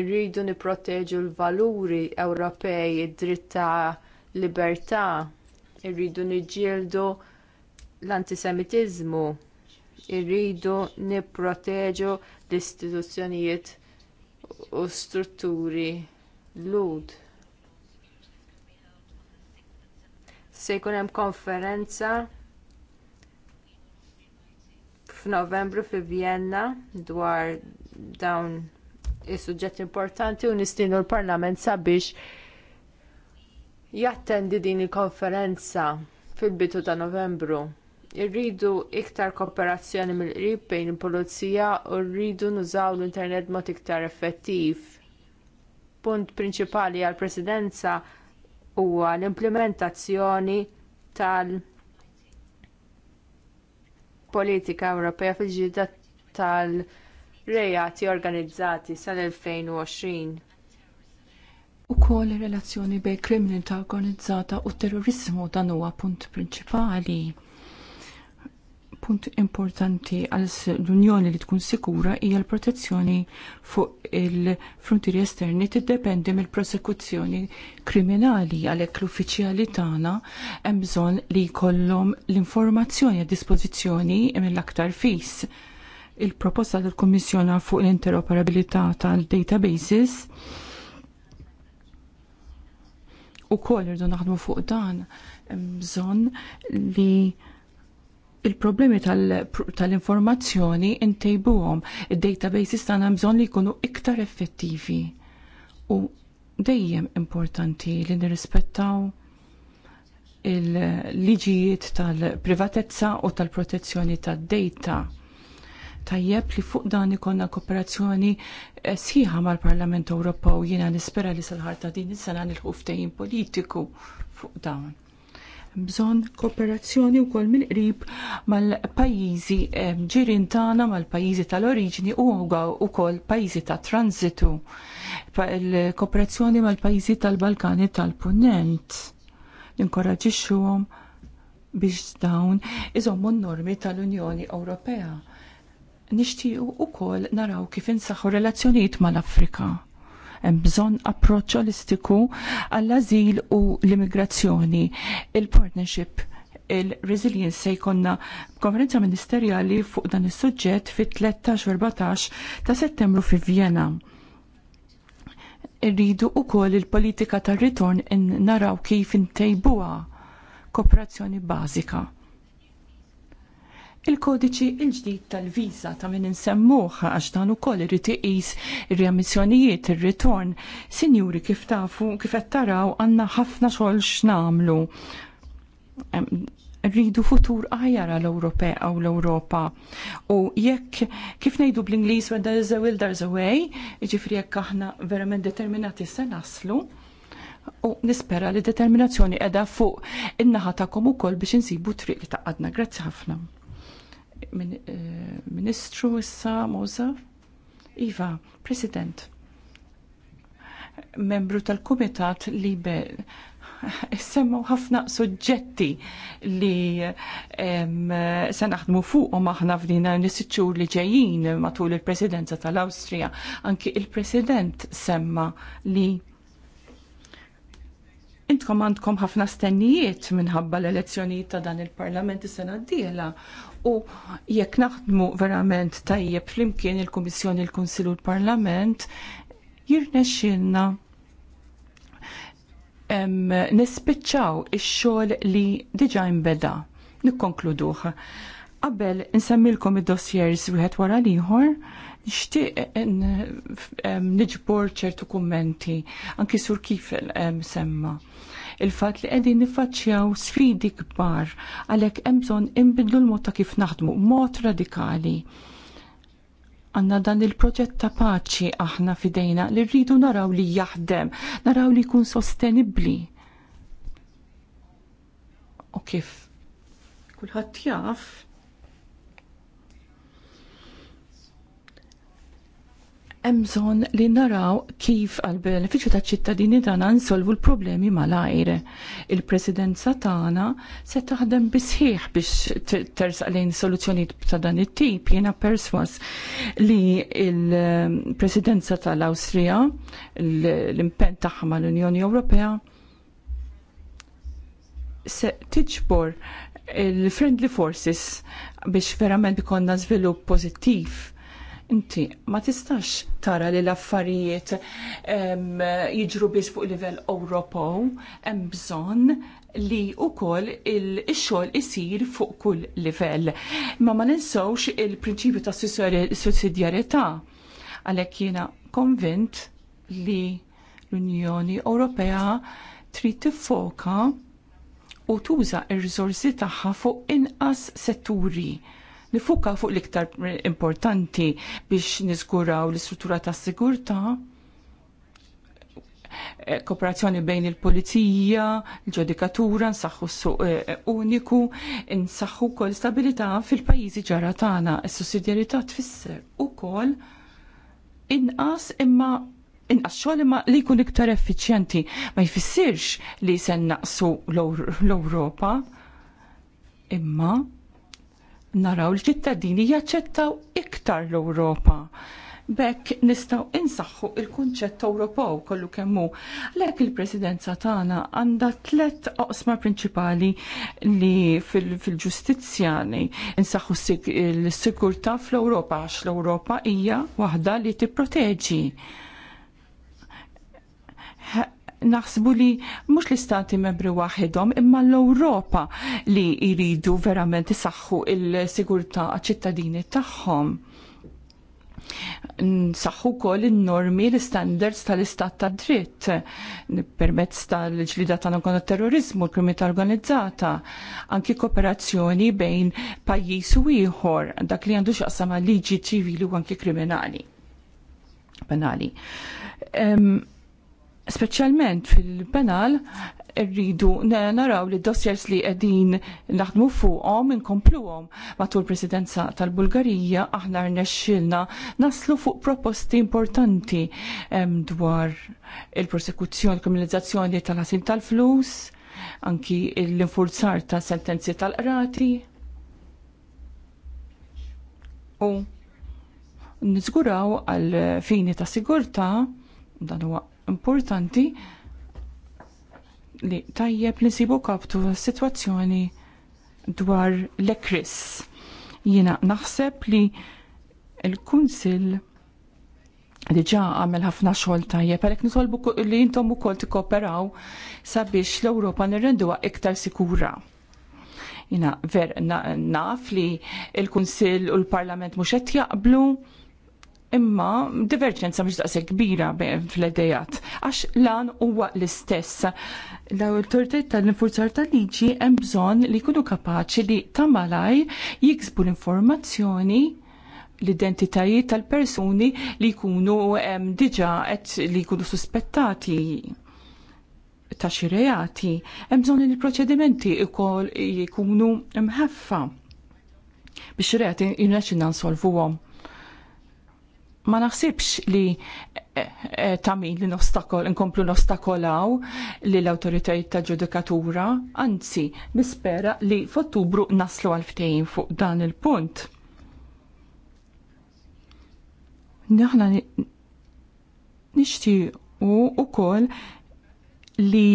irridu nipproteġu l-valuri Ewropej, id-dritt ta' libertà, irridu niġġieldu l-antisemitiżmu, irridu nipproteġu l-istituzzjonijiet u strutturi lud. Se jkun hemm konferenza f'Novembru fi Vienna dwar dawn is-suġġett importanti u nistinu l-Parlament sabiex jattendi din il-konferenza fil-bitu ta' Novembru. Irridu iktar kooperazzjoni mill-qrib bejn il-pulizija u rridu nużaw l-internet mod iktar effettiv. Punt prinċipali għall presidenza huwa l-implementazzjoni tal-politika Ewropea fil-ġida tal-rejati organizzati sal-2020. Ukoll ir relazzjoni bejn kriminalità organizzata u terrorizmu dan huwa punt prinċipali punt importanti għal l-Unjoni li tkun sikura hija l-protezzjoni fuq il-frontieri esterni tiddependi mill-prosekuzzjoni kriminali għalhekk l-uffiċjali tagħna hemm bżonn li jkollhom l-informazzjoni a dispożizzjoni mill-aktar fis. Il-proposta tal-Kummissjona fuq l-interoperabilità tal-databases u koll irdu naħdmu fuq dan bżonn li il-problemi tal-informazzjoni tal intejbuhom. Id-databases tagħna bżonn li jkunu iktar effettivi. U dejjem importanti li nirrispettaw il-liġijiet tal-privatezza u tal-protezzjoni tad-data. Tajjeb li fuq dan ikonna kooperazzjoni eh, sħiħa mal-Parlament Ewropew jiena nispera li sal-ħarta din is-sena nilħu ftehim politiku fuq dawn bżonn kooperazzjoni wkoll mill-qrib mal-pajjiżi eh, ġirin mal-pajjiżi tal-oriġini u wkoll pajjiżi ta' transitu. Il-kooperazzjoni mal-pajjiżi tal-Balkani tal-Punent. Ninkoraġixxuhom biex dawn iżommu n-normi tal-Unjoni Ewropea. Nixtiequ ukoll naraw kif insaħħu relazzjonijiet mal-Afrika hemm bżonn approċċ olistiku għall-ażil u l-immigrazzjoni. Il-partnership il-resilience se jkonna konferenza ministerjali fuq dan is-suġġett fit-13-14 ta' settembru fi Vienna irridu wkoll il-politika tar ritorn naraw kif intejbuha kooperazzjoni bażika il-kodiċi il-ġdid tal-viża ta' min insemmuh għax dan ukoll irid iqis ir-remissjonijiet, ir-ritorn. Sinjuri kif tafu kif qed taraw għandna ħafna xogħol x'namlu. Rridu futur aħjar għal Ewropea u l-Ewropa. U jekk kif ngħidu bl-Ingliż when there is a will there's a way, jiġifieri jekk aħna verament determinati se naslu, u nispera li determinazzjoni qiegħda fuq in-naħa tagħkom ukoll biex insibu triq li taqadna. Grazzi ħafna. Eh, ministru issa moza Iva, President, membru tal-Kumitat be semmu ħafna suġġetti li se naħdmu fuqhom aħna f'dina nisiċċur li ġejjin matul il-presidenza tal-Awstrija. Anki il-president semma li intkom għandkom ħafna stennijiet minħabba l-elezzjonijiet ta' dan il-parlament is-sena d U jekk naħdmu verament tajjeb flimkien il-Kummissjoni, il-Kunsill u l-Parlament, jirnexxilna nispiċċaw ix-xogħol li diġà nbeda. Nikkonkluduh. Qabel insemmilkom id-dossiers wieħed wara l-ieħor, nixtieq niġbor ċertu kummenti anki sur kif semma il-fatt li qegħdin niffaċċjaw sfidi kbar għalhekk hemm bżonn inbidlu l-mod ta' kif naħdmu mod radikali. Għanna dan il-proġett ta' paċi aħna fidejna li rridu naraw li jaħdem, naraw li jkun sostenibbli. U kif kulħadd jaf emżon li naraw kif għal beneficju ta' ċittadini tagħna nsolvu l-problemi mal-ajr. Il-presidenza tagħna se taħdem bisħiħ biex tersaq lejn soluzzjonijiet ta' dan it-tip. Jiena perswas li il-presidenza tal-Awstrija l-impenn tagħha mal-Unjoni Ewropea se tiġbor il-friendly forces biex verament bikonna żvilupp pożittiv inti ma tistax tara li l-affarijiet jiġru biex fuq livell Ewropew hemm bżonn li wkoll ix-xogħol isir fuq kull livell. Ma ma ninsawx il-prinċipju ta' sussidjarjetà għalhekk jiena konvint li l-Unjoni Ewropea trid tiffoka u tuża r-riżorsi tagħha fuq inqas setturi nifuka fuq l-iktar importanti biex niżguraw l-istruttura ta' sigurta eh, kooperazzjoni bejn il-polizija, il-ġudikatura, nsaħħu suq eh, uniku, nsaħħu kol stabilità fil-pajizi ġara s Is-sussidjarità tfisser ukoll inqas imma inqas xogħol imma li jkun iktar effiċjenti. Ma jfissirx li se naqsu l-Ewropa imma naraw l-ċittadini jaċċettaw iktar l-Ewropa bekk nistaw insaxħu il-kunċett Ewropew kollu kemmu. Lek il-presidenza tagħna għandha tlet oqsma prinċipali li fil-ġustizzja fil insaħħu l-sigurtà fl-Ewropa għax l-Ewropa hija waħda li tipproteġi naħsbu li mhux l-istati membri waħedhom imma l-Ewropa li jridu verament isaħħu il-sigurtà ċittadini tagħhom. Nsaħħu wkoll in-normi l-standards tal-istat ta' dritt permezz tal-ġlida tagħna kontra terrorizmu, l-kriminalità organizzata, anki kooperazzjoni bejn pajjiż u ieħor dak li għandu x'aqsam liġi ċivili u anki kriminali penali. Um, Speċjalment fil-penal rridu naraw li dossiers li qegħdin naħdmu fuqhom inkompluhom matul presidenza tal-Bulgarija aħna rnexxilna naslu fuq proposti importanti dwar il-prosekuzzjoni, kriminalizzazzjoni tal-ħasim tal-flus, anki l-infurzar ta' sentenzi tal-qrati. U nizguraw għal fini ta' sigurta dan huwa importanti li tajjeb li nsibu kaptu situazzjoni dwar l-ekris. Jina naħseb li il-Kunsil diġa għamel ħafna xogħol tajjeb, għalhekk nitolbu li intom ukoll tikkooperaw sabiex l-Ewropa nirrenduha iktar sikura. Jina ver naf li il-Kunsill u l-Parlament mhux qed jaqblu, imma diverġenza mhix daqshekk kbira fl-idejat għax lan huwa l-istess. L-awtoritajiet tal-infurzar tal-liġi hemm bżonn li jkunu kapaċi li ta' malaj jiksbu l-informazzjoni l-identitajiet tal-persuni li jkunu diġa qed li jkunu suspettati ta' xi reati, hemm bżonn li l-proċedimenti jkunu mħaffa biex reati jirnaċin nsolvuhom ma naħsibx li eh, eh, tamin li nostakol, nkomplu nostakolaw li l-autoritajiet ta' ġudikatura, anzi, nispera li f'Ottubru naslu għal-ftejn fuq dan il-punt. Naħna nixtiequ ukoll li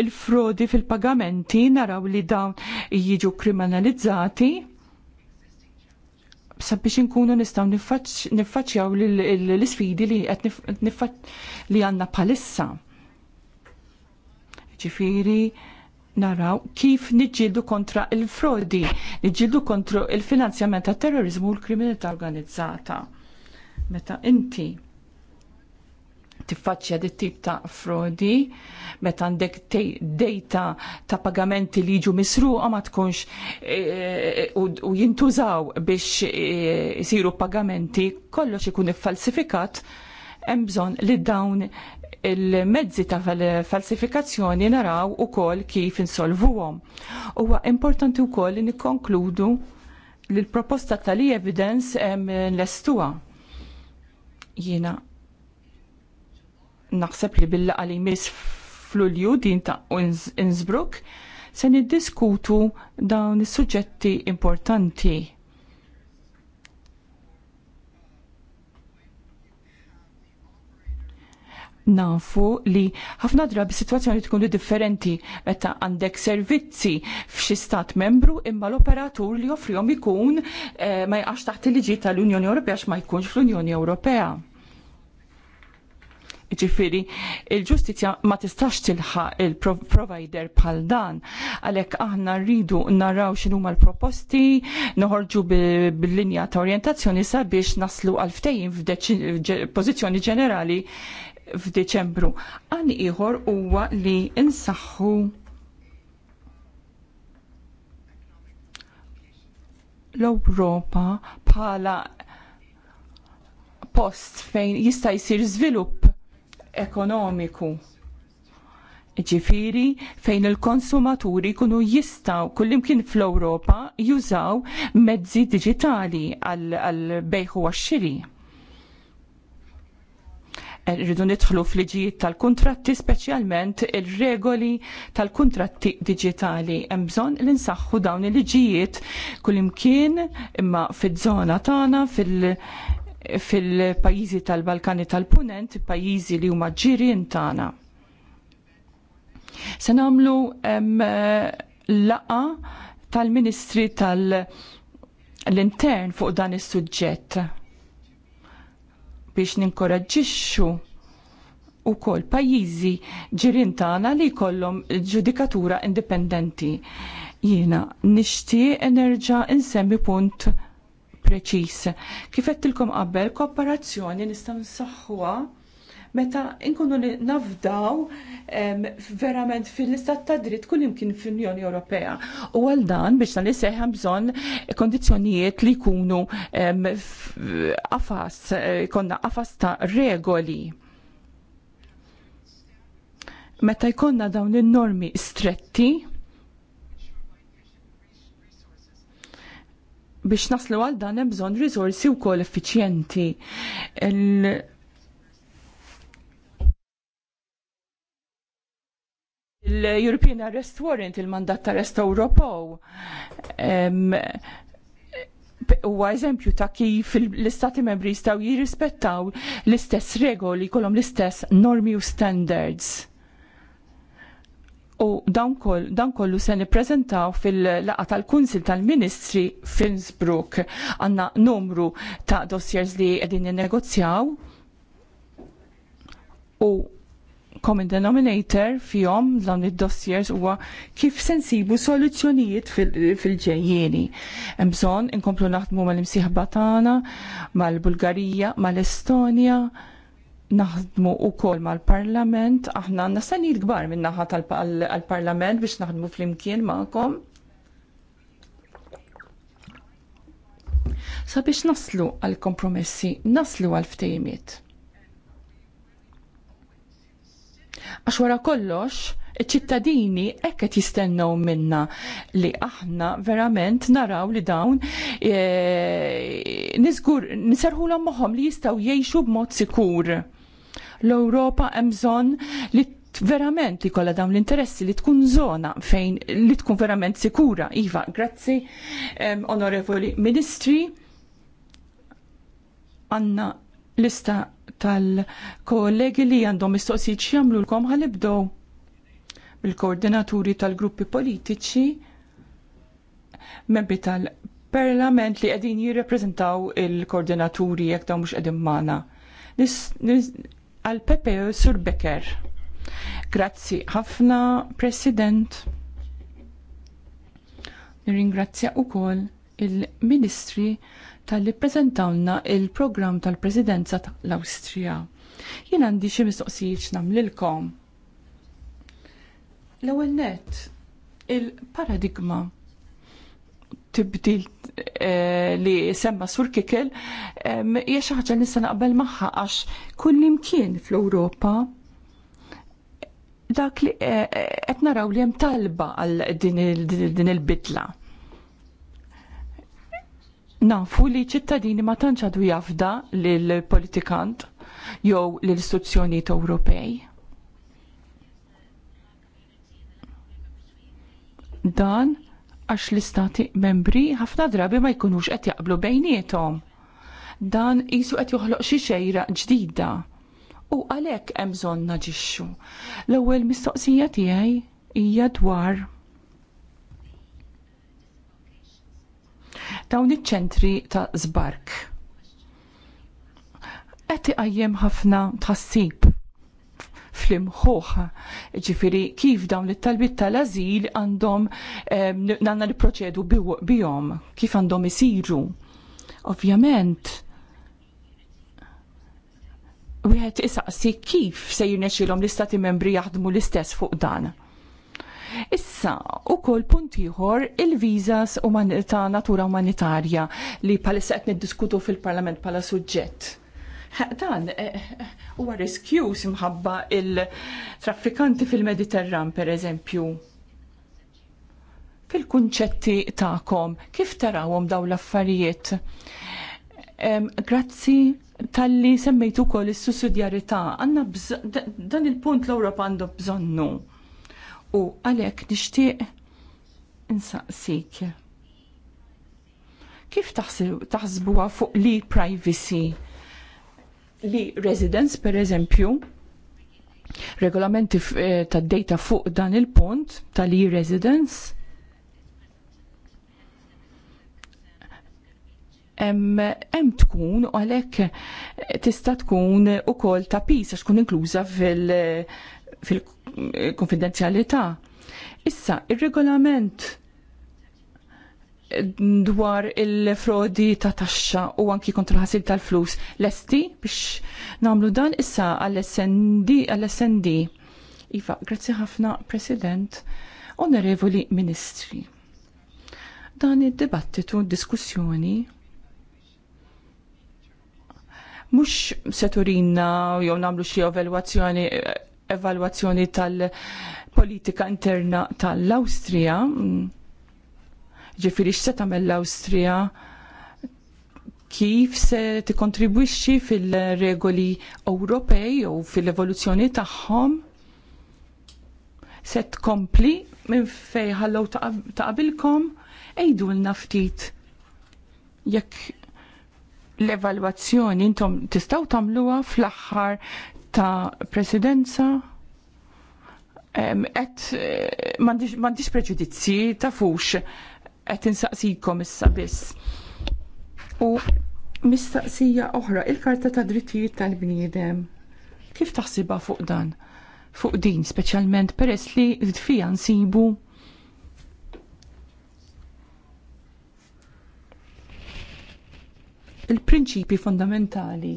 l frodi fil-pagamenti naraw li dawn jiġu kriminalizzati sabiex inkunu nistaw niffaċċjaw l-isfidi li qed li għandna bħalissa. Ġifiri, naraw kif niġġieldu kontra il-frodi, nġildu kontra il-finanzjament ta' terrorizmu u l-kriminalità organizzata. Meta inti tiffaċċja dit tip ta' frodi meta għandek data ta' pagamenti li jiġu misruqa ma tkunx e, e, u jintużaw biex e, isiru pagamenti kollox ikun iffalsifikat hemm bżonn li dawn il-mezzi ta' falsifikazzjoni naraw ukoll kif insolvuhom. Huwa importanti wkoll li nikkonkludu li l-proposta tal-evidence hemm nlestuha Jiena naħseb li billa għali mis fl-ulju din ta' Innsbruck se niddiskutu dawn is-suġġetti importanti. nafu li ħafna drabi situazzjoni tkun differenti meta għandek servizzi f'xi stat membru imma l-operatur li joffrihom ikun eh, ma jqax taħt il-liġi tal-Unjoni Ewropea x ma jkunx fl-Unjoni Ewropea. Ġifiri, il-ġustizja ma tistax tilħa il-provider bħal dan, għalek aħna rridu naraw x'inhuma l-proposti, noħorġu bil-linja ta' orientazzjoni sabiex naslu għal-ftejn f'pożizzjoni ġenerali f'Deċembru. Għan ieħor huwa li insaħħu l-Ewropa bħala post fejn jista' jsir żvilupp ekonomiku. Ġifiri, fejn il-konsumaturi kunu jistaw kullimkien fl-Europa jużaw mezzi digitali għal-bejħu għax-xiri. Eh, rridu nidħlu fl tal-kontratti, speċjalment il-regoli tal-kontratti digitali. Hemm bżonn li nsaħħu dawn il-ġijiet kullimkien imma fiż-żona tagħna fil- fil-pajizi tal-Balkani tal-Punent, pajizi li huma ġirien tagħna. Se nagħmlu laqa tal-Ministri tal-Intern fuq dan is-suġġett biex ninkoraġġixxu u kol pajizi ġirintana li kollom ġudikatura indipendenti. Jiena nishti nerġa' insemmi punt preċis. Kif tilkom qabel, kooperazzjoni nistgħu nsaħħuha meta nkunu nafdaw verament fil-istat ta' dritt kull imkien fil-Unjoni Ewropea. U għal dan biex tal seħħa bżon kondizjonijiet li jkunu qafas, konna qafas ta' regoli. Meta jkonna dawn il-normi stretti, biex naslu għal dan hemm bżonn riżorsi wkoll effiċjenti. Il... european Arrest Warrant, il-mandat ta' arrest Ewropew, huwa eżempju ta' kif l-istati membri jistgħu jirrispettaw l-istess regoli, kolom l-istess normi u standards u dan kollu se nippreżentaw fil-laqa tal-Kunsil tal-Ministri Finsbrook għanna numru ta' dossiers li qegħdin negozjaw u common denominator fihom dawn id-dossiers huwa kif se nsibu soluzzjonijiet fil-ġejjieni. Fil Hemm bżonn inkomplu naħdmu mal-imsieħba tagħna, mal-Bulgarija, mal-Estonja, mal imsieħba tagħna mal bulgarija mal estonja naħdmu u kol mal-parlament, aħna għanna sanid gbar minnaħa tal-parlament biex naħdmu fl-imkien ma'kom. Sabiex naslu għal-kompromessi, naslu għal-ftejmiet. Għax wara kollox, ċittadini ekket jistennaw minna li aħna verament naraw li dawn e, eh, nisgur, niserħu l-ommoħom li jistaw jiexu b'mod sikur l-Ewropa hemm bżonn li verament li kolla dawn l-interessi li tkun zona fejn li tkun verament sikura. Iva, grazzi, um, onorevoli ministri, għanna lista tal-kollegi li għandhom mistoqsijiet x'jagħmlu lkom ħalibdow bil-koordinaturi tal-gruppi politiċi membri tal-parlament li qegħdin jirrepreżentaw il-koordinaturi jekk dawn mhux qegħdin magħna għal Pepe Sur Becker. Grazzi ħafna, President. Nirringrazzja ukoll il-Ministri tal-li prezentawna il-programm tal-Presidenza tal-Awstrija. Jien għandi xi mistoqsijiet nagħmlilkom. L-ewwel nett il-paradigma tibdil eh, li semma sur kikel, hija xi ħaġa li se naqbel magħha għax kullimkien fl-Ewropa dak li eh, eh, qed naraw li hemm talba għal din il-bidla. Nafu li ċittadini ma tantx għadu jafda lill politikant jew l-istituzzjonijiet Ewropej. Dan għax l-istati membri ħafna drabi ma jkunux qed jaqblu bejnietom. Dan qisu qed joħloq xi xejra ġdida. U għalhekk hemm bżonn naġixxu. L-ewwel mistoqsija tiegħi hija dwar dawn iċ-ċentri ta' żbark. Qed iqajjem ħafna tħassib fl-imħuħ. Ġifiri, kif dawn it-talbit tal-azil għandhom nanna li proċedu bijom, kif għandhom isiru. Ovvjament, wieħed isaqsi kif se jirnexilhom l-istati membri jaħdmu l-istess fuq dan. Issa, u kol puntiħor il-vizas ta' natura umanitarja li palissa qed niddiskutu fil-parlament pala suġġett Dan eh, huwa riskju imħabba il-traffikanti fil-Mediterran pereżempju. Fil-kunċetti tagħkom kif tarawhom dawn l-affarijiet? Grazzi tal-li semmejtu kol is-sussidjarità. Għandna dan il-punt l-Ewropa għandu bżonnu. U għalhekk nixtieq insaqsik kif taħsbuha fuq li privacy? li residents per eżempju regolamenti eh, ta' data fuq dan il-punt tal-e-residence hemm tkun u għalhekk eh, tista' tkun ukoll ta' pisa xkun inkluza fil-konfidenzjalità. Eh, Issa, ir-regolament dwar il-frodi ta' taxxa u anki kontra ħasib tal-flus. Lesti biex namlu dan issa għall-SND għall-SND. Iva, grazzi ħafna, President, Onorevoli Ministri. Dan id-dibattitu, diskussjoni, mux u jew namlu xie evalwazzjoni evaluazzjoni tal-politika interna tal-Austria, ġifiri x'se tagħmel l-Awstrija kif se tikkontribwixxi fil-regoli Ewropej u fil-evoluzzjoni tagħhom se tkompli minn fejn ħallew taqabilkom l-naftit jekk l-evalwazzjoni intom tistaw tamluwa fl aħħar ta' presidenza? Et eh, mandiġ preġudizzi ta' fux qed insaqsikom issa biss. U mistaqsija oħra, il-Karta ta' Drittijiet tal-Bniedem. Kif taħsibha fuq dan? Fuq din speċjalment peress li fija nsibu il-prinċipi fondamentali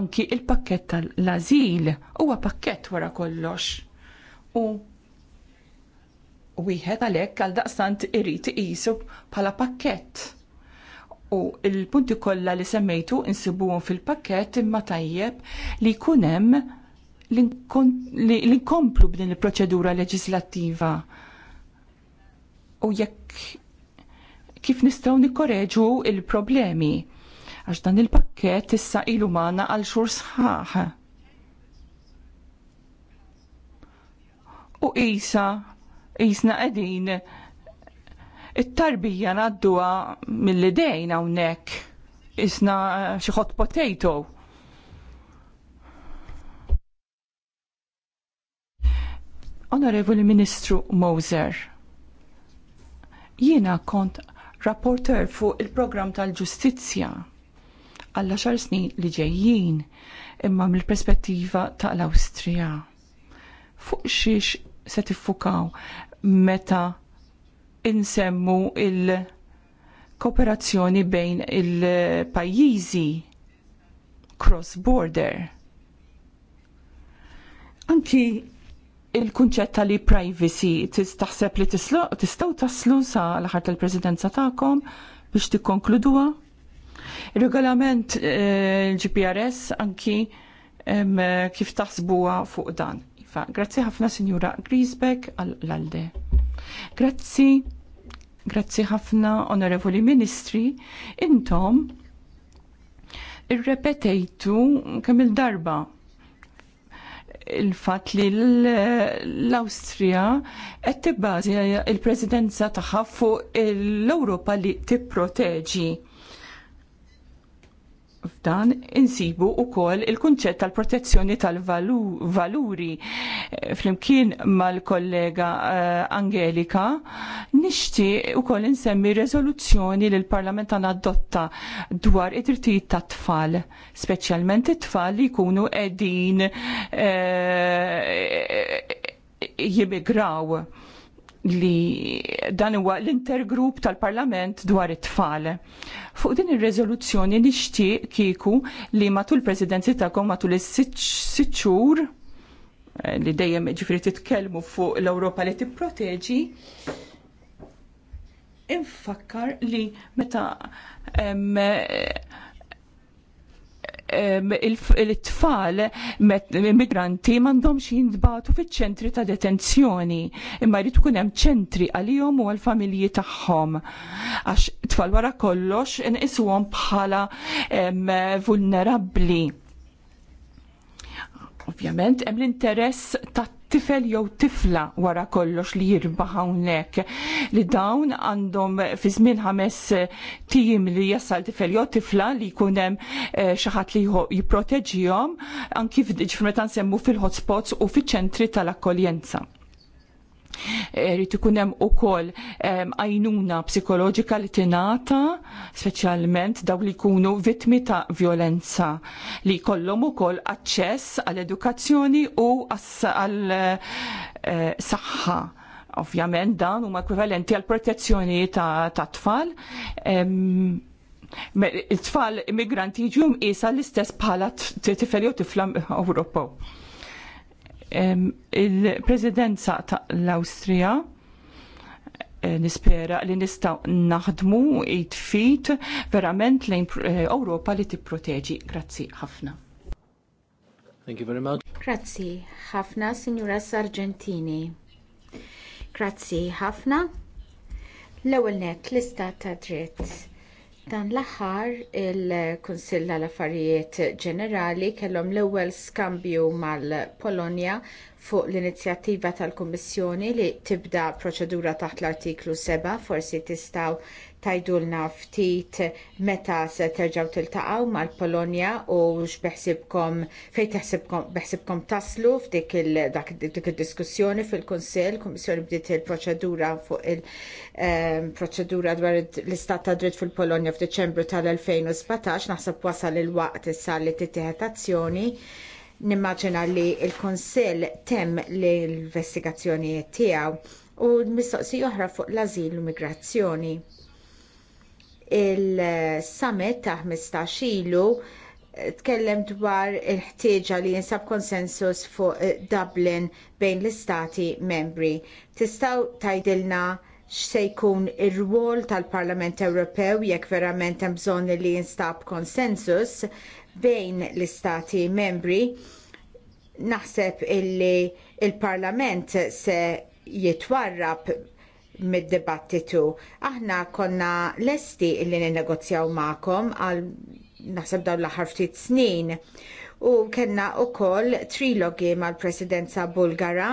anki il-pakket tal-azil huwa pakket wara kollox. U wieħed għalhekk għal daqstant irid iqisu bħala pakkett. U l punti kollha li semmejtu insibuhom fil-pakkett imma tajjeb li jkun hemm li nkomplu b'din il-proċedura leġislattiva. U jekk kif nistgħu nikkoreġu l problemi għax dan il-pakkett issa ilu magħna għal xhur sħaħ. U isa jisna qegħdin it-tarbija ngħadduha mill-idejn hawnhekk jisna eh, xi potato. Onorevoli Ministru Moser, jiena kont rapporter fuq il-programm tal-ġustizzja għall xar snin li ġejjin imma mill-perspettiva tal-Awstrija. Fuq xiex se tiffukaw meta insemmu il-kooperazzjoni bejn il-pajjiżi cross-border. Anki il-kunċett tal privacy tistaħseb li tistgħu taslu sa l-aħħar tal-presidenza tagħkom biex tikkonkluduha. Ir-regolament eh, il-GPRS anki kif taħsbuha fuq dan. Iva, grazzi ħafna Sinjura Griesbeck għal-Alde. Grazzi, grazzi ħafna Onorevoli Ministri, intom irrepetejtu kemm il-darba il-fat li l-Austria qed tibbażi il-presidenza tagħha fuq l-Ewropa li tipproteġi f'dan insibu wkoll il-kunċett tal-protezzjoni tal-valuri eh, flimkien mal-kollega eh, Angelika nixti kol insemmi rezoluzzjoni li l-Parlament għan adotta dwar id-drittijiet tat tfal speċjalment it-tfal li jkunu qegħdin eh, jimigraw li dan huwa l-intergrupp tal-Parlament dwar it-tfal. Fuq din ir-reżoluzzjoni nixtieq kieku li matul presidenzi tagħkom matul is-sitt xhur eh, li dejjem ġifri titkellmu fuq l-Ewropa li tipproteġi, infakkar li meta il-tfal migranti m'għandhomx jintbatu fiċ-ċentri ta' detenzjoni imma jrid ikun hemm ċentri għalihom u għall-familji tagħhom. Għax tfal wara kollox inqisuhom bħala vulnerabbli ovvjament hemm l-interess tat tifel jew tifla wara kollox li jirbaħ hawnhekk li dawn għandhom fi żmien ħames tim li jassal tifel jew tifla li jkun hemm eh, xi ħadd li jipproteġihom anki meta nsemmu fil-hotspots u fiċ-ċentri tal-akkoljenza. Rrit ikun hemm ukoll ehm, għajnuna psikoloġika li tingħata, speċjalment dawk li jkunu vittmi ta' violenza li jkollhom ukoll aċċess għall edukazzjoni u għall eh, saħħa ovvjament dan huma ekwivalenti għal protezzjoni ta', tfal ehm, it Tfal immigranti jiġu mqisa l-istess bħala tifel jew tifla Ewropew il-Presidenza ta' l-Awstrija eh, nispera li nistgħu naħdmu it-fit verament lejn eh, Ewropa li tipproteġi. Grazzi ħafna. Thank you very much. Grazzi ħafna, Signora Sargentini. Grazzi ħafna. L-ewwel net l-istat ta' dritt Dan l-aħħar il-Kunsill l-Affarijiet Ġenerali kellhom l-ewwel skambju mal-Polonja fuq l-inizjattiva tal-Kummissjoni li tibda proċedura taħt l-artiklu 7 forsi tistgħu tajdulna ftit meta se terġaw tiltaqgħu mal-Polonja u x'beħsibkom fejn teħsibkom beħsibkom taslu f'dik id-diskussjoni fil-Kunsill, Kummissjoni bdiet il-proċedura fuq il-proċedura ehm, dwar l-istat ta' dritt fil-Polonja f'Diċembru tal-2017 naħseb wasal il-waqt issa li titieħed azzjoni nimmaġina li l konsil temm l-investigazzjonijiet tiegħu u l-mistoqsija oħra fuq l-azil u migrazzjoni il-summit ta' 15 ilu eh, tkellem dwar il-ħtieġa li jinsab konsensus fuq eh, Dublin bejn l-istati membri. Tistgħu tgħidilna x'se jkun ir-rwol tal-Parlament Ewropew jekk verament hemm bżonn li jinstab konsensus bejn l-istati membri. Naħseb illi il-Parlament se jitwarrab mid-dibattitu. Aħna konna lesti illi ninnegozjaw ma'kom għal naħseb dawn l-aħħar ftit snin u kellna wkoll trilogi mal-presidenza Bulgara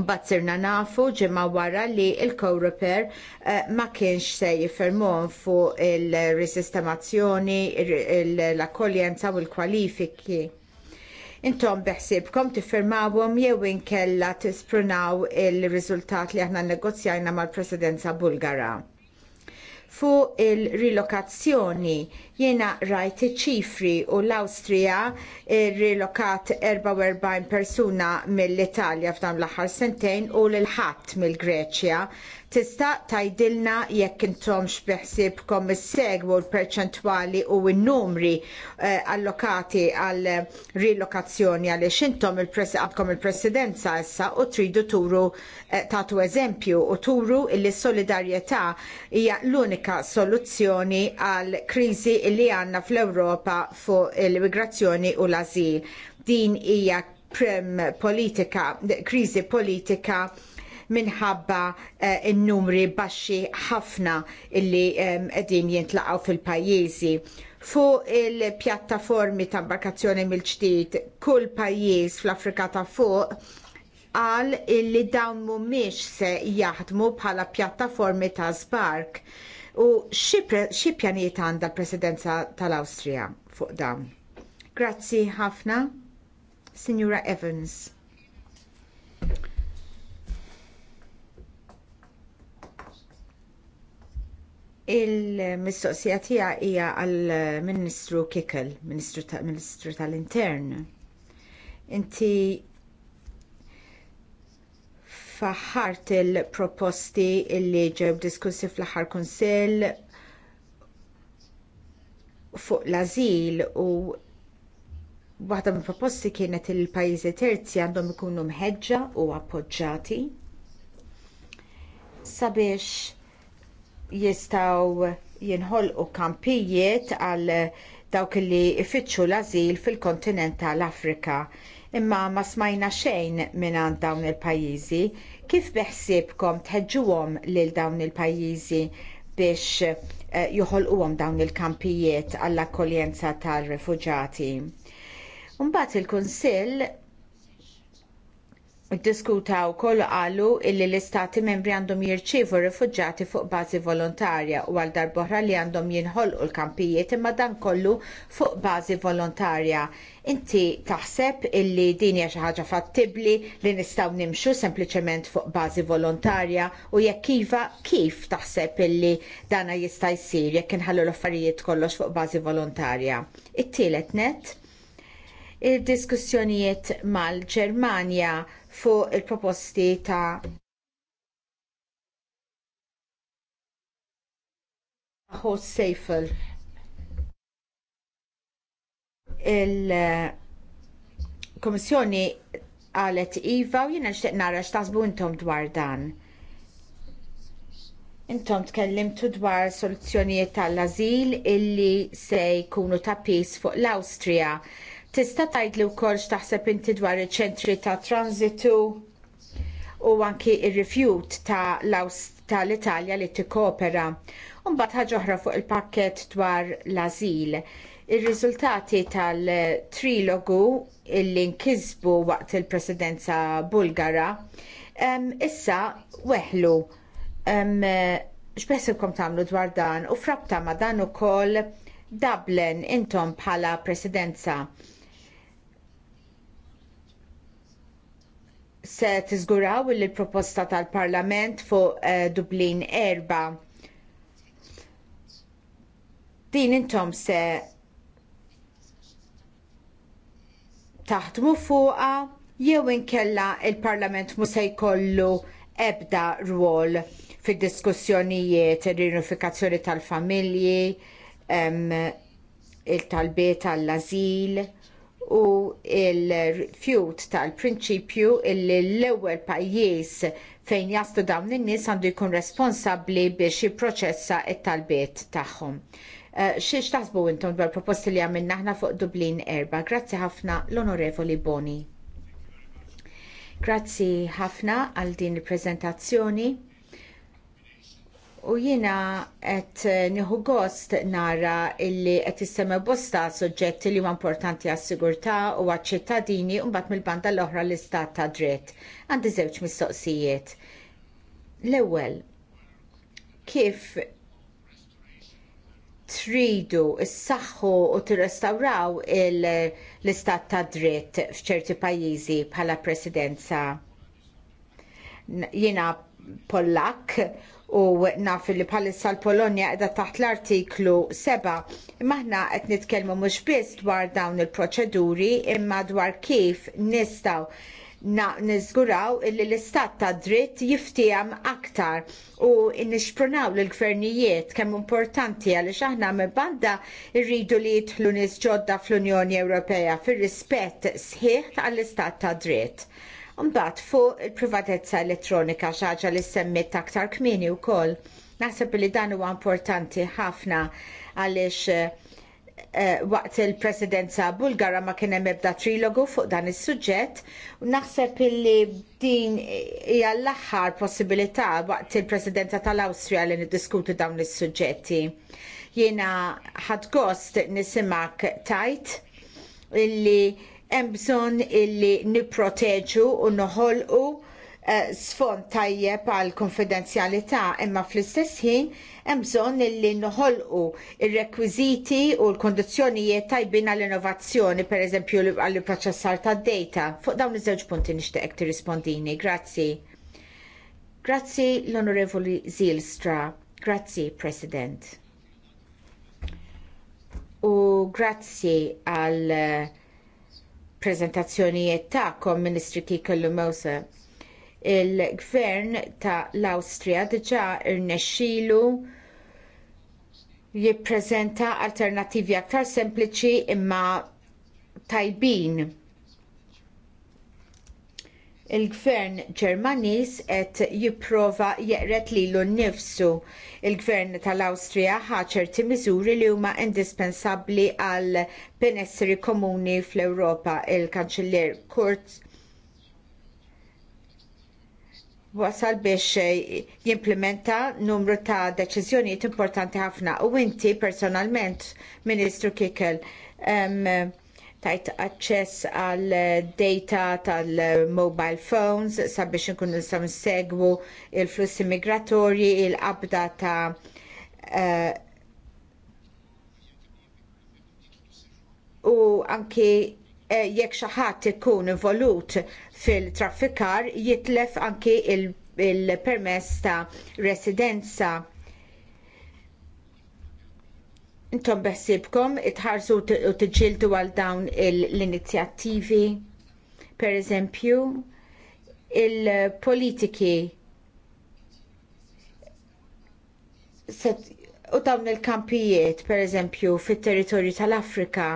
Mbagħad sirna nafu ġimgħa wara li l co eh, ma kienx se jifermon fuq il risistemazzjoni l-akkoljenza u l-kwalifiki intom beħsibkom tiffirmawhom jew inkella tisprunaw il-riżultat li aħna nnegozjajna mal-Presidenza Bulgara. Fuq il-rilokazzjoni jiena rajt ċifri u l-Awstrija rilokat 44 persuna mill-Italja f'dan l-aħħar sentejn u l-ħadd mill-Greċja Tista' tgħidilna jekk intomx biħsibkom is-segwu l-perċentwali u n-numri eh, allokati għal rilokazzjoni għaliex intom għandkom il-presidenza issa u tridu turu eh, tagħtu eżempju u turu li solidarjetà hija l-unika soluzzjoni għal kriżi li għandna fl-Ewropa fuq l-immigrazzjoni u l-azil. Din hija prem politika, kriżi politika minħabba eh, il numri baxxi ħafna illi qegħdin jintlaqgħu fil-pajjiżi. Fuq il-pjattaformi ta' imbarkazzjoni mill-ġdid, kull pajjiż fl-Afrika ta' fuq qal illi dawn mhumiex se jaħdmu bħala pjattaformi ta' sbark. U xi pjanijiet għandha l-Presidenza tal-Awstrija fuq dawn? Grazzi ħafna, Signora Evans. Il-mistoqsija tiegħi hija għall Ministru Kikel, Ministru tal-Intern. Inti faħħart il-proposti li ġew diskussi fl-aħħar kunsill fuq l-azil u waħda mill proposti kienet il pajjiżi terzi għandhom ikunu mħeġġa u appoġġjati sabiex jistgħu jinħolqu kampijiet għal dawk li ifittxu l ażil fil-kontinent tal-Afrika. Imma ma smajna xejn minn dawn il-pajjiżi. Kif beħsiebkom tħeġġuhom lil dawn il-pajjiżi biex eh, joħolquhom dawn il-kampijiet għall-akkoljenza tar-refuġati? Mbagħad il-Kunsill Diskutaw wkoll qalu illi l-istati membri għandhom jirċievu rifugġati fuq bażi volontarja u għal darbohra li għandhom jinħolqu l-kampijiet imma dan kollu fuq bażi volontarja. Inti taħseb illi din hija xi ħaġa fattibbli li nistgħu nimxu sempliċement fuq bażi volontarja u jekk iva kif taħseb illi dana jista' jsir jekk inħallu l-affarijiet kollox fuq bażi volontarja. It-tielet net il diskussjonijiet mal-Ġermanja fuq il-proposti ta' Horse Seifel. Il-Komissjoni eh, għalet Iva u jina nxtiq nara x'taħsbu intom dwar dan. Intom tkellimtu dwar soluzzjonijiet tal-azil illi se jkunu ta' pis fuq l-Awstrija Tista' tgħidli wkoll x'taħseb inti dwar iċ-ċentri ta' transitu u anki r rifjut ta' tal-Italja li tikkopera. Mbagħad ħaġa oħra fuq il-pakkett dwar l-ażil. Ir-riżultati tal-trilogu illi nkisbu waqt il-presidenza Bulgara issa weħlu xbessibkom tagħmlu dwar dan u frabta ma dan ukoll Dublin intom bħala presidenza se tiżguraw lill proposta tal-Parlament fuq uh, Dublin erba. Din intom se taħdmu fuqha jew inkella l parlament mhux se jkollu ebda rwol fid-diskussjonijiet ir-riunifikazzjoni tal-familji, il-talbiet tal-azil. tal familji il talbiet tal azil il talbiet u il-rifjut tal-prinċipju illi l-ewwel pajjiż fejn jaslu dawn in-nies għandu jkun responsabbli biex jipproċessa t talbiet tagħhom. Eh, xi xiex taħsbu intom dwar proposti li għamilna ħna fuq Dublin erba. Grazzi ħafna l-Onorevoli Boni. Grazzi ħafna għal din il-prezentazzjoni. U jiena qed eh, nieħu gost nara illi qed issema bosta soġġetti li huma importanti għas-sigurtà u għaċ-ċittadini u mbagħad mill-banda l-oħra l-istat ta' dritt. Għandi żewġ mistoqsijiet. L-ewwel, kif tridu s-saxħu u tirrestawraw l-istat ta' dritt f'ċerti pajjiżi bħala presidenza. Jiena Pollak u naf li bħalissa l-Polonja qiegħda taħt l-artiklu 7. Imma aħna qed nitkellmu mhux biss dwar dawn il-proċeduri imma dwar kif nistgħu niżguraw li l-istat ta' dritt jiftijem aktar u nixpronaw lill gvernijiet kemm importanti għaliex aħna mibanda rridu li jidħlu nies ġodda fl-Unjoni Ewropea fir rispett sħiħ għall-istat ta' dritt Mbagħad fuq il-privatezza elettronika xaġa li semmit aktar kmieni wkoll. Naħseb li dan huwa importanti ħafna għaliex eh, eh, waqt il-presidenza bulgara ma kien hemm ebda trilogu fuq dan is-suġġett u naħseb li din hija l-aħħar possibilità waqt il-presidenza tal-Awstrija li niddiskutu dawn is-suġġetti. Jiena ħadd gost nisimak tajt illi hemm bżonn illi nipproteġu u noħolqu eh, sfond tajjeb għal konfidenzjalità imma fl-istess ħin hemm bżonn illi noħolqu ir-rekwiżiti u l-kondizzjonijiet tajbin għall innovazzjoni pereżempju għall proċessar tad-data. Fuq dawn iż-żewġ punti nixtieqek tirrispondini. Grazzi. Grazzi l-Onorevoli Zilstra. Grazzi, President. U grazzi għal eh, prezentazzjonijiet tagħkom, Ministri Kikellu Mose. Il-gvern ta' l-Awstrija diġà irnexxielu jippreżenta alternattivi aktar sempliċi imma tajbin il-gvern Ġermaniż qed jipprova jeqret lilu nnifsu. Il-gvern tal-Awstrija ħa ċerti miżuri li huma indispensabbli għal benessri komuni fl-Ewropa. Il-Kanċiller Kurz wasal biex jimplementa numru ta' deċiżjonijiet importanti ħafna u inti personalment, Ministru Kikel, um, tajt aċċess għal data tal-mobile phones sabiex nkunu nistgħu nsegwu l flussi migratorji, il-qabda ta' uh, u anki uh, jekk xi ħadd ikun involut fil-traffikar jitlef anki il-permess il ta' residenza intom beħsibkom itħarsu u tiġildu għal dawn l-inizjattivi, per eżempju, il-politiki u dawn il-kampijiet, per eżempju, fit-territorju tal-Afrika,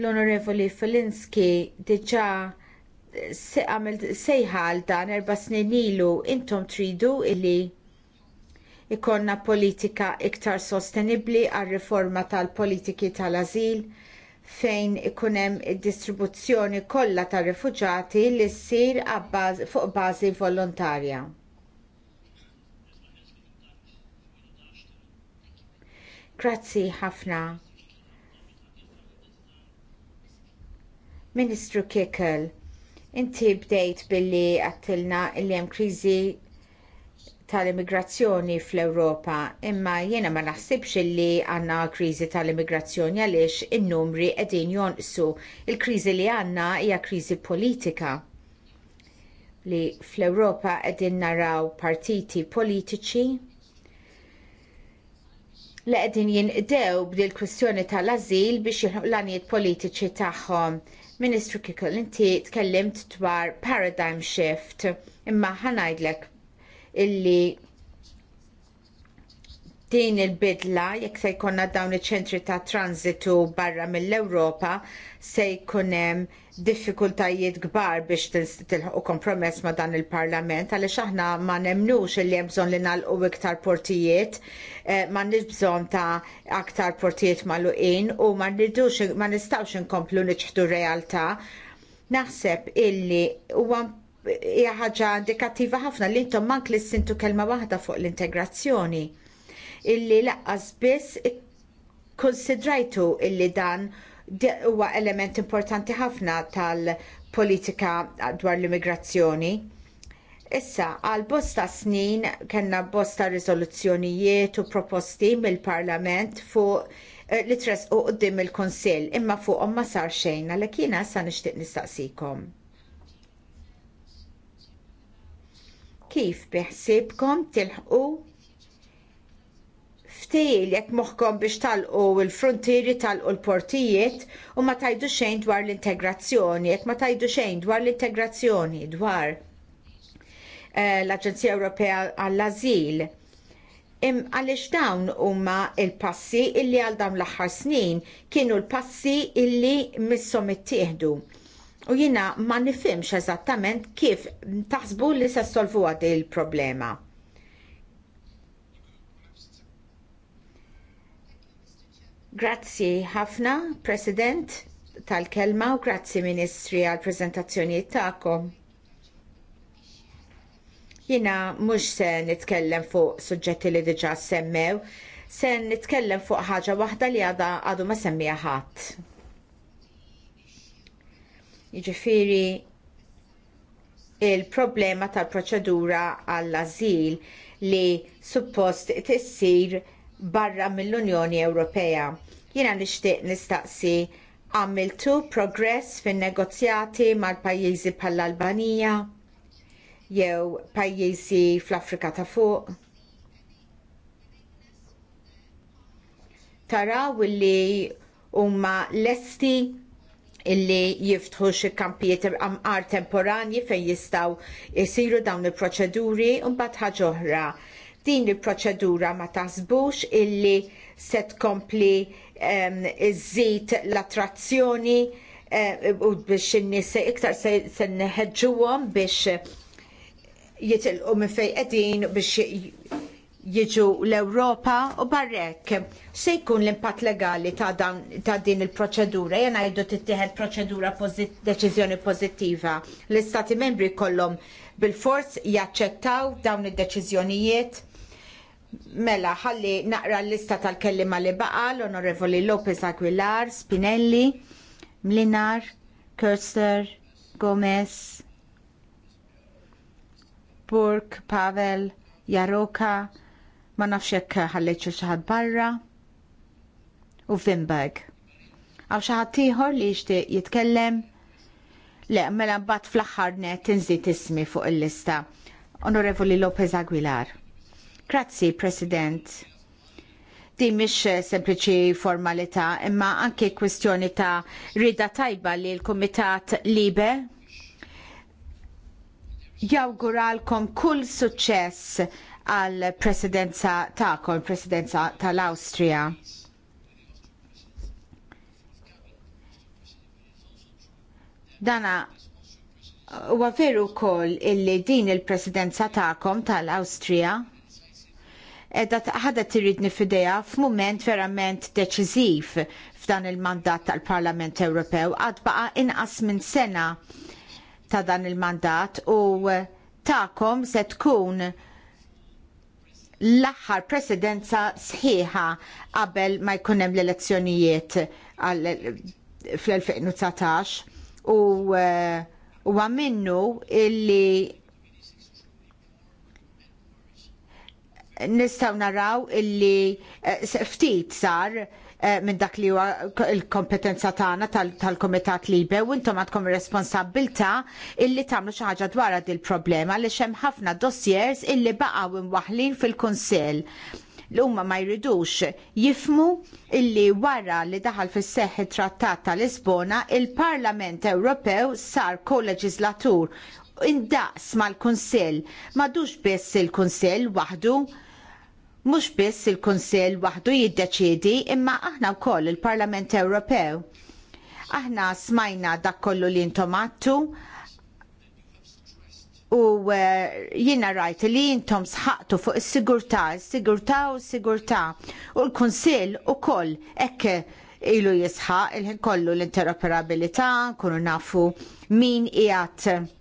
l-Onorevoli Felinski diġa sejħal sejħa għal dan erba snin ilu intom tridu illi ikonna politika iktar sostenibbli għar riforma tal-politiki tal-azil fejn ikun hemm id distribuzzjoni kollha tar rifuġati li ssir fuq bażi volontarja. Grazzi ħafna. Ministru Kickel, inti bdejt billi għattilna li kriżi tal-immigrazzjoni fl-Ewropa, imma jiena ma naħsibx li għandna kriżi tal-immigrazzjoni għaliex in-numri qegħdin jonqsu. Il-kriżi li għandna hija kriżi politika li fl-Ewropa qegħdin naraw partiti politiċi li qegħdin jinqdew b'dil kwistjoni tal-ażil biex jilħu l-għanijiet politiċi tagħhom. Ministru Kikol, inti tkellimt dwar paradigm shift, imma ħanajdlek illi din il-bidla jekk se jkollna dawn iċ-ċentri ta' transitu barra mill-Ewropa se jkun hemm diffikultajiet kbar biex tilħu kompromess ma' dan il-Parlament għaliex aħna ma nemnux li hemm bżonn li nagħlqu iktar portijiet, eh, ma nix bżonn ta' aktar portijiet magħluqin u ma nridux ma nistgħux inkomplu niċħdu realtà naħseb illi huwa hija ħaġa indikattiva ħafna li intom mank li sintu kelma waħda fuq l-integrazzjoni illi laqqas biss konsidrajtu illi dan huwa element importanti ħafna tal-politika dwar l-immigrazzjoni. Issa, għal bosta snin kellna bosta riżoluzzjonijiet u proposti mill-Parlament fuq eh, li tresqu quddiem il kunsill imma fuqhom ma sar xejn għalhekk jiena issa nixtieq nistaqsikom. kif biħsibkom tilħqu ftejil jekk moħħkom biex talqu l-frontieri talqu l-portijiet u ma tajdu xejn dwar l-integrazzjoni, jekk ma tajdu xejn dwar l-integrazzjoni dwar eh, l-Aġenzija Ewropea għall-Azil. għaliex dawn huma il-passi illi għal dawn l-aħħar snin kienu l-passi illi missom ittieħdu. U jiena ma nifimx eżattament kif taħsbu li se solvu għad il-problema. Grazzi ħafna, President, tal-kelma u grazzi Ministri għall-preżentazzjonijiet tagħkom jina mux se nitkellem fuq suġġetti li diġa semmew, se nitkellem fuq ħaġa waħda li għada għadu ma semmija ħadd. Jiġifieri il-problema tal-proċedura għall-azil li suppost tissir barra mill-Unjoni Ewropea. Jiena nixtieq nistaqsi għamiltu progress fin negozjati mal-pajjiżi bħall-Albanija jew pajjiżi fl-Afrika ta' fuq. Taraw li huma lesti illi jiftħu xi kampijiet amqar temporanji fejn jistgħu jsiru dawn il-proċeduri u mbagħad ħaġa oħra. Din il-proċedura ma taħsbux illi se tkompli iżżid l-attrazzjoni eh, u biex in-nies iktar se nneħeġġuhom biex jitilqu minn fejn qegħdin biex jiġu l-Ewropa u barrek se jkun l-impatt legali ta', dan, ta din il-proċedura jena jiddu tittieħed proċedura pozit, deċiżjoni pożittiva. L-Istati membri kollom bil-fors jaċċettaw dawn id-deċiżjonijiet Mela, ħalli naqra l-lista tal-kellima li baqa l-Onorevoli Lopez Aguilar, Spinelli, Mlinar, Kirster, Gomez, Burke, Pavel, Jaroka, ma nafx jekk ħallejt xi ħadd barra u Vimberg. Għaw xi ħadd ieħor li jixtieq jitkellem le mela mbagħad fl-aħħar net inżid ismi fuq il-lista. Onorevoli Lopez Aguilar. Grazzi, President. Di mhix sempliċi formalità, imma anke kwestjoni ta' rida tajba li l-Kumitat Libe jawguralkom kull suċess għall presidenza tagħkom, presidenza tal-Awstrija. Dana huwa veru wkoll illi din il-presidenza tagħkom tal-Awstrija edha ħadha tiridni f'idea f'mument verament deċiżiv f'dan il-mandat tal-Parlament Ewropew għad baqa inqas minn sena ta' dan il-mandat u ta'kom se tkun l-aħħar presidenza sħiħa qabel ma jkun hemm l-elezzjonijiet fl-2019 u huwa eh, minnu illi nistgħu naraw illi eh, ftit sar Eh, minn dak li huwa l-kompetenza tagħna tal-Kumitat tal Libe u intom għandkom ir-responsabbilta illi tagħmlu xi ħaġa dwar il problema għaliex hemm ħafna dossiers illi baqgħu imwaħlin fil kunsell l-umma ma jridux jifmu illi wara li daħal fis seħħ trattat ta' Lisbona il-Parlament Ewropew sar koleġislatur indaqs mal-Kunsill. Madux biss il kunsell waħdu Mhux biss il-Kunsill waħdu jiddeċiedi imma aħna wkoll il-Parlament Ewropew. Aħna smajna dak kollu li jintom għattu u eh, jiena rajt li intom sħaqtu fuq is-sigurtà, il sigurtà u s-sigurtà u l-Kunsill ukoll hekk ilu jisħaq il-ħin kollu l-interoperabilità, nkunu nafu min jgħat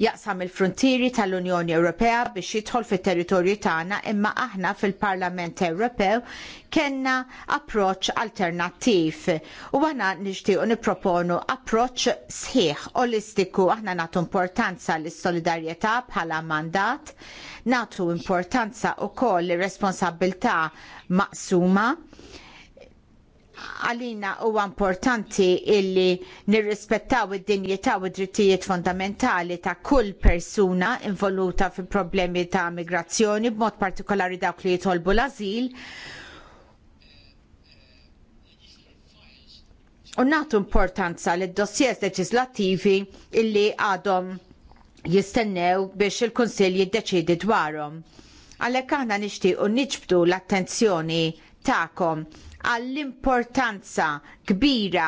jaqsam il-frontieri tal-Unjoni Ewropea biex jidħol fit-territorju tagħna imma aħna fil-Parlament Ewropew kellna approċċ alternattiv u aħna nixtiequ nipproponu approċċ sħiħ olistiku aħna nagħtu importanza lis solidarjetà bħala mandat nagħtu importanza wkoll ir responsabilità maqsuma għalina huwa importanti illi nirrispettaw id-dinjità u d-drittijiet fundamentali ta' kull persuna involuta fi problemi ta' migrazzjoni b'mod partikolari dawk li jitolbu l-azil u nagħtu importanza lid dossiers leġislattivi illi għadhom jistennew biex il kunsill jiddeċiedi dwarhom. Għalhekk aħna nixtiequ niġbdu l-attenzjoni tagħkom għall-importanza kbira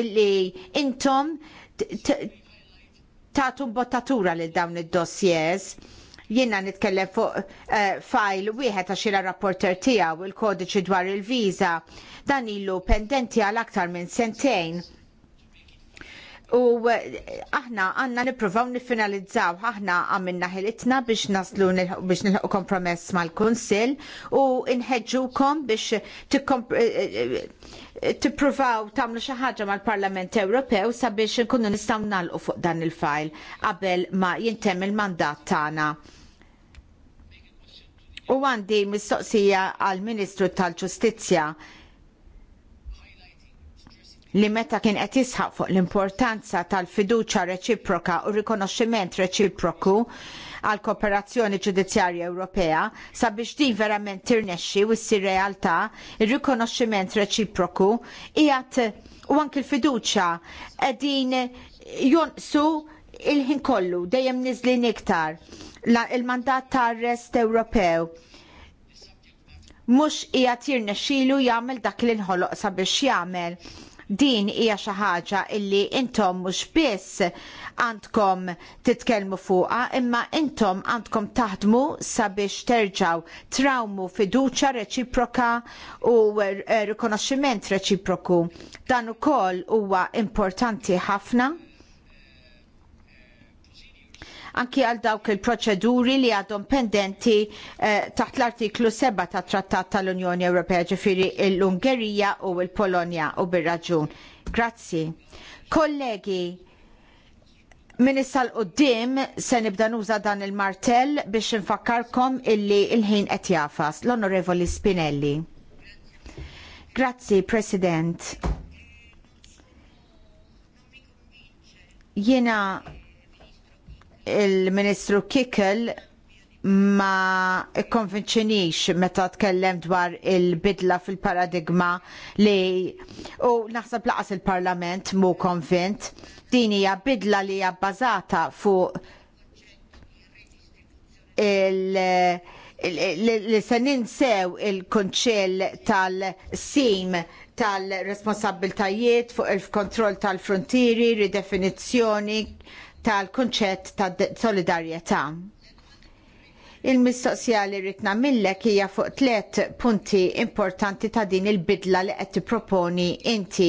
illi intom tagħtu bottatura lil dawn id-dossiers. Jiena nitkellem fuq eh, fajl wieħed għax il rapporter tiegħu il-kodiċi dwar il-viża dan ilu pendenti għal aktar minn sentejn U eh, aħna għanna niprofaw nifinalizzaw, aħna għamilna ħilitna biex naslu biex nilħu kompromess mal-Kunsil u inħedġukom biex eh, eh, tipprovaw tamlu xi ħaġa mal-Parlament Ewropew sabiex nkunu nistgħu nagħlqu fuq dan il-fajl qabel ma jintemm il-mandat tagħna. U għandi mistoqsija għal-Ministru tal-Ġustizzja li meta kien qed jisħaq fuq l-importanza tal-fiduċja reċiproka u rikonoxximent reċiproku għall kooperazzjoni ġudizzjarja Ewropea sabiex din verament tirnexxi u ssir realtà ir-rikonoxximent reċiproku qiegħed u anke l-fiduċja qegħdin jonqsu l ħin kollu dejjem niżlin iktar il-mandat ta' arrest Ewropew mhux qiegħed jirnexxilu jagħmel dak li nħoloq sabiex jagħmel Din hija xi ħaġa illi intom mhux biss għandkom titkellmu fuqha, imma intom għandkom taħdmu sabiex terġaw trawmu fiduċja reċiproka u rikonoxximent reċiproku. Dan ukoll huwa importanti ħafna anki għal dawk il-proċeduri li għadhom pendenti eh, taħt l-artiklu 7 tat Trattat tal-Unjoni Ewropea ġifiri l-Ungerija u l-Polonja u bir-raġun. Grazzi. Kollegi, Min l-qoddim se nibda nuża dan il-martell biex nfakkarkom illi il-ħin qed jafas l-Onorevoli Spinelli. Grazzi, President. Jiena il-Ministru Kikel ma ikkonvinċinix meta tkellem dwar il-bidla fil-paradigma li u naħseb laqas il-parlament mu konvint din hija bidla li hija bbażata fuq il- li se ninsew il-kunċell tal-sim tal-responsabiltajiet fuq il-kontroll tal-frontieri, ridefinizzjoni, tal-kunċett ta' solidarjetà. Il-mistoqsija li ritna millek hija fuq tliet punti importanti ta' din il-bidla li qed tipproponi inti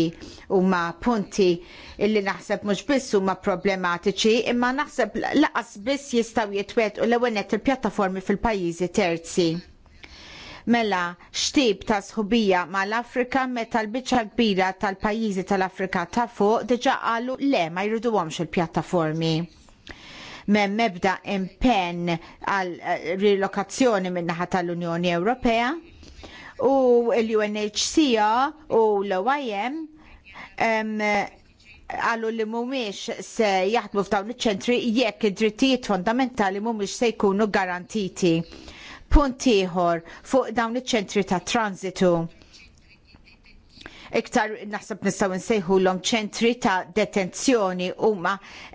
huma punti illi naħseb mhux biss huma problematiċi imma naħseb laqas biss jistgħu jitwet u l-ewwel il-pjattaformi fil-pajjiżi terzi Mela, xtib ta' sħubija mal-Afrika meta l-biċċa kbira tal-pajjiżi tal-Afrika ta' fuq diġa qalu le ma jriduhomx il-pjattaformi mem mebda impenn għal eh, rilokazzjoni min-naħa tal-Unjoni Ewropea u l-UNHCR u l-OIM għallu li mumiex se jaħdmu f'dawn iċ-ċentri jekk id-drittijiet fondamentali mumiex se jkunu garantiti. Punt ieħor fuq dawn iċ-ċentri ta' transitu iktar naħseb nistgħu nsejħulhom ċentri ta' detenzjoni huma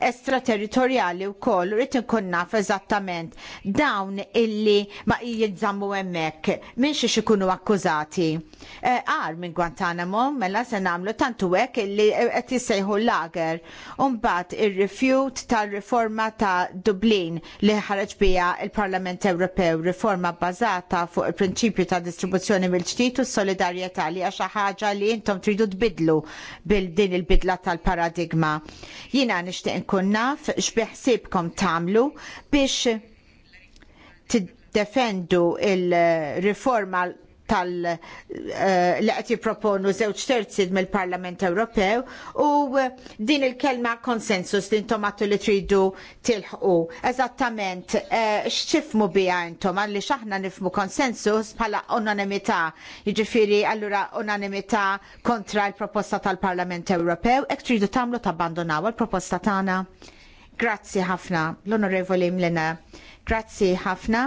estraterritorjali wkoll rrid inkun naf eżattament dawn illi ma jinżammu hemmhekk minn xiex ikunu akkużati. Eh, għar minn Guantanamo mela se nagħmlu tantu hekk illi qed jissejħu l-lager u mbagħad ir-refjut tar-riforma ta' Dublin li ħareġ biha l parlament Ewropew riforma bbażata fuq il-prinċipju ta' distribuzzjoni mill-ġdid u s-solidarjetà li għaxa ħaġa li intom tridu tbidlu bil din il-bidla tal-paradigma. Jiena nixtieq nkun naf x'beħsibkom tagħmlu biex tiddefendu il-riforma tal eh, li qed jipproponu żewġ terzi mill-Parlament Ewropew u eh, din il-kelma konsensus li intom għattu li tridu tilħqu. Eżattament, eh, x'tifmu biha intom għalli x'aħna nifmu konsensus bħala unanimità, jiġifieri allura unanimità kontra l-proposta tal-Parlament Ewropew, hekk tridu tagħmlu tabbandonaw il-proposta tagħna. Grazzi ħafna, l-Onorevoli Mlena. Grazzi ħafna.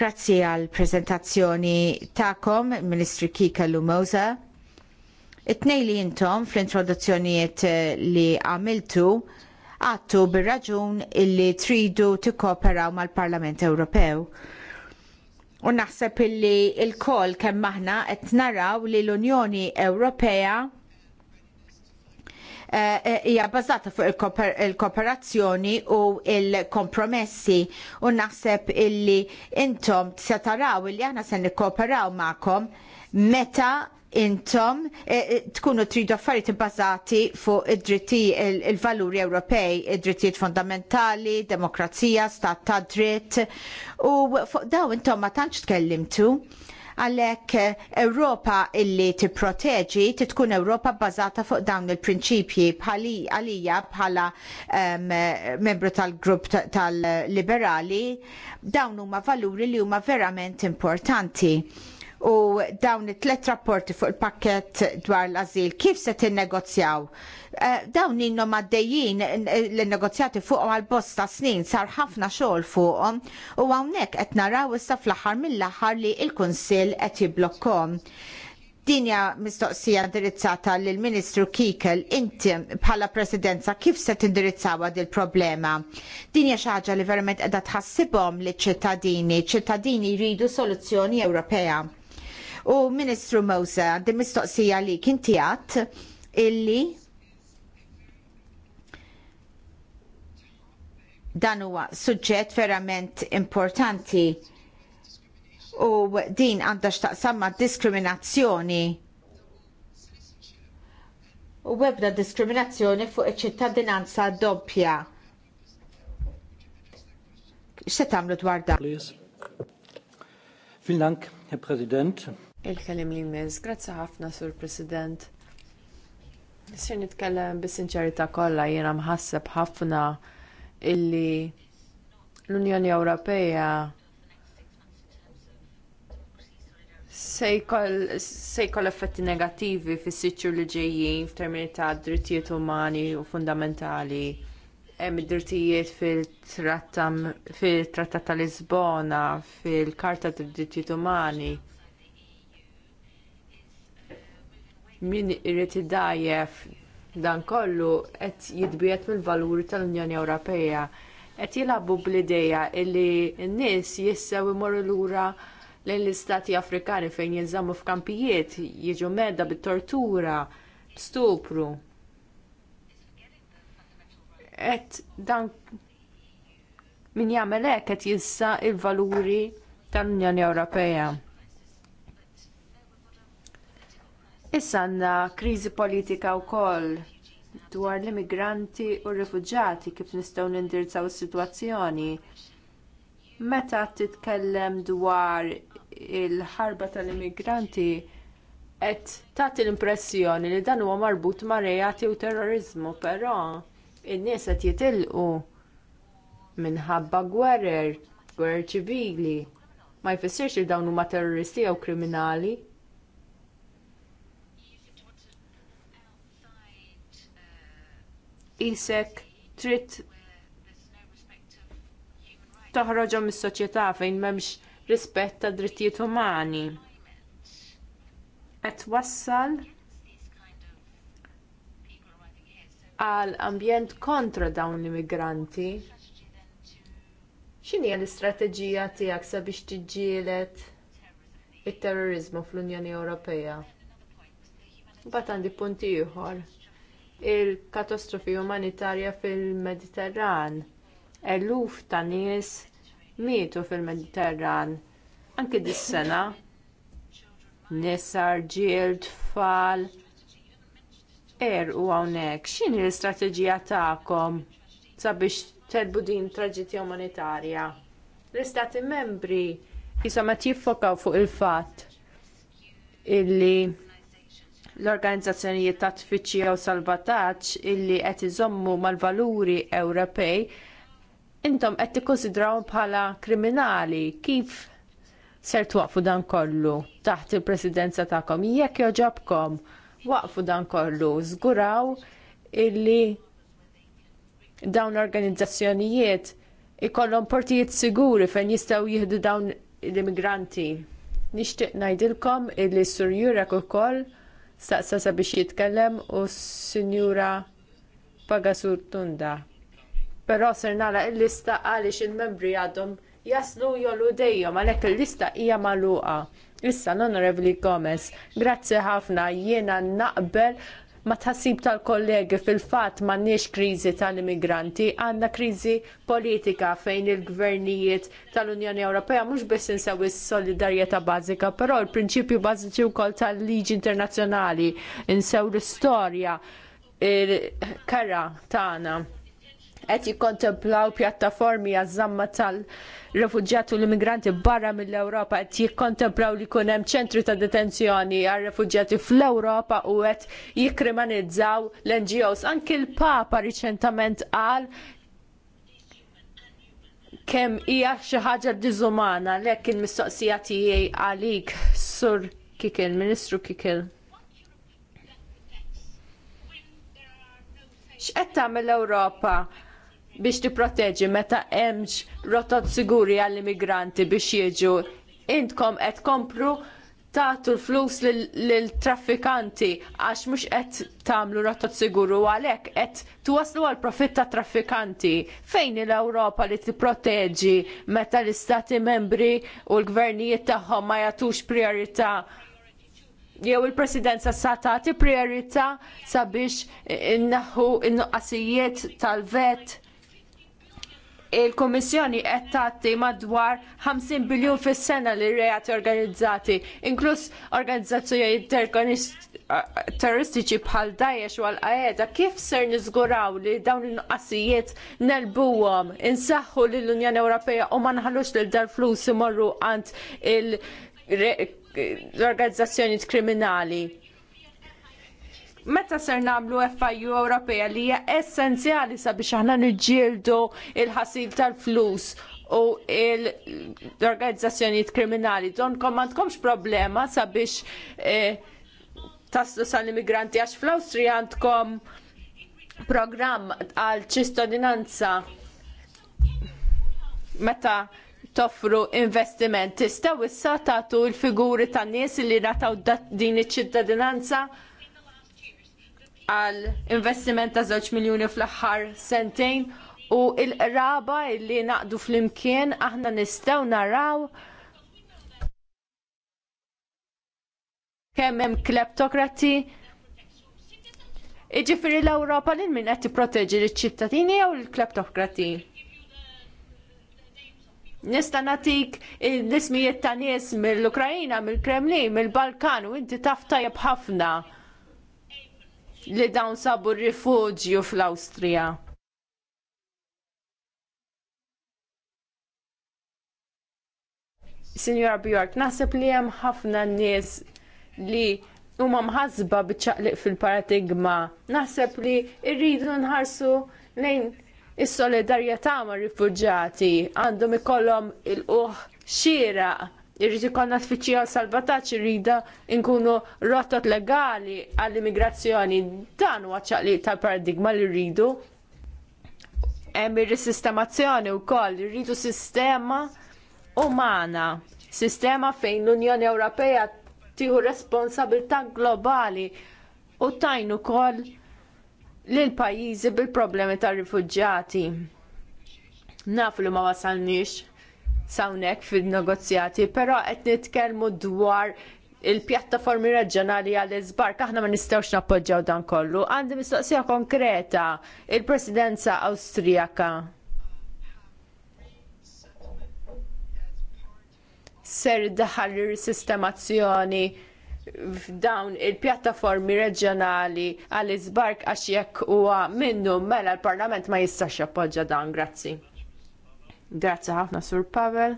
Grazzi għal prezentazzjoni ta'kom, Ministri Kika Lumosa. it li jintom fl-introduzzjonijiet eh, li għamiltu għattu bir-raġun illi tridu tikkooperaw mal-Parlament Ewropew. U naħseb illi il-kol kemm aħna qed naraw li l-Unjoni Ewropea Eh, eh, hija bbażata fuq il-kooperazzjoni u l kompromessi u naħseb illi intom se taraw illi aħna se nikkooperaw magħkom meta intom eh, tkunu tridu affarijiet bbażati fuq id-dritti il-valuri Ewropej, id-drittijiet fondamentali, demokrazija, stat ta' dritt u fuq daw intom ma tantx tkellimtu Għalhekk eh, Ewropa illi tipproteġi titkun Ewropa bbażata fuq dawn il-prinċipji bħali għalija bħala um, membru tal-grupp tal-liberali dawn huma valuri li huma verament importanti u dawn it-tlet rapporti fuq il-pakket dwar l-azil, kif se tinnegozjaw? Eh, dawn innom għaddejjin l-negozjati fuq għal-bosta snin sar ħafna xogħol fuqhom u hawnhekk qed naraw issa fl-aħħar mill-aħħar li l-Kunsill qed jiblokkom. Dinja mistoqsija indirizzata lill ministru Kikel, inti bħala presidenza kif se tindirizzawa dil problema Dinja xi ħaġa li verament qiegħda tħassibhom liċ ċittadini, ċittadini jridu soluzzjoni Ewropea U Ministru Mosa, għandi mistoqsija li kinti għat illi dan huwa suġġett verament importanti u din għandha x'taqsam ma' diskriminazzjoni u webda diskriminazzjoni fuq iċ-ċittadinanza doppja. X'se tagħmlu dwar dan? Vielen Dank, Herr Präsident. Il-kelim li miz, grazzi ħafna, Sur President. Sir nitkellem bis-sinċerità kollha jiena mħasseb ħafna illi l-Unjoni Ewropea se jkoll effetti negattivi fis siċċur li ġejjin f'termini ta' drittijiet umani u fundamentali hemm id-drittijiet fil-trattat ta' Lisbona, fil-Karta tad drittijiet umani min irrid idajjef dan kollu qed jitbiet mill-valuri tal-Unjoni Ewropea. Qed jilagħbu bl-idea li n-nies jissew imorru lura lejn l-istati Afrikani fejn jinżammu f'kampijiet jiġu medda bit-tortura, b'stupru. dan min jagħmel hekk qed jissa l valuri tal-Unjoni Ewropea. Issa għandna kriżi politika wkoll dwar l-immigranti u r-rifuġġati kif nistgħu nindirizzaw is-sitwazzjoni. Meta titkellem dwar il-ħarba tal-immigranti qed tagħti l-impressjoni li dan huwa marbut ma' reati u terrorizmu, però in-nies qed jitilqu minħabba gwerer, gwerer ċivili. Ma jfissirx li dawn huma terroristi jew kriminali, isek trid toħroġhom mis-soċjetà fejn m'hemmx rispett tad drittijiet umani. Qed wassal għal ambjent kontra dawn l-immigranti. X'inhi l-istrateġija tiegħek sabiex tiġġieled it-terrorizmu fl-Unjoni Ewropea? Bat għandi punt ieħor il-katastrofi umanitarja fil-Mediterran. Eluf ta' nies mietu fil-Mediterran. Anki dis-sena nisa, rġiel, tfal. Er u hawnhekk, x'inhi l-istrateġija tagħkom sabiex terbu din traġedja umanitarja? L-istati membri jisom ma jiffokaw fuq il-fatt illi l-organizzazzjonijiet ta' tfittxija u salvataġġ illi qed iżommu mal-valuri Ewropej intom qed tikkonsidrawhom bħala kriminali kif ser twaqfu dan kollu taħt il-presidenza tagħkom jekk joġobkom waqfu dan kollu żguraw illi dawn l-organizzazzjonijiet ikollhom portijiet siguri fejn jistgħu jieħdu dawn l-immigranti. Nixtieq ngħidilkom illi sur jurek ukoll staqsa sabiex jitkellem u s-Sinjura Pagasur Tunda. Però ser nara il-lista għaliex il-membri għadhom jaslu jollu dejjem għalhekk il-lista hija magħluqa. Issa l onorevli Gomez, grazzi ħafna jiena naqbel ma tħassib tal-kollegi fil-fat m'għandniex kriżi tal-immigranti, għandna kriżi politika fejn il-gvernijiet tal-Unjoni Ewropea mhux biss insew is-solidarjetà bażika, però l-prinċipju bażiċi wkoll tal-liġi internazzjonali nsew l-istorja il-kara tagħna qed jikkontemplaw pjattaformi għaż-żamma tal-refuġjati u l-immigranti barra mill-Ewropa qed jikkontemplaw li jkun hemm ċentri ta' detenzjoni għar-refuġjati fl-Ewropa u qed jikkriminizzaw l-NGOs. Anki l-Papa riċentament qal kemm hija xi ħaġa diżumana lekk il-mistoqsija tiegħi għalik sur Kikil, Ministru Kikil. x'qed tagħmel l-Ewropa biex tipproteġi meta hemmx rotot siguri għall-immigranti biex jiġu. Intkom qed kompru tagħtu l-flus lill-traffikanti għax mhux qed tagħmlu rotot siguru għalhekk qed tuwaslu għal profitt tat traffikanti. Fejn l-Ewropa li tipproteġi meta l-istati membri u l-gvernijiet tagħhom ma jagħtux priorità jew il-presidenza tagħti priorità sabiex innaħħu in-nuqqasijiet tal-vet il kummissjoni qed tagħti madwar 50 biljun fis-sena li reati organizzati, inkluż organizzazzjonijiet terroristiċi bħal Daesh u Al-Qaeda, kif ser niżguraw li dawn il nuqqasijiet nelbuhom, insaħħu lill unjoni Ewropea u ma nħallux lil dan flus imorru għand il-organizzazzjonijiet kriminali meta ser nagħmlu FIU Ewropea li hija essenzjali sabiex aħna niġġieldu il-ħasil tal-flus u l-organizzazzjonijiet kriminali. Donkom għandkomx problema sabiex eh, taslu sal-immigranti għax fl-Awstrija għandkom programm għal ċistodinanza meta toffru investiment. Tistgħu issa tagħtu l-figuri tan nies li nataw din iċ-ċittadinanza? għal investiment ta' 2 miljuni fl-aħħar sentejn u il-raba li naqdu fl-imkien aħna nistgħu naraw kemm hemm kleptokrati Iġifiri l-Ewropa lil min qed tipproteġi l-ċittadini jew l-kleptokrati. Nista' nagħtik l-ismijiet ta' nies mill-Ukrajina, mill-Kremlin, mill-Balkan u inti taf tajjeb ħafna li dawn sabu rifugju fl-Awstrija. Signora Bjork, naħseb li hemm ħafna nies li huma mħazba biċċaqliq fil-paradigma. Naħseb li rridu nħarsu lejn is-solidarjetà mar rifuġġati għandhom ikollhom il-qoħ xieraq irrid ikollna tfittxija salvataġġ irrida nkunu rotot legali għall-immigrazzjoni. Dan huwa ċaqli tal-paradigma li rridu. Hemm ir-sistemazzjoni wkoll, irridu sistema umana, sistema fejn l-Unjoni Ewropea tieħu responsabilità globali u tajn ukoll lil pajjiżi bil-problemi tar-rifuġġjati. Nafu li ma wasalniex sawnek fil-negozjati, pero qed nitkellmu dwar il-pjattaformi reġjonali għall iżbark aħna ma nistgħux nappoġġjaw dan kollu. Għandi mistoqsija konkreta il-Presidenza Awstrijaka. Ser daħal sistemazzjoni f'dawn il-pjattaformi reġjonali għall iżbark għax jekk huwa minnu mela l-Parlament ma jistax jappoġġja dan, grazzi. Grazzi ħafna Sur Pavel.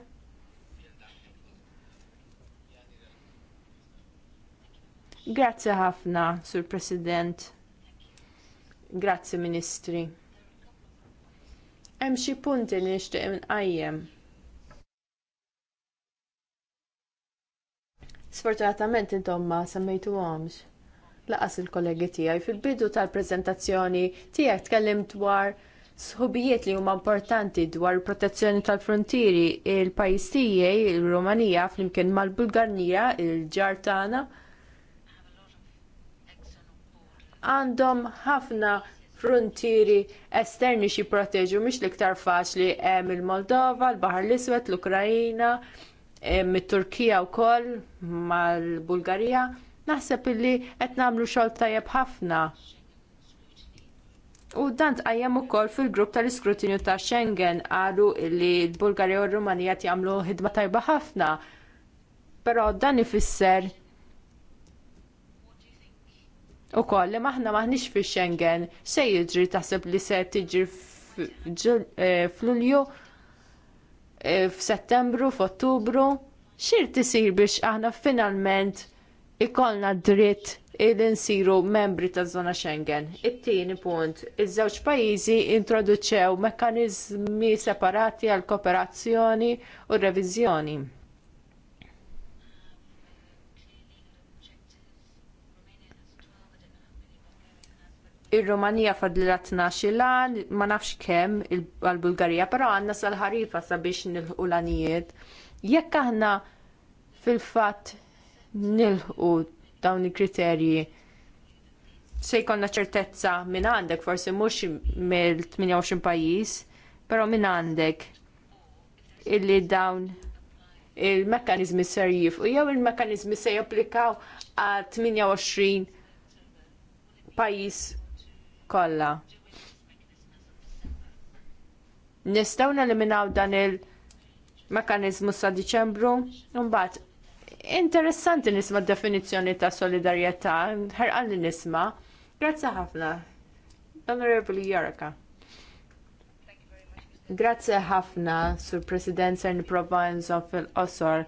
Grazzi ħafna Sur President. Grazzi Ministri. Hemm xi punti li nixtieq inqajjem. Sfortunatament intom ma semmejtuhomx. Laqas il-kollegi tiegħi fil-bidu tal-preżentazzjoni tiegħek tkellim dwar sħubijiet li huma importanti dwar protezzjoni tal-frontieri il-pajjiż tiegħi, il-Rumanija flimkien mal-Bulgarija, il-ġar tagħna għandhom ħafna frontieri esterni xi proteġu mhix l-iktar faċli hemm il-Moldova, l-Baħar l-Iswed, l-Ukrajna, mit-Turkija wkoll mal-Bulgarija. Naħseb illi qed nagħmlu xogħol tajjeb ħafna U dan tqajjem ukoll fil-grupp tal-iskrutinju ta' Schengen qalu li l-Bulgarija u l rumanija jagħmlu ħidma tajba ħafna. Però dan ifisser ukoll li maħna maħniex fi Schengen se jiġri taħseb li se f eh, f'Lulju eh, f'Settembru, f'Ottubru, xir tisir biex aħna finalment ikollna dritt il-insiru membri ta' zona Schengen. It-tieni punt, iż-żewġ pajjiżi introduċew mekkaniżmi separati għal kooperazzjoni u reviżjoni. ir-Rumanija fadlila 12 lan, ma nafx kemm għal-Bulgarija, però għandna sal-ħarifa sabiex nilħu l Jekk aħna fil-fatt nilħu dawn il-kriterji se jkollna ċertezza minn għandek, forsi mhux mill-28 pajjiż, però minn għandek illi dawn il-mekkanizmi ser jifqu jew il-mekkanizmi se japplikaw għal 28 pajjiż kollha. Nistgħu neliminaw dan il-mekkanizmu sa' Diċembru, mbagħad Interessanti nisma definizjoni ta' solidarieta, ħarqan li nisma. Grazzi ħafna. Honorable Jaraka. Grazzi ħafna, Sur President, ser niprofa of fil-qosor.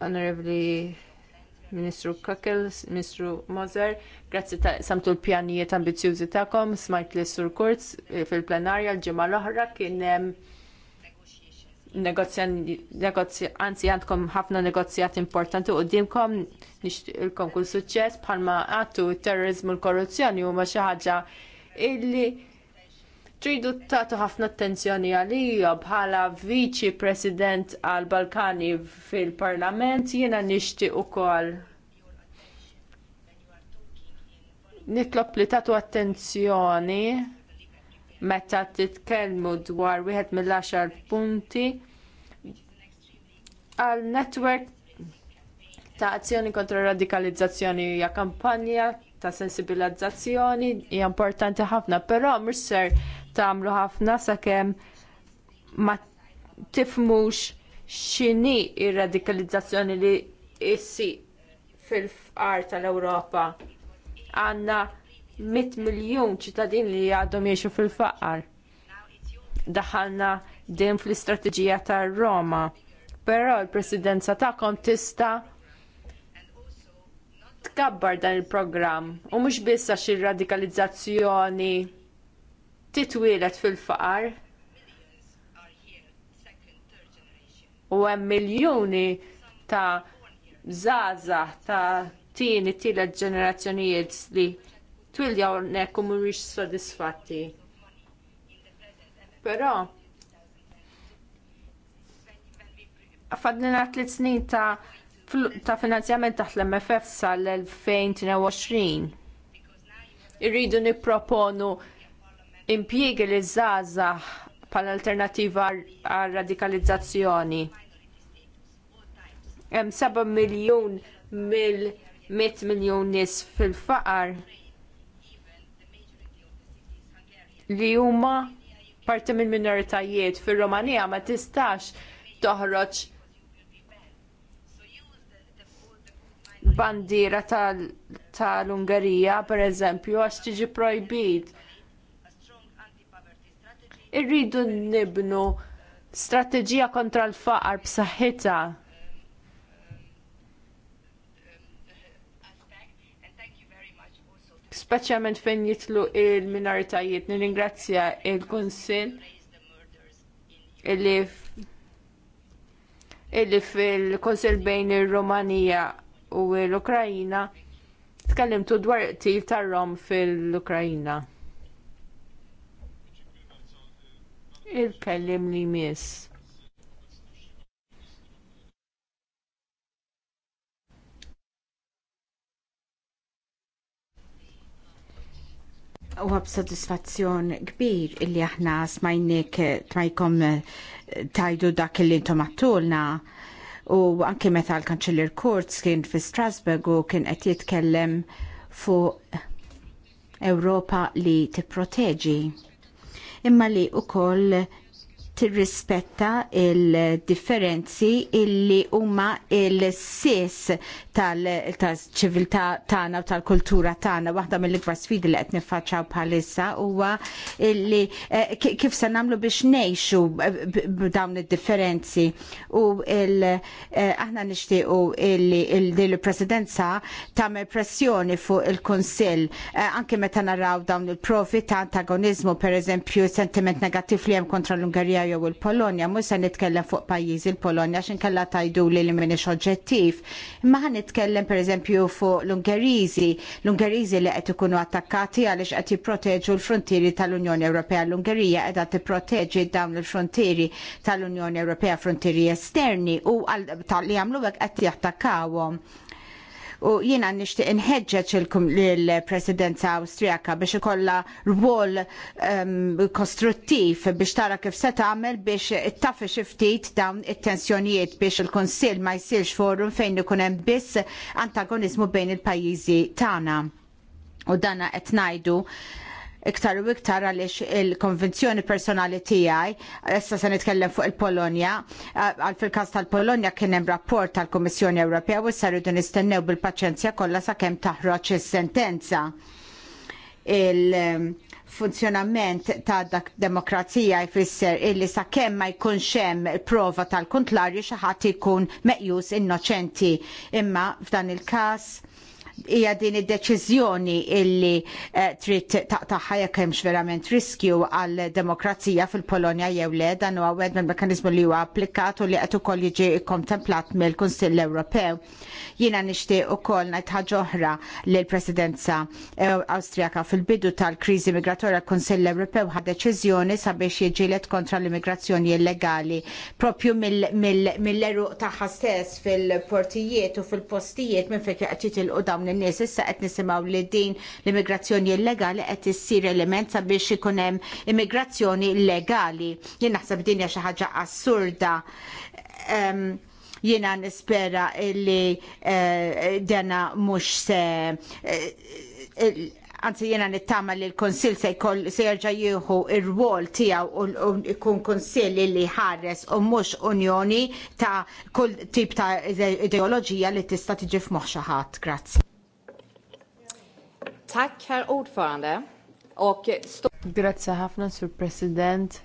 Honorably Ministru Kakel, Ministru Mozer, grazzi ta' samtu l-pjanijiet ambizjużi ta'kom, smajt li Sur Kurz eh, fil-plenarja l ġemal l kienem anzi għandkom ħafna negozjat importanti u dimkom nixtilkom kull suċċess bħalma għattu terrorizmu l-korruzzjoni u ma xaħġa illi tridu tagħtu ħafna attenzjoni għalija bħala viċi president għall Balkani fil-parlament jiena nixtieq ukoll. Nitlob li tagħtu attenzjoni meta titkellmu dwar wieħed mill-10 punti għal netwerk ta' azzjoni kontra radikalizzazzjoni hija kampanja ta' sensibilizzazzjoni hija importanti ħafna, però misser tagħmlu ħafna sakemm ma tifmux x'inhi r radikalizzazzjoni li issi fil-fqar tal-Ewropa. Għandna 100 miljun ċittadin li għadhom jiexu fil-faqar. Daħalna din fl-istrateġija tar Roma. Però l-presidenza tagħkom tista' tkabbar dan il-programm u mhux biss għax ir-radikalizzazzjoni titwielet fil-faqar. U hemm miljuni ta' zaza ta' tieni tielet ġenerazzjonijiet li Twiljaw hawnhekk u mhumiex sodisfatti. Però fadlina tliet snin ta' ta' finanzjament taħt l-MFF sal-2022. Irridu nipproponu impjiegi li żgħażagħ bħala alternativa għal radikalizzazzjoni. Hemm 7 miljun mill 100 miljun nies fil-faqar li huma parti minn minoritajiet fir-Romanija ma tistax toħroġ bandiera tal-Ungerija, per pereżempju, għax tiġi projbit. Irridu nibnu strateġija kontra l-faqar b'saħħitha speċjalment fejn jitlu il-minoritajiet. Nirringrazzja il konsil illi fil-Kunsill bejn ir-Romanija u l-Ukrajina tkellimtu dwar til tar-Rom fil-Ukrajina. Il-kellim li miss. Huwa b'sodisfazzjon kbir illi aħna smajnik tmajkom eh, tajdu dak illi intom għattulna u anke meta l-Kanċellir Kurz kien fi Strasburg u kien qed jitkellem fuq Ewropa li tipproteġi imma li wkoll tirrispetta il-differenzi illi huma il-sis tal-ċiviltà tagħna u tal-kultura tagħna waħda mill-ikbar sfidi li qed niffaċċaw bħalissa huwa illi eh, kif se nagħmlu biex ngħixu b'dawn id-differenzi u eh, aħna nixtiequ illi il-presidenza tagħmel pressjoni fuq il-Kunsill eh, anke meta naraw dawn il-profi ta' antagonizmu pereżempju sentiment negattiv li hemm kontra l-Ungerija jew il-Polonja, mhux se nitkellem fuq pajjiżi l-Polonja x'inkella tajdu li li minix oġġettiv. Imma ħan nitkellem pereżempju fuq l-Ungeriżi, l-Ungeriżi li qed ikunu attakkati għaliex qed jipproteġu l-frontieri tal-Unjoni Ewropea. L-Ungerija qiegħda jiproteġi dawn il-frontieri tal-Unjoni Ewropea, frontieri esterni u tal-li għamlu hekk qed jattakkawom u jiena nishtiq inħeġġeġ il-presidenza Austriaka biex ikollha rwol ehm, kostruttiv biex tara kif se tagħmel biex taffi xi ftit dawn it-tensjonijiet biex il-Kunsill ma jsirx forum fejn ikun hemm biss antagoniżmu bejn il-pajjiżi tagħna. U dana qed ngħidu iktar u iktar għaliex il-konvenzjoni personali tiegħi issa se nitkellem fuq il-Polonja, eh, għal fil-każ tal-Polonja kien hemm rapport tal-Kummissjoni Ewropea u issa rridu nistennew bil-paċenzja kollha sakemm taħroġ is-sentenza. Il- funzjonament ta' dak demokrazija jfisser illi sakemm ma jkunx hemm prova tal kuntlarju xi ħadd ikun meqjus innoċenti. Imma f'dan il-każ hija din id-deċiżjoni illi eh, trid taqtaħħa jekk hemmx verament riskju għal demokrazija fil-Polonja jew le dan huwa wieħed mill-mekkaniżmu li huwa applikat u li qed ukoll jiġi kkontemplat mill-Kunsill Ewropew. Jiena nixtieq ukoll ngħid ħaġa oħra lill presidenza eh, Awstrijaka fil-bidu tal-kriżi migratorja l-Kunsill Ewropew ħad deċiżjoni sabiex jiġilet kontra l-immigrazzjoni illegali propju mill-eruq tagħha stess fil-portijiet u fil-postijiet minn fejn qed il dawn dawn in-nies issa qed nisimgħu li din l-immigrazzjoni illegali qed issir element sabiex ikun hemm immigrazzjoni legali. Jien naħseb din hija xi ħaġa assurda. Um, jiena nispera li uh, eh, mhux se eh, anzi jena nittama li l-konsil se jkoll se jerġa jieħu r wol tiegħu u jkun konsil li ħares u mhux unjoni ta' kull tip ta' ideoloġija li tista' tiġi f'moħħ xi ħadd. Grazzi. Tack, herr ordförande. Och eh, Grazie ħafna, sur President.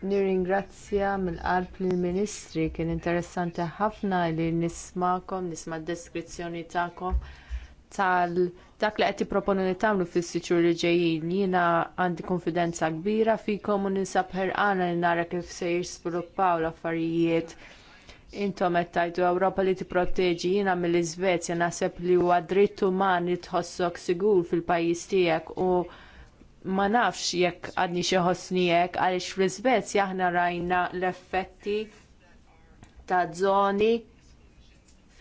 Nirringrazzja mill-qalb lill ministri kien interessanti ħafna li nismakom, nisma' deskrizzjoni tagħkom tal dak li qed tipproponu li tagħmlu fis-siċur li ġejjin. Jiena għandi konfidenza kbira fikom u ninsab ħerqana li nara kif se jisviluppaw l-affarijiet intom qed tajtu Ewropa li tipproteġi jiena mill-Iżvezja naħseb li huwa dritt uman li tħossok sigur fil-pajjiż tiegħek u ma nafx jekk għadni xi ħossni hekk għaliex fl-Iżvezja aħna rajna l-effetti ta' żoni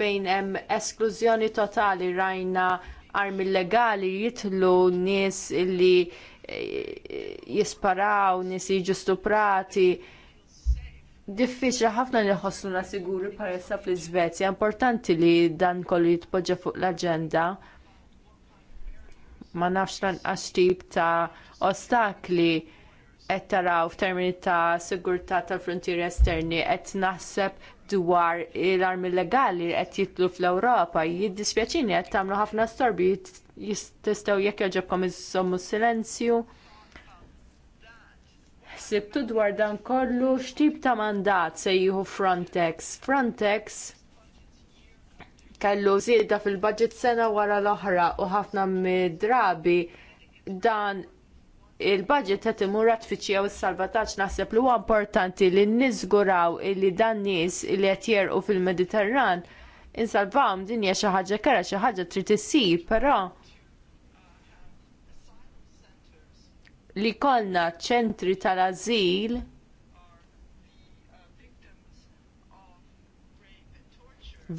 fejn hemm esklużjoni totali rajna armi illegali jidħlu nies li eh, jisparaw, nies jiġu stuprati diffiċli ħafna li ħossu siguri paressa fl-Svezja, importanti li dan kollu jitpoġġa fuq l-aġenda. Ma nafx lan tip ta' ostakli qed taraw f'termini ta' sigurtà tal-frontieri esterni qed naħseb dwar l-armi legali qed jitlu fl-Ewropa. Jiddispjaċini qed tagħmlu ħafna storbi jistgħu jekk jogħġobkom iżommu silenzju ħsibtu dwar dan kollu x'tip ta' mandat se jieħu Frontex. Frontex kellu żieda fil-budget sena wara l-oħra u ħafna mid-drabi dan il-budget qed imur tfittxija u s-salvataġġ naħseb li huwa importanti li niżguraw li dan nies li qed jerqu fil-Mediterran insalvawhom din hija xi ħaġa kera xi ħaġa trid issir, però li kollna ċentri tal-azil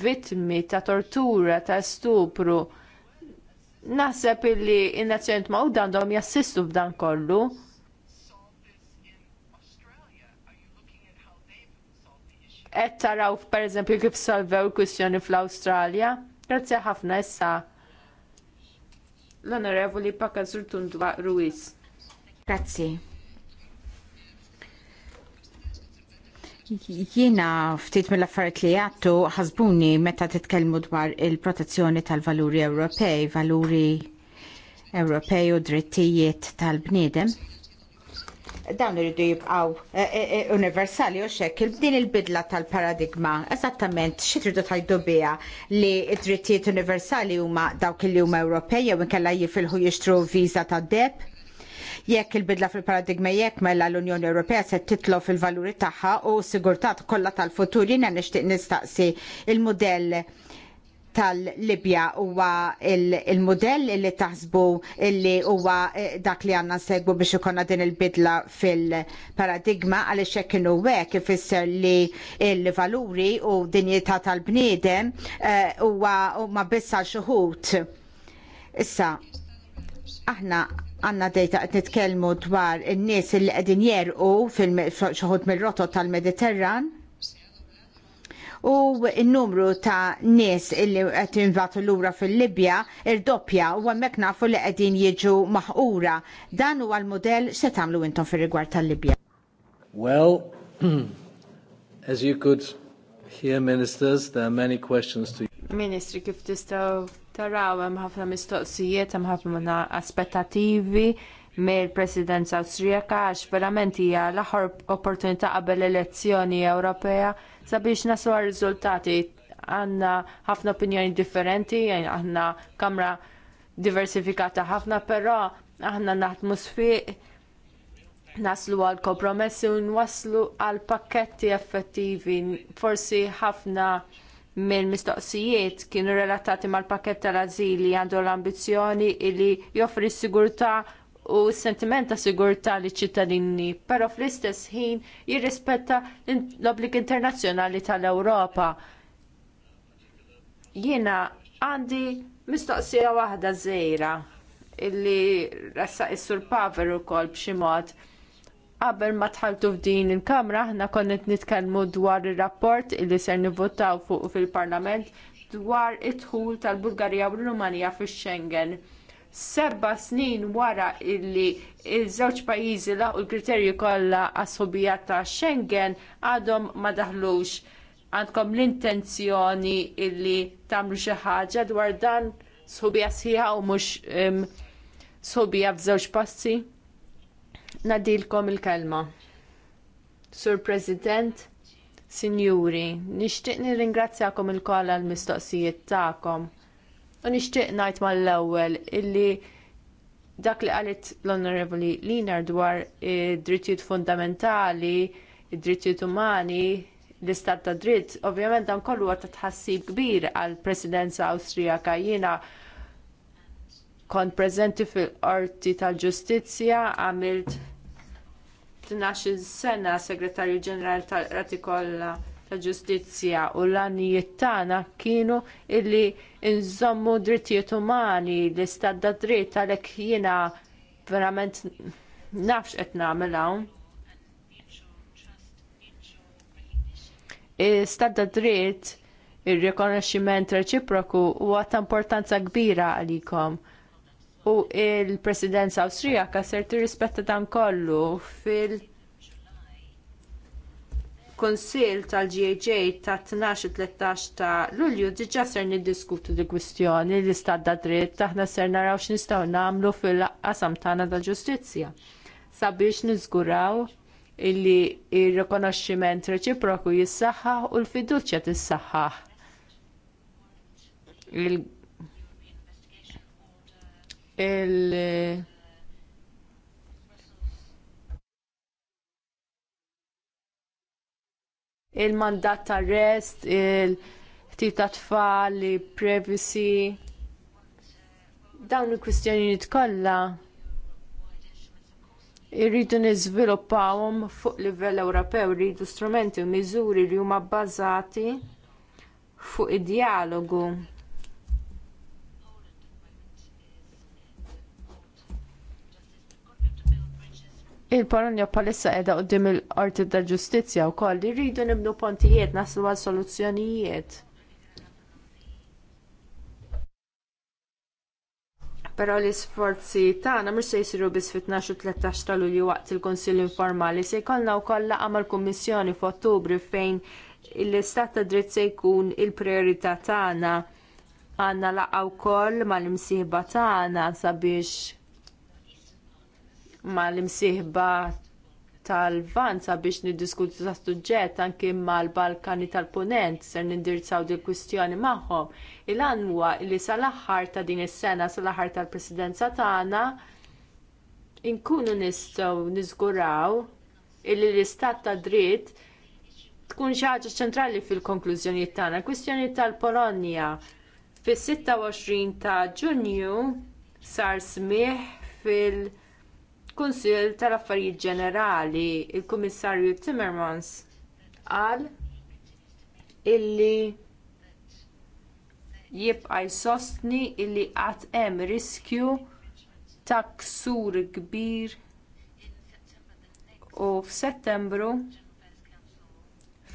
vittmi ta' tortura, ta' stupru. Naħseb illi in-nazzjoniet mawd għandhom jassistu f'dan kollu. Qed taraw pereżempju kif solvew kwistjoni fl-Awstralja. Grazzi ħafna issa l-Onorevoli Pakazur Tundwa Ruiz. Grazzi. Jiena ftit mill-affarijiet li għattu ħasbuni meta titkellmu dwar il-protezzjoni tal-valuri Ewropej, valuri Ewropej u drittijiet tal-bniedem. Dawn iridu jibqaw eh, eh, eh, universali u xekk din il-bidla tal-paradigma eżattament xi tridu tajdu biha li d-drittijiet universali huma dawk li huma Ewropej jew inkella jifilħu jixtru viża tad-deb Jekk il-bidla fil-paradigma jekk mela l-Unjoni Ewropea se titlo fil-valuri tagħha u sigurtat kollha tal-futur jiena nixtieq nistaqsi il-modell tal-Libja huwa il-modell il li taħsbu li huwa eh, dak li għanna segwu biex ikonna din il-bidla fil-paradigma għaliex hekk kienu hekk ifisser li l-valuri u dinjità tal-bniedem eh, huwa uh, ma biss għal xuħut. Issa, aħna għanna dejta qed nitkellmu dwar in-nies li qegħdin jerqu fil-xoħod mill-rotot tal-Mediterran. U n-numru ta' nies illi qed l lura fil-Libja irdoppja u hemmhekk nafu li qegħdin jiġu maħqura. Dan huwa l model se tagħmlu intom fir-rigward tal-Libja. Well, as you could hear ministers, there are many questions to you. Ministri, kif tistaw Taraw hemm ħafna mistoqsijiet, hemm ħafna aspettativi mill-Presidenza Awstrijaka għax verament hija l-aħħar opportunità qabel elezzjoni Ewropea sabiex naslu riżultati għandna ħafna opinjoni differenti, għandna kamra diversifikata ħafna, però aħna naħdmu sfiq naslu għal kompromessi u nwaslu għal pakketti effettivi. Forsi ħafna mill-mistoqsijiet kienu relatati mal-pakket tal li għandu l-ambizjoni li joffri s-sigurtà u s-sentiment ta' sigurtà li ċittadini, però fl-istess ħin jirrispetta l-obbligi internazzjonali tal-Ewropa. Jiena għandi mistoqsija waħda żgħira illi rassaq is-sur Paver ukoll b'xi mod Qabel ma tħaltu f'din il-kamra, aħna konnet nitkellmu dwar ir rapport li ser nivvotaw fuq fil-parlament dwar it tħul tal-Bulgarija u l-Rumanija fix Schengen. Seba snin wara illi il żewġ pajjiżi laqgħu l-kriterji kollha għas-subija ta' Schengen għadhom ma daħlux. Għandkom l-intenzjoni illi tagħmlu xi ħaġa dwar dan subija sħiħa u mhux subija f'żewġ passi? Nadilkom il-kelma. Sur President, Sinjuri, nixtieq il ilkoll għall mistoqsijiet tagħkom. U nixtieq ngħid mal-ewwel illi dak li qalet l-Onorevoli Linar dwar id-drittijiet fundamentali, id-drittijiet umani, l-istat ta' dritt, ovvjament dan kollu għat tħassib kbir għall presidenza Awstrijaka jiena kont prezenti fil-qorti tal-ġustizzja għamilt 12 sena segretarju ġenerali tal-Rati kollha tal-ġustizzja u l-għanijiet tagħna kienu illi nżommu drittijiet umani li Stadda dritt għalhekk jiena verament nafx qed nagħmel hawn. Stadda dritt ir-rikonoxximent reċiproku huwa ta' importanza kbira għalikom u l presidenza Awstrijaka ser tirrispetta dan kollu fil- Kunsill tal-GHA ta' 12-13 ta' Lulju diġà ser niddiskutu di kwistjoni li stadda dritt aħna ser naraw x'nistgħu nagħmlu fil-qasam tagħna tal-ġustizzja sabiex niżguraw illi r rikonoxximent reċiproku jissaħħaħ u l-fiduċja tissaħħaħ il- il-mandat ta' arrest, il-ftit ta' tfal, privacy Dawn il-kwistjonijiet kollha irridu niżviluppawhom fuq livell Ewropew, irridu strumenti u miżuri li huma bbażati fuq id-dialogu Il-Polonja palissa edha quddiem il-Qorti tal Ġustizzja wkoll li rridu nibnu pontijiet naslu għal soluzzjonijiet. Però l-isforzi tagħna mhux se jsiru biss fit-12 u 13 ta' Lulju waqt il-Kunsill informali se jkollna wkoll laqgħa mal-Kummissjoni f'Ottubru fejn l-istat ta' dritt se jkun il-priorità tagħna għandna laqgħa wkoll mal-imsieħba tagħna sabiex mal-imsieħba tal-Vanza biex niddiskutu ta' suġġett anki mal-Balkani tal-Punent ser nindirizzaw il kwistjoni magħhom. Il-għan huwa li sal-aħħar ta' din is-sena sal-aħħar tal-Presidenza tagħna inkunu nistgħu niżguraw illi l-istat ta' dritt tkun xi ħaġa ċentrali fil-konklużjonijiet tagħna. Kwistjoni tal-Polonja fis-26 ta' Ġunju sar smigħ fil- Kunsill tal-Affarijiet Ġenerali, il-Kummissarju Timmermans qal illi jibqa' jsostni illi qatt hemm riskju ta' ksur kbir u f'Settembru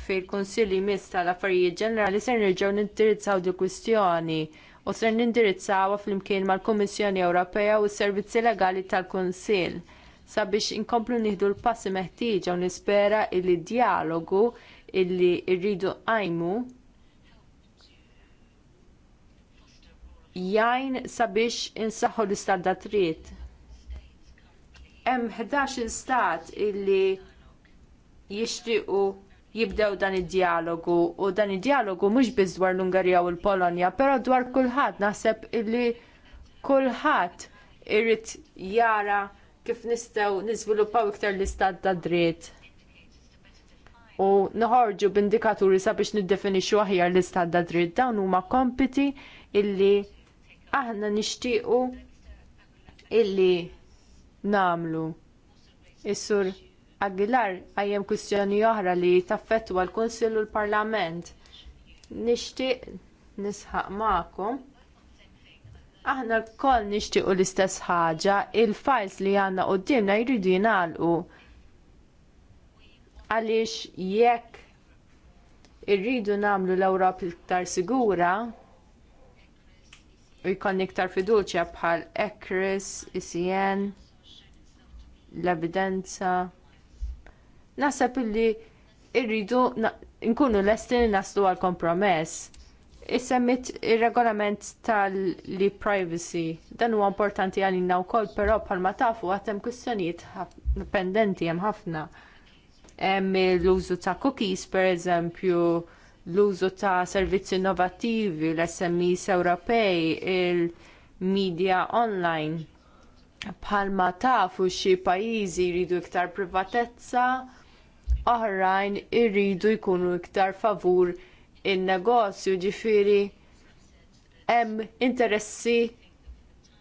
fil-Kunsilli Miss tal-Affarijiet Ġenerali se nerġgħu nindirizzaw di kwistjoni u ser nindirizzawa flimkien mal kummissjoni Ewropea u s-Servizzi Legali tal kunsil sabiex inkomplu nieħdu l-passi meħtieġa u nispera illi dialogu illi rridu għajmu jgħin sabiex insaħħu l-istandardiet. Hemm 11 stat illi jixtiequ jibdew dan id-dialogu u dan id-dialogu mhux biss dwar l-Ungarija u l-Polonja, però dwar kulħadd naħseb illi kulħadd irid jara kif nistgħu niżviluppaw iktar l-istat ta' dritt u noħorġu b'indikaturi sabiex niddefinixxu aħjar l-istat ta' dritt dawn huma kompiti illi aħna nixtiequ illi nagħmlu. Is-sur Aguilar għajem kwistjoni oħra li taffetwa l-Kunsill u l-Parlament. Nixtieq nisħaq maqom. Aħna lkoll nixtiequ l-istess ħaġa, il-files li għandna dimna jridu jingħalqu. Għaliex jekk irridu nagħmlu l-Ewrop iktar sigura, u jkollni iktar fiduċja bħal ECRIS, ICN, e l-evidenza. Naħseb illi irridu nkunu lesti naslu għal kompromess. Issemmit ir-regolament tal-li privacy. Dan huwa importanti għalina wkoll, però bħalma tafu għad hemm kwistjonijiet pendenti hemm ħafna. Hemm l-użu ta' cookies, pereżempju, l-użu ta' servizzi innovattivi, l-SMEs Ewropej, il-media online. Bħalma tafu xi pajjiżi jridu iktar privatezza oħrajn irridu jkunu iktar favur in-negozju ġifiri hemm interessi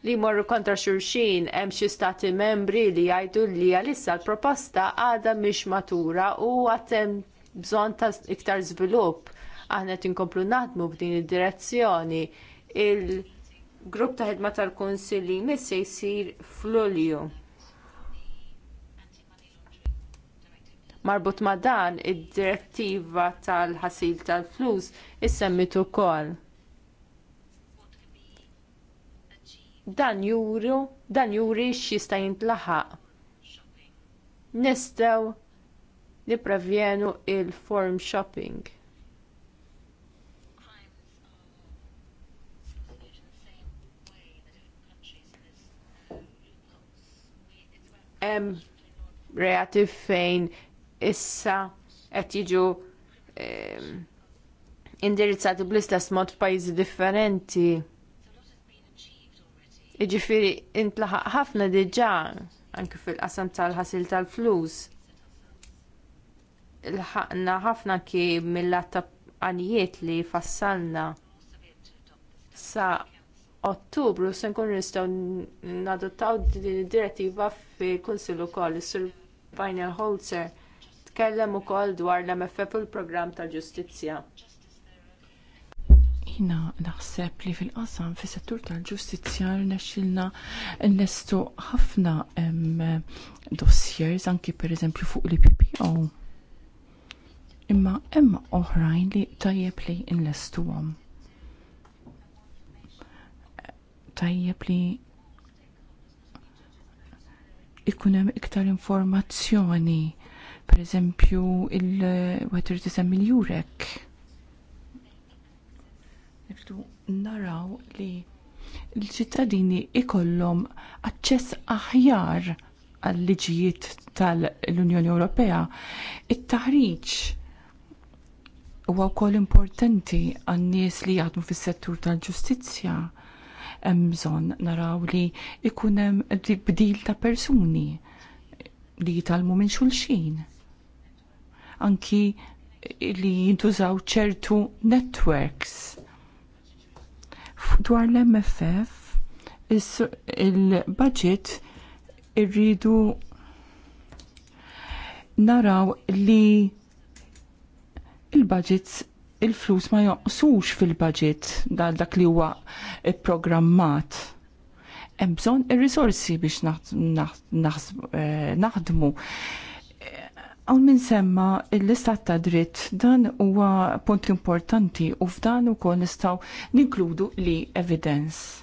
li jmorru kontra xulxin hemm xi stati membri li jgħidu li għalissa l-proposta għadha mhix matura u għad hemm bżonn ta' iktar żvilupp aħna qed inkomplu naħdmu f'din id-direzzjoni. Il-grupp ta' ħidma tal-Kunsilli miss se jsir f'Lulju. Marbut ma' dan id-direttiva tal-ħasil tal-flus issemmit ukoll. Dan juru, dan juri x'jista' jintlaħaq. Nistgħu nipravjenu il-form shopping. Em reati fejn issa qed jiġu ehm, indirizzati bl-istess mod f'pajjiżi differenti. Jiġifieri intlaħaq ħafna diġà anke fil-qasam tal-ħasil tal-flus. Ilħaqna ħafna ki mill-lat ta' għanijiet li fassalna sa Ottubru se nkunu nistgħu nadottaw din id-direttiva fi kunsill ukoll is-Sur Final Holzer tkellem ukoll dwar l-MFF u l-programm tal-ġustizzja. Jina naħseb li fil-qasam fis settur tal-ġustizzja rnexxilna nestu ħafna dossiers anki pereżempju fuq l-PPO. Imma hemm oħrajn li tajjeb li nlestuhom. Tajjeb li ikun hemm iktar informazzjoni Per eżempju, il-wetter tisem il-jurek. Niftu naraw li l-ċittadini ikollhom aċċess aħjar għal-liġijiet tal-Unjoni Ewropea. It-taħriġ huwa wkoll importanti għan-nies li jaħdmu fis-settur tal-ġustizzja hemm bżonn naraw li ikun hemm bdil ta' persuni li jitalmu minn xulxin anki li jintużaw ċertu networks. Dwar l-MFF, il-budget irridu naraw li il-budgets il-flus ma joqsux fil-budget dal dak li huwa programmat. Hemm bżonn ir-risorsi biex eh, naħdmu. Għaw minn semma l-istat ta' dritt dan huwa punt importanti u f'dan ukoll nistgħu ninkludu li evidence.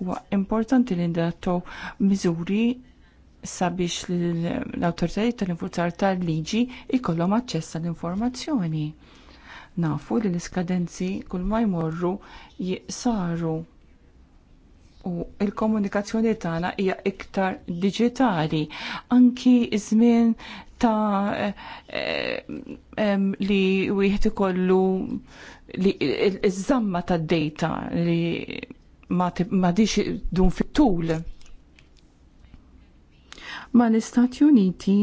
Huwa importanti li ndattu miżuri sabiex l-autoritajiet tal-infurzar tal-liġi ikollhom aċċess għall-informazzjoni. Nafu li l-iskadenzi kull ma jmorru jiqsaru u il-komunikazzjoni tagħna hija iktar diġitali. Anki iż-żmien ta' eh, eh, li wieħed ikollu li iż-żamma tad-data li ma dix dun fit-tul. Ma l-Istati Uniti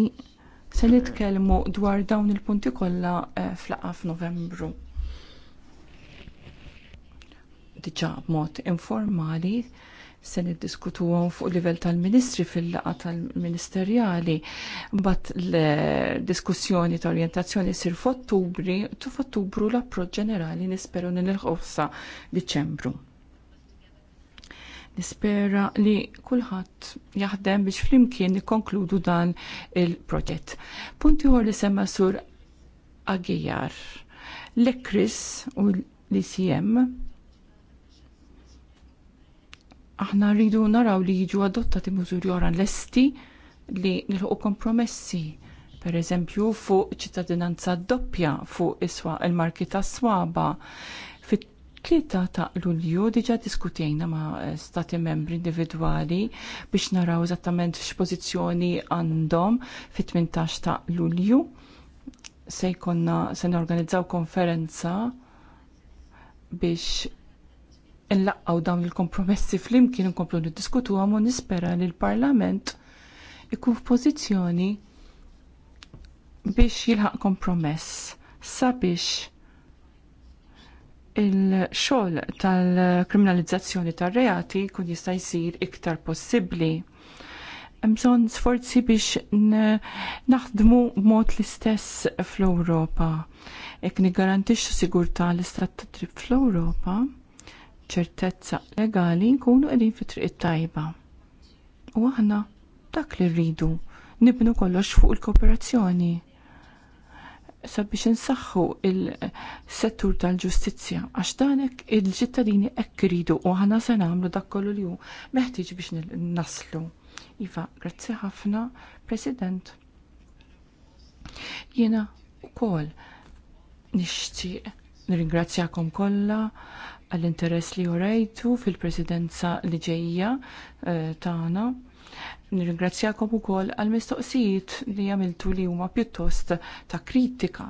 se li tkellmu dwar dawn il-punti kollha eh, flaqa f'Novembru. Diġà b'mod informali se niddiskutu għom fuq livell tal-ministri fil-laqa tal-ministerjali, bat l-diskussjoni ta' orientazzjoni sir f'ottubri, tu f'ottubru l-approċ ġenerali nisperu nil-ħossa diċembru. Nispera li kulħadd jaħdem biex flimkien nikkonkludu dan il-proġett. Punti għor li semma sur Agijar. L-Ekris u l-ICM aħna rridu naraw li jiġu adottati mużuri oran lesti li nilħu kompromessi. Per eżempju, fuq ċittadinanza doppja fuq iswa il-marki ta' swaba. Fit-tlieta ta' Lulju diġa diskutejna ma' stati membri individwali biex naraw eżattament x'pożizzjoni għandhom fit-18 ta' Lulju. Se jkollna se norganizzaw konferenza biex nlaqqaw dawn il-kompromessi flimkien inkomplu niddiskutu għamu nispera li l-Parlament ikun f'pożizzjoni biex jilħaq kompromess sabiex il-xogħol tal-kriminalizzazzjoni tar-reati jkun jista' jsir iktar possibbli. Hemm bżonn sforzi biex naħdmu b'mod l-istess fl-Ewropa. Ek nigarantix sigurtà l-istat fl-Ewropa ċertezza legali nkunu qegħdin fi triq tajba. U aħna dak li rridu nibnu kollox fuq il-kooperazzjoni sabiex insaħħu il-settur tal-ġustizzja għax danek il-ċittadini hekk iridu u aħna se nagħmlu dak kollu li hu meħtieġ biex naslu. Iva, grazzi ħafna, President. Jiena wkoll nixtieq nirringrazzjakom kollha għall-interess li jorajtu fil-presidenza li ġejja eh, tagħna. Nirringrazzjakom ukoll għall-mistoqsijiet li għamiltu li huma pjuttost ta' kritika.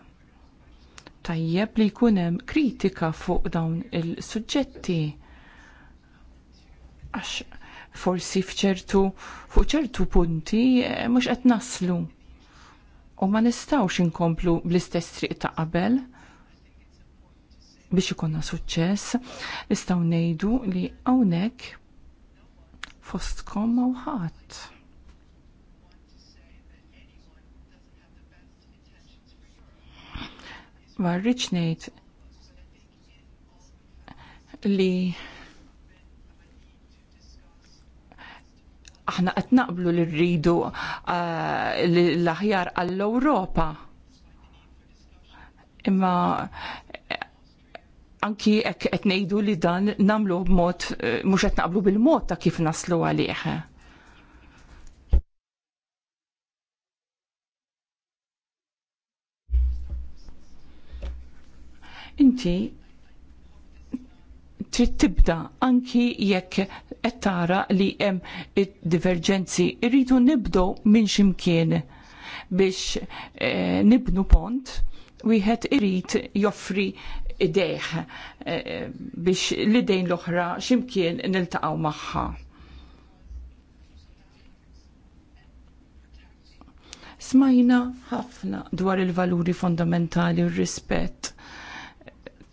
Tajjeb li jkun hemm kritika fuq dawn il-suġġetti. Għax forsi fċertu fuq ċertu punti eh, mhux qed naslu. U ma nistgħux inkomplu bl-istess triq ta' qabel biex ikonna suċċess, nistgħu ngħidu li hawnhekk fostkom ma' ħadd. Ma li aħna qed naqblu li rridu eh, l-aħjar għall-Ewropa. Imma anki qed ngħidu li dan nagħmlu b eh, mhux qed naqblu bil-mod ta' kif naslu għalih. Inti trid tibda anki jekk qed tara li hemm diverġenzi irridu nibdu minn ximkien biex eh, nibnu pont wieħed irid joffri ideħ eh, biex l-idejn l-oħra ximkien niltaqaw maħħa. Smajna ħafna dwar il-valuri fondamentali u rispett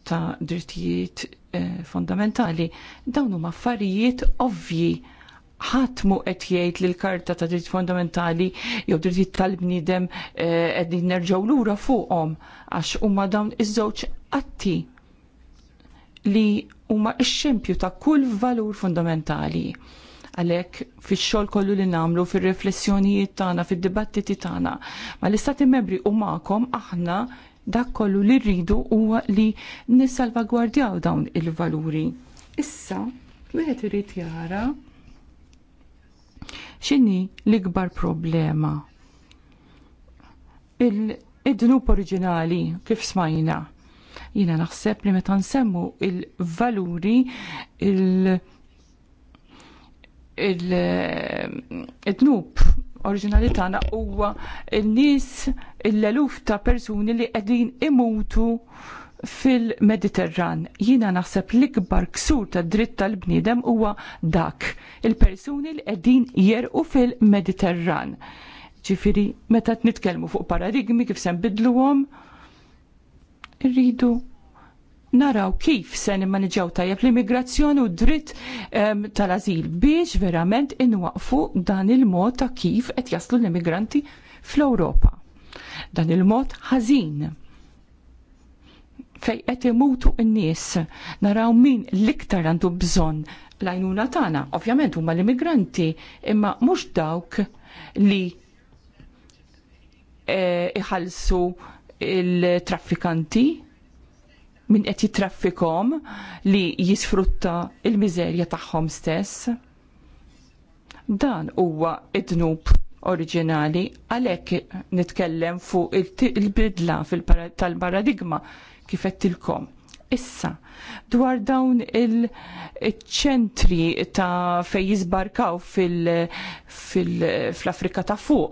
ta' drittijiet eh, fondamentali. Dawn huma affarijiet ovvji ħadd mu qed jgħid li l-Karta ta' Dritt Fondamentali jew Dritt tal-Bniedem eh, qegħdin nerġgħu lura fuqhom għax huma dawn iż-żewġ atti li huma x-xempju ta' kull valur fundamentali. Għalhekk fix-xogħol kollu li nagħmlu fir riflessjonijiet tagħna, fid-dibattiti tagħna mal-istati membri u magħkom aħna dak kollu li rridu huwa li nissalvagwardjaw dawn il-valuri. Issa, wieħed irid jara x'inhi l-ikbar problema. Id-dnub oriġinali kif smajna. Jina naħseb li meta nsemmu il-valuri il- il-dnub oriġinali tagħna huwa n-nies l-eluf ta' persuni li qegħdin imutu fil-Mediterran. Jina naħseb l-ikbar ksur ta' dritt tal-bniedem huwa dak. Il-persuni li qegħdin jerqu fil-Mediterran. Ġifiri, meta nitkellmu fuq paradigmi kif se nbidluhom, irridu naraw kif se nimmaniġaw tajjeb l-immigrazzjoni u dritt um, tal-azil biex verament inwaqfu dan il-mod ta' kif qed jaslu l-immigranti fl-Ewropa. Dan il-mod ħażin fej qed imutu n-nies naraw min l-iktar għandu bżonn l-għajnuna tagħna. Ovvjament huma l-immigranti, imma mhux dawk li e, iħallsu il-traffikanti min qed jitraffikom li jisfrutta il-miżerja tagħhom stess. Dan huwa id-dnub oriġinali għalhekk nitkellem fuq il-bidla tal-paradigma kifettilkom. Issa, dwar dawn il-ċentri ta' fej jizbarkaw fil-Afrika ta' fuq,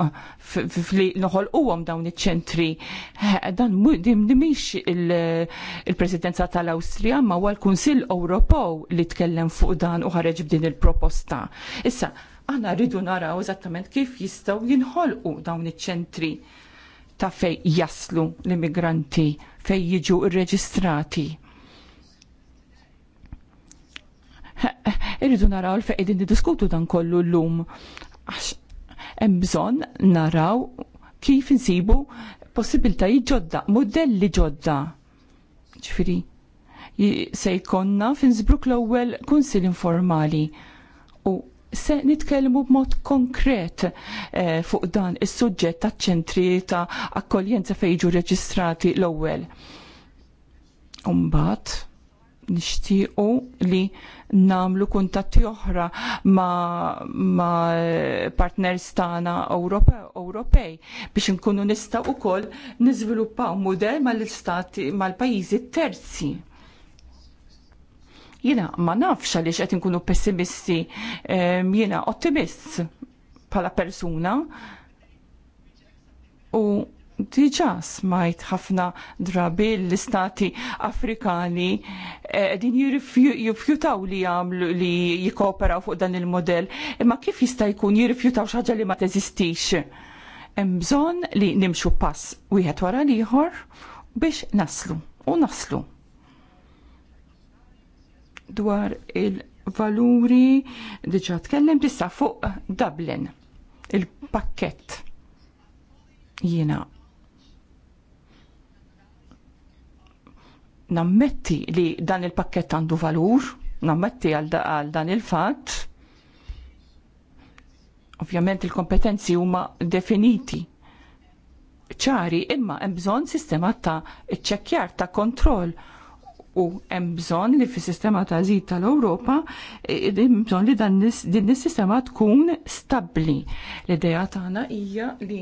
fil noħol uwom dawn il-ċentri, eh, dan dimdimix il-presidenza tal-Austria ma' għal kunsil Ewropew li tkellem fuq dan u ħareġ b'din il-proposta. Issa, għana rridu naraw eżattament kif jistaw jinħolqu dawn il-ċentri ta' fej jaslu l-immigranti, fej jiġu irreġistrati. Irridu naraw l-fej din diskutu dan kollu l-lum. Għax, emżon naraw kif insibu possibilta ġodda, modelli ġodda. Ġifiri, se jkonna finżbruk l-ewwel kunsil informali u se nitkellmu b'mod konkret eh, fuq dan is-suġġett taċ ċentri ta' akkoljenza fejġu reġistrati l-ewwel. Umbat nixtiequ li namlu kuntatti oħra ma, ma partners tagħna Ewropej biex inkunu nistgħu wkoll niżviluppaw mudell mal-istati mal-pajjiżi terzi Jiena ma nafx għaliex qed inkunu pessimisti, jiena ottimist bħala persuna u diġa smajt ħafna drabi l-istati afrikani eh, din jirrifjutaw li jagħmlu li jikoperaw fuq dan il modell imma kif jista' jkun jirrifjutaw xi ħaġa li ma teżistix. Hemm bżonn li nimxu pass wieħed wara l-ieħor biex naslu u naslu dwar il-valuri diġa tkellem issa fuq Dublin, il-pakket jiena nammetti li dan il-pakket għandu valur, nammetti għal, dan il-fat, ovvjament il-kompetenzi huma definiti ċari imma hemm bżonn sistema ta' iċċekkjar ta' kontroll u hemm bżonn li fis-sistema ta' żid tal-Ewropa e, e, bżonn li din is-sistema tkun stabbli. L-idea tagħna hija li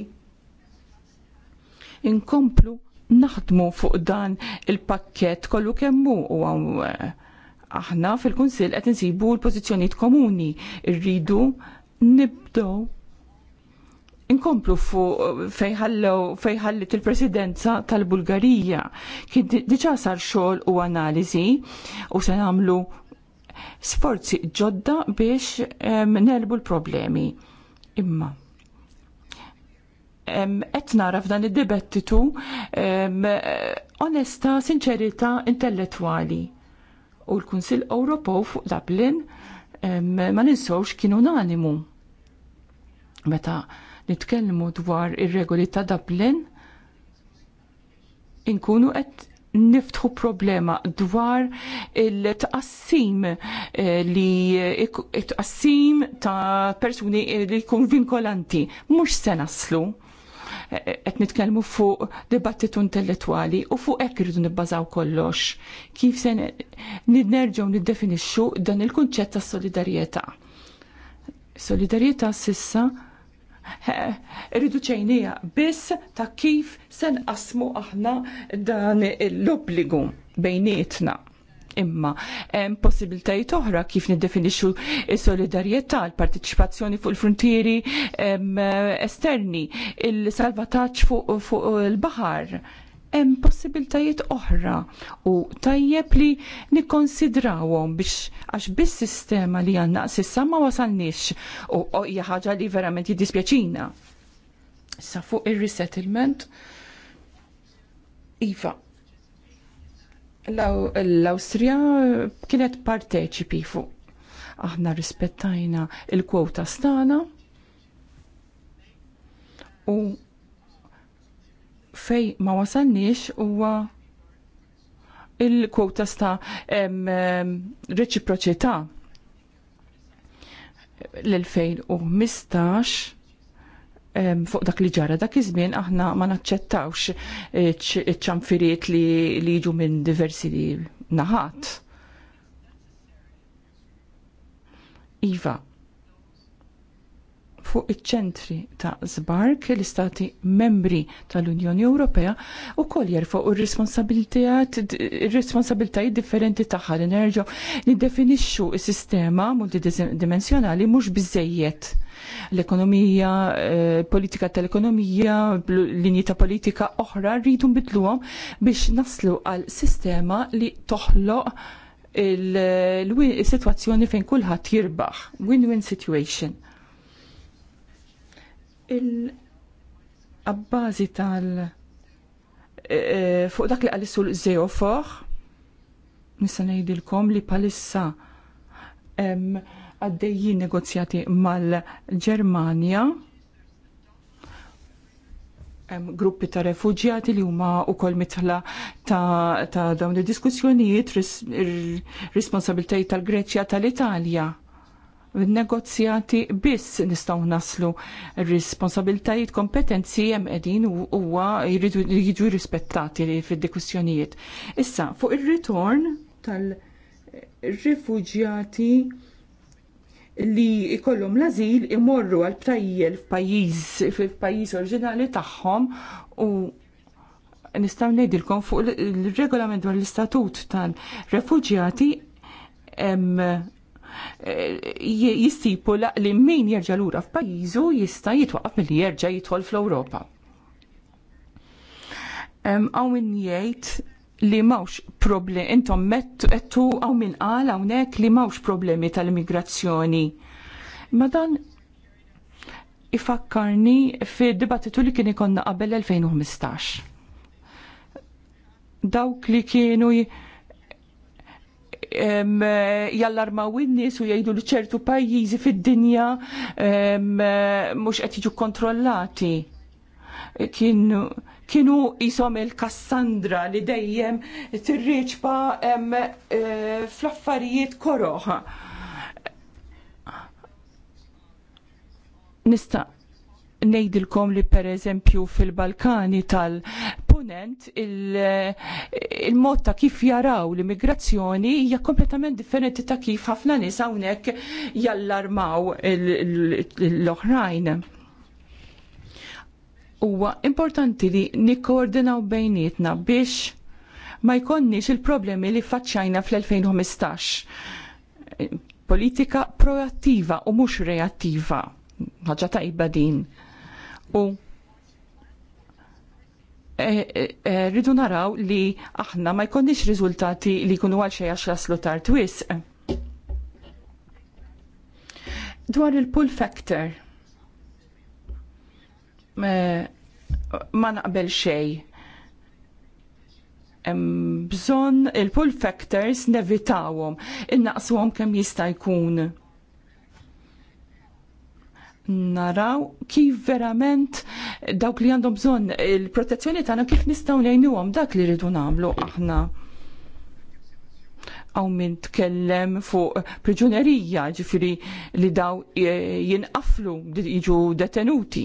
inkomplu naħdmu fuq dan il-pakkett kollu kemmu u e, aħna fil-Kunsill qed insibu l-pożizzjonijiet komuni rridu nibdow inkomplu fu fejħallit il-presidenza tal-Bulgarija. Kien diġa sar xogħol u analiżi u se nagħmlu sforzi ġodda biex nerbu l-problemi. Imma qed nara f'dan id-dibettitu onesta sinċerità intellettwali. U l-Kunsill Ewropew fuq Dublin ma ninsawx kienu unanimu. Meta nitkellmu dwar ir-regoli ta' Dublin, inkunu qed niftħu problema dwar il-tqassim eh, li tqassim ta' persuni li jkun vinkolanti. Mhux se naslu eh, eh, qed nitkellmu fuq dibattitu intellettwali u fuq hekk irridu nibbażaw kollox. Kif se nerġgħu niddefinixxu dan il-kunċett ta' solidarjetà. Solidarjetà sissa Irridu ċejnija biss ta' kif sen asmu aħna dan l-obbligu bejnietna. Imma hemm possibiltajiet oħra kif niddefinixxu s-solidarjetà, l-partiċipazzjoni fuq il-frontieri esterni, il-salvataġġ fuq il-baħar. Fu hemm possibiltajiet oħra u tajjeb li nikkonsidrawhom biex għax bis-sistema li għandna sissa ma wasalniex u hija ħaġa li verament jiddispjaċina. Sa fuq ir-resettlement iva l-Awstrija kienet parteċipi fuq. Aħna rispettajna il-kwota stana u fej ma wasalniex huwa il-kwotas ta' reċiproċità l-2015 fuq dak li ġara dak iż-żmien aħna ma naċċettawx iċ-ċamfiriet li jiġu minn diversi naħat. Iva, fuq iċ-ċentri ta' zbark l-istati membri tal-Unjoni Ewropea u koll jerfgħu ir-responsabiltajiet differenti tagħha li nerġgħu niddefinixxu s-sistema multidimensjonali mhux biżejjed l-ekonomija, eh, politika tal-ekonomija, linji ta' politika oħra rridu nbidluhom biex naslu għal sistema li toħloq il-situazzjoni fejn kulħadd jirbaħ, win-win situation il-abbażi tal- e, e, fuq dak li għalissu l-żejo foħ, nisa ngħidilkom li palissa għaddejjin negozjati mal-Ġermanja gruppi ta' refugjati li huma wkoll mitħla ta', ta dawn id-diskussjonijiet ris responsabiltajiet tal-Greċja tal-Italja negozjati biss nistaw naslu responsabiltajiet kompetenzi jem edin u huwa jiġu rispettati fid-dikussjonijiet. Issa, fuq il-ritorn tal-rifugjati li ikollhom l-azil imorru għal ptajjel f'pajjiż f'pajjiż oriġinali tagħhom u nistgħu ngħidilkom fuq il-regolament dwar l-istatut tal-refuġjati Eh, jistipu li min jerġa' lura f'pajjiżu jista' jitwaqaf li jerġa' jidħol fl-Ewropa. Għaw min jgħid li mawx problemi, intom mettu għaw min qal hawnhekk li mawx problemi tal-immigrazzjoni. Ma dan ifakkarni fi dibattitu li kien ikonna qabel 2015. Dawk li kienu jallarmaw in-nies u jgħidu li ċertu pajjiżi fid-dinja mhux qed jiġu kontrollati. Kienu kienu jisom il-Kassandra li dejjem tirriċpa eh, fl-affarijiet koroħa. Nista' ngħidilkom li pereżempju fil-Balkani tal komponent il-mod ta' kif jaraw l-immigrazzjoni hija kompletament differenti ta' kif ħafna nies hawnhekk jallarmaw l-oħrajn. Huwa importanti li nikkoordinaw bejnietna biex ma jkonniex il-problemi li faċċajna fl-2015. Politika proattiva u mhux reattiva. Ħaġa tajba din. U Eh, eh, eh, rridu naraw li aħna ma jkonniex riżultati li jkunu għal xejn għax laslu tar wisq. Dwar il-pull factor, ma naqbel xej. Bżon il-pull factors nevitawhom, innaqsuhom kemm jista' jkun naraw kif verament dawk li għandhom bżonn il-protezzjoni tagħna kif nistgħu ngħinuhom dak li rridu nagħmlu aħna Aw min tkellem fuq priġunerija ġifiri li daw jinqaflu jiġu detenuti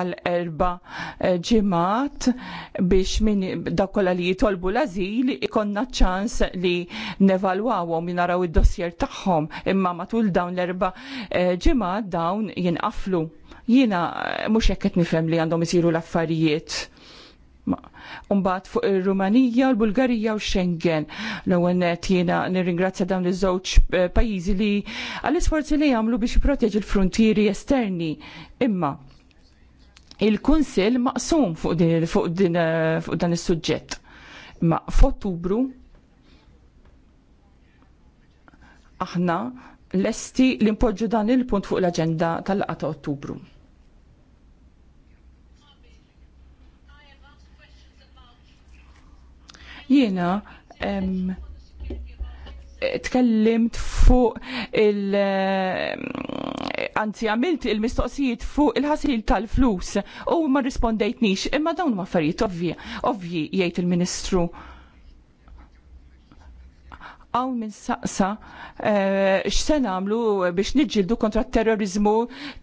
għal erba eh, ġimat biex min dakolla li jitolbu l-azil ikonna ċans li nevalwawhom min naraw id-dossier tagħhom imma matul dawn l-erba eh, ġimat dawn jinqaflu. Jiena eh, mhux hekk qed nifhem li għandhom isiru l-affarijiet. Umbat fuq il-Rumanija, l-Bulgarija u Schengen. L-ewwel jena jiena nirringrazzja dawn iż-żewġ pajjiżi li għall-isforzi li jagħmlu biex jipproteġi l-frontieri esterni. Imma il-Kunsill maqsum fuq, din, fuq, din, eh, fuq dan is-suġġett. Ma f'Ottubru aħna lesti li npoġġu dan il-punt fuq l-aġenda tal qata ta' Ottubru. Jiena tkellimt fuq il- anzi għamilt il-mistoqsijiet fuq il-ħasil tal-flus u ma rispondejtnix imma dawn ma farijiet ovvi, ovvi, jgħid il-Ministru. Għaw minn saqsa eh, x'se nagħmlu biex niġġieldu kontra t terrorizmu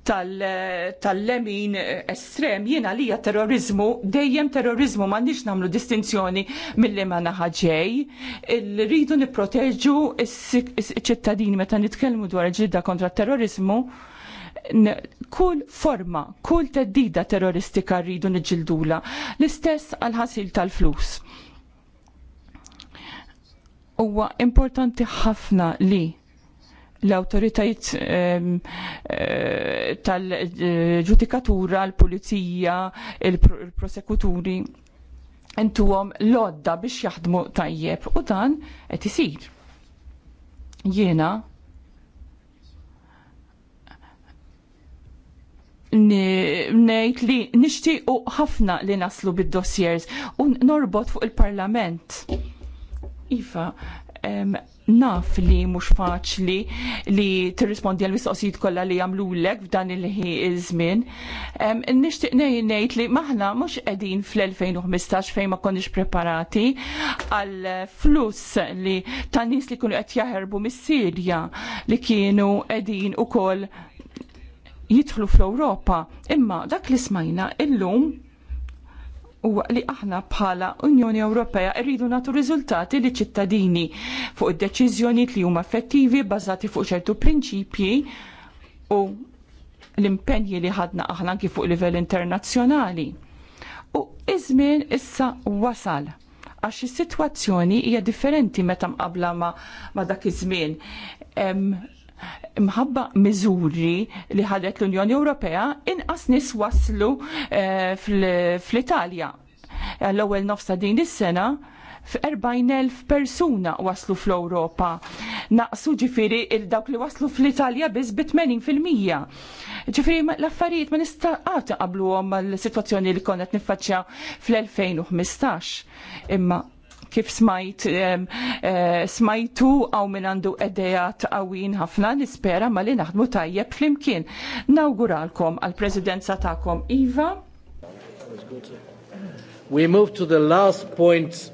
tal-lemin estrem jiena li terrorizmu dejjem terrorizmu m'għandniex nagħmlu distinzjoni milli ma il-ridu nipproteġu s-ċittadini meta nitkellmu dwar ġidda kontra t terrorizmu kull forma, kull teddida terroristika rridu niġildula, l-istess għal-ħasil tal-flus. Huwa importanti ħafna li l-autoritajiet ehm, eh, tal-ġudikatura, l-pulizija, il-prosekuturi, intuhom lodda biex jaħdmu tajjeb u dan qed isir. Jiena nejt li nishtiqu ħafna li naslu bid-dossiers u norbot fuq il-parlament. Iva, naf li mhux faċli li tirrispondi għal mistoqsijiet kollha li jagħmlulek f'dan il-żmien. Nixtieq ngħid li maħna mhux qegħdin fl-2015 fejn ma konniex preparati għal flus li tan nies li kienu qed jaħerbu mis-Sirja li kienu qegħdin ukoll jidħlu fl-Ewropa. Imma dak li smajna illum huwa li aħna bħala Unjoni Ewropea rridu nagħtu riżultati li ċittadini fuq id-deċiżjonijiet li huma effettivi bbażati fuq ċertu prinċipji u l-impenji li ħadna aħna anki fuq livell internazzjonali. U iż-żmien issa wasal għax is-sitwazzjoni hija differenti meta mqabbla ma, ma dak iż-żmien mħabba miżuri li ħadet l-Unjoni Ewropea inqas nis waslu eh, fl-Italja. L-ewwel nofsa din is-sena f'40,000 persuna waslu fl-Ewropa. Naqsu ġifiri il-dawk li waslu fl-Italja biss bi 80%. Ġifiri l-affarijiet ma nistaqat qatt għom l-situazzjoni li konna nifaċċja fl-2015. Imma kif smajt eh, smajtu għaw minn għandu edejat għawin ħafna nispera ma li naħdmu tajjeb flimkien. Nawguralkom għal-prezidenza ta'kom Iva. We move to the last point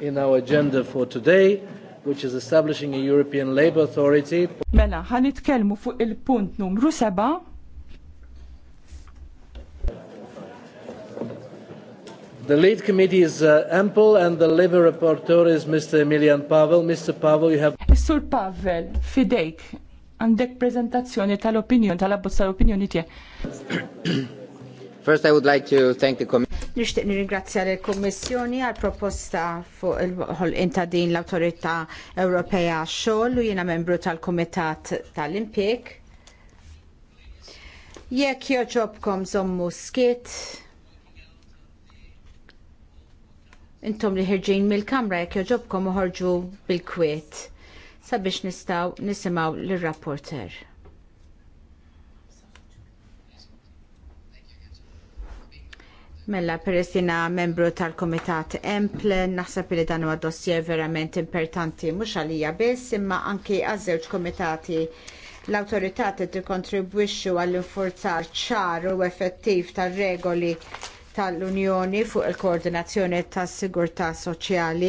in our agenda for today which is establishing a European Labour Authority. Mela, ħanitkellmu fuq il-punt numru 7 The lead committee is uh, ample and the labor rapporteur is Mr. Emilian Pavel. Mr. Pavel, you have... Eh, Sur Pavel, fidejk, għandek prezentazzjoni tal-opinjon, tal-abbozz tal-opinjoni tie. First, I would like to thank the committee. Nishtiq nirringrazzja l kommissjoni għal proposta fuq il-ħolqin ta' din l-Autorità Ewropea xoll u jena membru tal komitat tal-Impjeg. Jek joġobkom zommu skit, intom li ħirġin mill-kamra jekk joġobkom uħorġu bil-kwiet sabiex nistaw nisimaw l-rapporter. Mella peress membru tal-Komitat Emple, naħseb li dan huwa dossier verament importanti mhux għalija biss imma anki għaż-żewġ komitati l-autorità tikkontribwixxu għall-infurzar ċar u effettiv tar-regoli tal-Unjoni fuq il-koordinazzjoni tas-sigurtà soċjali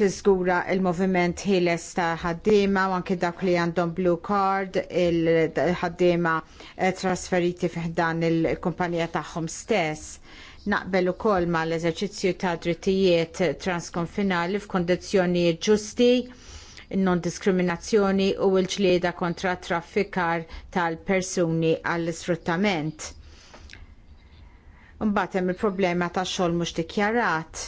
tiżgura il-moviment ħieles ta' ħaddiema u anke dawk li għandhom blue card il-ħaddiema eh, trasferiti fiħdan il-kumpanija tagħhom stess naqbel ukoll mal eżerċizzju ta' drittijiet transkonfinali f'kundizzjonijiet ġusti, non diskriminazzjoni u l-ġlieda kontra traffikar tal-persuni għall isfruttament Mbagħad hemm il-problema ta' xogħol mhux dikjarat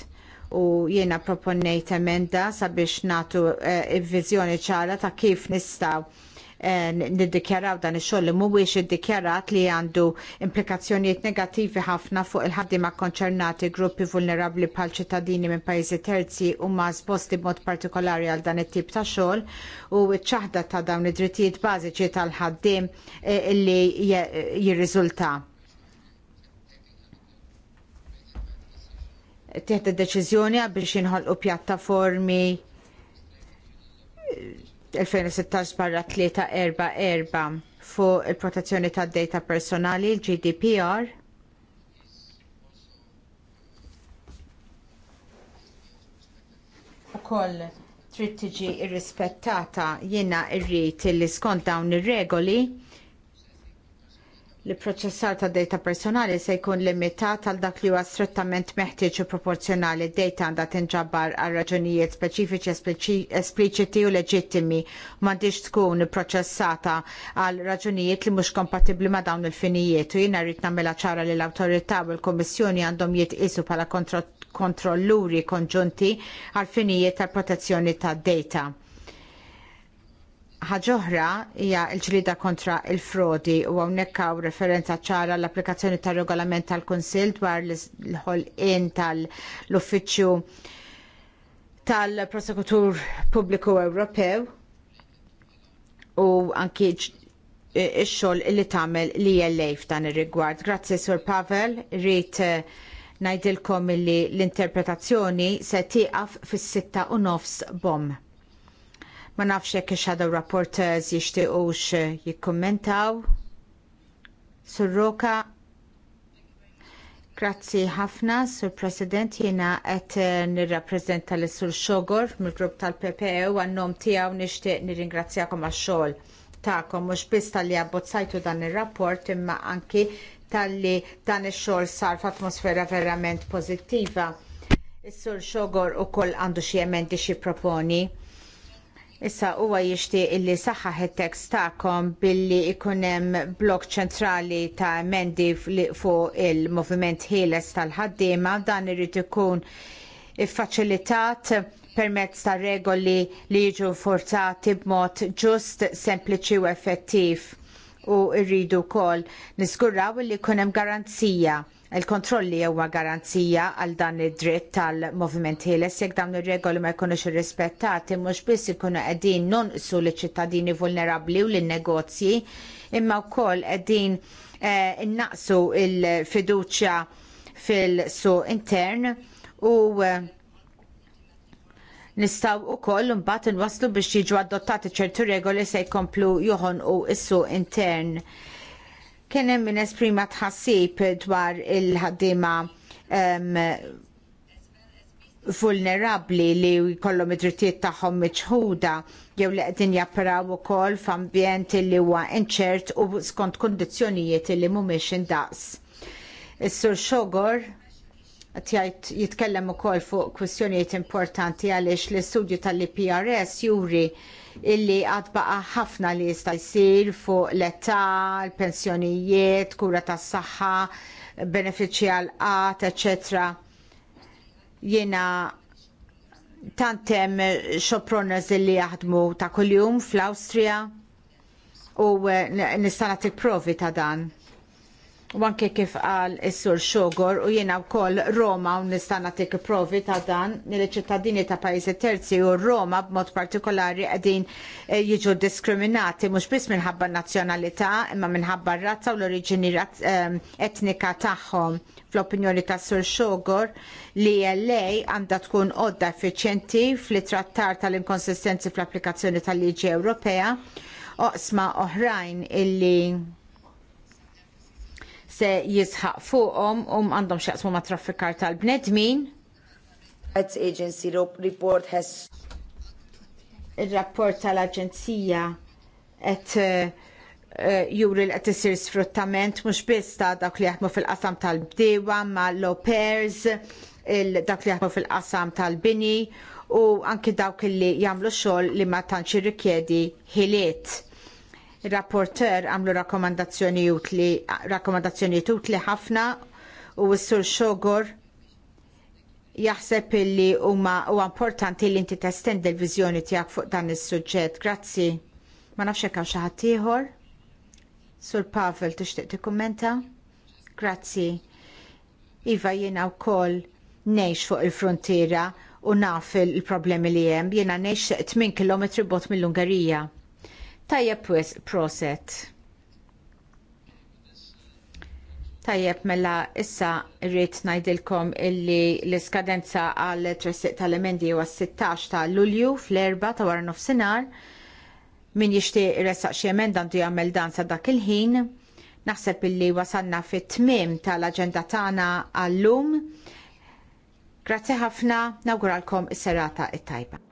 u jiena proponnejt emenda sabiex natu eh, il-vizjoni ċara ta' kif nistaw eh, nid niddikjaraw dan ix-xogħol li mhuwiex iddikjarat li għandu implikazzjonijiet negattivi ħafna fuq il-ħaddiema konċernati gruppi vulnerabbli bħal ċittadini minn pajjiżi terzi huma sposti b'mod partikolari għal dan it-tip ta' xogħol u ċ-ċaħda ta' dawn id-drittijiet bażiċi tal-ħaddiem eh, li jirriżulta. tieħed id-deċiżjoni biex jinħolqu pjattaformi 2016 barra 344 fuq il-protezzjoni tad data personali, il-GDPR. Ukoll trid tiġi irrispettata jiena irrit li skont dawn ir-regoli li proċessar ta' data personali se jkun limitat għal dak li huwa strettament meħtieġ u proporzjonali data għandha tinġabbar għal raġunijiet speċifiċi espliċiti u leġittimi m'għandix tkun proċessata għal raġunijiet li mhux kompatibbli ma' dawn il-finijiet u jiena rrid nagħmilha ċara li l-awtorità u l-Kummissjoni għandhom jitqisu bħala kontrolluri konġunti għal finijiet tal protezzjoni tad data ħaġoħra hija l-ġlida kontra l frodi u hawnhekk hawn referenza ċara l-applikazzjoni tar-regolament tal-Kunsill dwar l-ħolqien tal-Uffiċċju tal-Prosekutur Pubbliku Ewropew u anki e, ix-xogħol li tagħmel li jellej f'dan ir-rigward. Grazzi Sur Pavel, rrid e, ngħidilkom li l-interpretazzjoni se tieqaf fis-sitta u nofs Bomm. Ma nafx jekk ix-shadow rapporteurs jixtiequx eh, jikkummentaw. Surroka Grazzi ħafna, Sur President, Jiena qed eh, nirrappreżenta lil sur Xogor mill-grupp tal-PPE u għannom tiegħu nixtieq nirringrazzjakom għax-xogħol tagħkom mhux biss talli abbozzajtu dan ir-rapport imma anki talli dan ix-xogħol sar f'atmosfera verament pożittiva. Is-Sur Xogor ukoll għandu xi emendi xi proponi Issa huwa jixtieq illi saħħaħ it-tekst tagħkom billi jkun hemm blok ċentrali ta' emendi fuq il-moviment ħieles tal-ħaddiema dan irid ikun iffaċilitat permezz ta' regoli li jiġu forzati b'mod ġust, sempliċi u effettiv u rridu wkoll niżguraw li jkun hemm garanzija il-kontrolli huwa garanzija għal dan id-dritt tal-moviment ħieles jekk dawn ir-regoli ma jkunux irrispettati mhux biss ikunu qegħdin nonqsu liċ-ċittadini vulnerabbli u l negozji imma wkoll qegħdin eh, innaqsu il-fiduċja fil-suq intern u eh, nistaw u koll mbagħad inwasslu biex jiġu adottati ċertu regoli se jkomplu joħonqu is-suq intern. Kien hemm min esprima tħassib dwar il-ħaddiema um, vulnerabbli li jkollhom id-drittijiet tagħhom miċħuda jew li qegħdin japparaw ukoll f'ambjent li huwa inċert u skont kundizzjonijiet li mhumiex indaqs. Is-Sur Xogor tjajt jitkellem ukoll fuq kwistjonijiet importanti għaliex l-istudju tal-IPRS juri illi għad baqa ħafna li jista' jsir fuq l-età, l-pensjonijiet, kura tas saħħa benefiċċji l qat, eċetera. Jiena tantem xopronas illi jaħdmu ta' kuljum fl-Awstrija u eh, nista' nagħtik provi ta' dan u anke kif qal is-sur Xogor u jiena wkoll Roma u nista' nagħtik provi ta' dan li ċittadini ta' pajjiżi terzi u Roma b'mod partikolari qegħdin eh, jiġu diskriminati mhux biss minħabba nazzjonalità imma minħabba r-razza u l-oriġini ehm, etnika tagħhom. Fl-opinjoni ta' sur Xogor li LA għandha tkun għodda effiċjenti fl-trattar tal-inkonsistenzi fl-applikazzjoni tal-liġi Ewropea oqsma oħrajn illi se jisħaq fuqhom u um għandhom xaqsmu ma' traffikar tal-bnedmin. Rights Agency report has il-rapport tal-Aġenzija qed eh, eh, juri li qed isir sfruttament mhux biss ta' dak li jaħdmu fil-qasam tal-bdewa ma' l-opers, dak li jaħdmu fil-qasam tal-bini u anki dawk li jagħmlu xogħol li ma tantx irrikjedi ħiliet Il-rapporter għamlu rakkomandazzjoni utli, utli ħafna u s-sur xogor jaħseb li huma huwa importanti li inti testend il-viżjoni tiegħek fuq dan is-suġġett. Grazzi. Ma nafx hekk xaħatiħor. xi ħadd ieħor. Sur Pavel tixtieq tikkummenta? Grazzi. Iva jiena wkoll ngħix fuq il-frontiera u naf il-problemi li hemm. Jiena ngħix 8 km bot mill-Ungerija. Tajjeb wis proset. Tajjeb mela issa rrid ngħidilkom illi l-iskadenza għal tressiq tal-emendi huwa 16 ta' Lulju fl-erba ta' wara nofsinhar. Min jixtieq ressaq xi emenda għandu jagħmel dan sa dak il-ħin. Naħseb illi wasanna fit-tmiem tal-aġenda tagħna għallum. Grazzi ħafna, nawguralkom is-serata it-tajba.